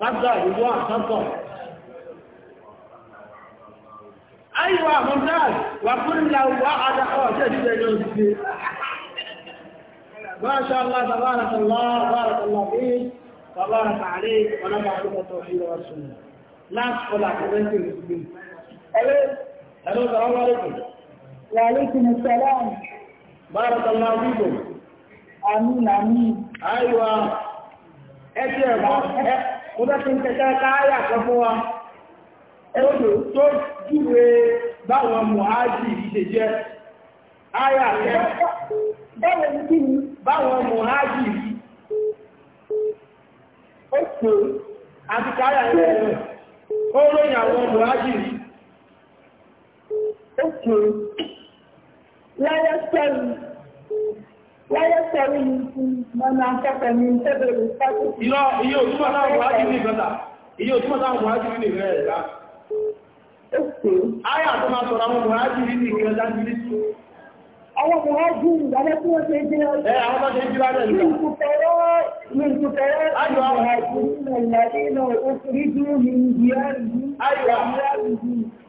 sábà ìlú àtọ́tọ̀. Àìwà Mọ̀dáì wà fún ìlà wà àdá ọ̀ṣẹ́ ìdílé ní òṣìṣẹ́. Máṣá Allah tàbára tàlá, bára tàlá bí, tàbára tààrí, wọ́nà bá kúrò tó Láti kọlá kọlá sí ìrìsìgbé. Ẹlẹ́, ẹ̀rọ mo bẹ́ fi ń kẹta káyà kan fún wa ẹ̀rọ tó júwe báwọn mọ̀hájì ìṣe jẹ́ káyà kẹ́ báwọn kí ni báwọn mọ̀hájì ó pè àti káyà ẹ̀rọ ó ròyìn àwọn mọ̀hájì ó pè láyé Láyé sọ̀rọ̀ yìí ti mọ́nà akẹ́kọ̀ọ́ ní ìṣẹ́bẹ̀ ìrìsájú. Ìlọ iye òtúmọ̀ náà wà ní ìgbọ́ta. Iye òtúmọ̀ náà wà ní ìrìnlẹ̀ ẹ̀dá. Ayà tó máa sọ̀rọ̀ àwọn mùrájì ní ìgbẹ̀ẹ́dá ní ìṣú. ọjọ́. ọjọ́.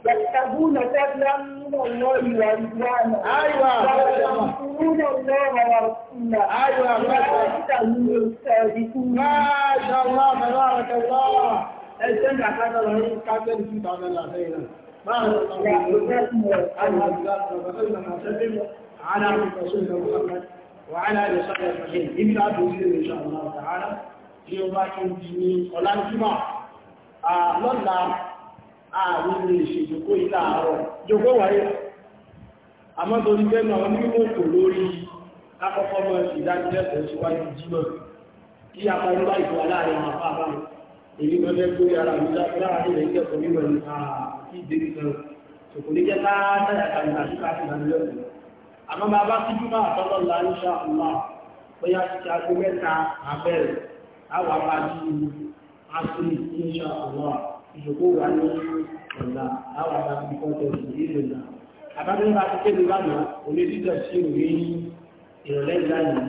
يكتبون سبلا من الله ورضوانا أيوة ويذكرون الله ورسوله أيوة أولئك هم الصادقون ما شاء الله تبارك الله الجمع كان الهرم كافر في بعض الأخيرة ما شاء الله على رسول محمد وعلى آله وصحبه أجمعين إن شاء الله إن شاء الله تعالى tí ó bá tún di ní ọ̀lá ààrùn ní ìṣèjòkó ilá àárọ̀ jòkó wáyé àmọ́tò ní pẹ́ náà ní mọ́kò lórí akọ́kọ́ mọ́ ìdánilẹ́kọ̀ọ́ síwájú jímọ̀ kí apárọ́ bá ìfọ̀ aláàrin àwọn àpá àbáwọn èyí mọ́ lẹ́gbẹ́ ara mi láàrin ilẹ̀ ìkẹ́kọ̀ọ́ mímọ̀ ní ìdè kan kò ní jẹ́ káàkiri àkàrí àti káàkiri àdúlẹ́kọ̀ọ́ àmọ́ bá bá sí júmọ́ àtọ́lọ́ la ń ṣá ọmọ bóyá ti aago àwọn ìyókù wà ní ọ̀la àwọn àbábí kọ́tọ̀ sí ìlú náà àbábí bá ti kéde lánàá òní dídọ̀ sí òwe ìrọ̀lẹ́ ìgbà yìí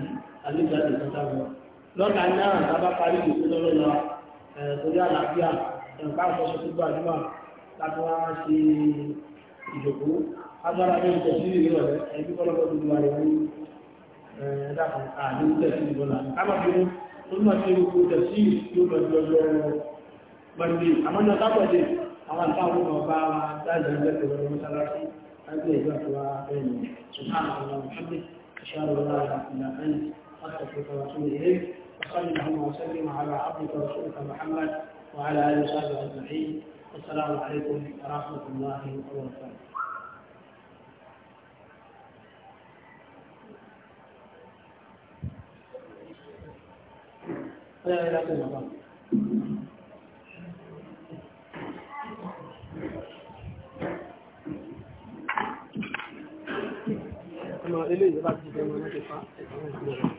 àlejàde kọta wọn lọ́la náà lábá parí ìlú lọ́lọ́lọ́ ẹ̀ẹ́dọ́jà àlàáfíà ẹ̀ǹkà àfọṣọ tó gbàdúrà láti wá ṣe ìjókòó agbára ní ìtẹ̀sí ìrọ̀lẹ́ ẹbí kọ́lọ́kọ́ tó wà rẹ̀ ní ẹ̀ẹ́dàkùn àní ìtẹ̀sí ìrọ̀lá kábàbí ó túnmọ̀ sí gbogbo ìtẹ̀sí ìlú lọ́jọ́ mọ̀lẹ́bí àmọ́ ní ọ̀tàpọ̀dé àwọn àtàwọn ọba wa láti ẹgbẹ́ لا اله الا انت استغفرك واتوب اليك وصلي اللهم وسلم على عبدك ورسولك محمد وعلى اله وصحبه اجمعين والسلام عليكم ورحمه الله وبركاته lọ eléyìí bá ti jẹ́ mọ́ ní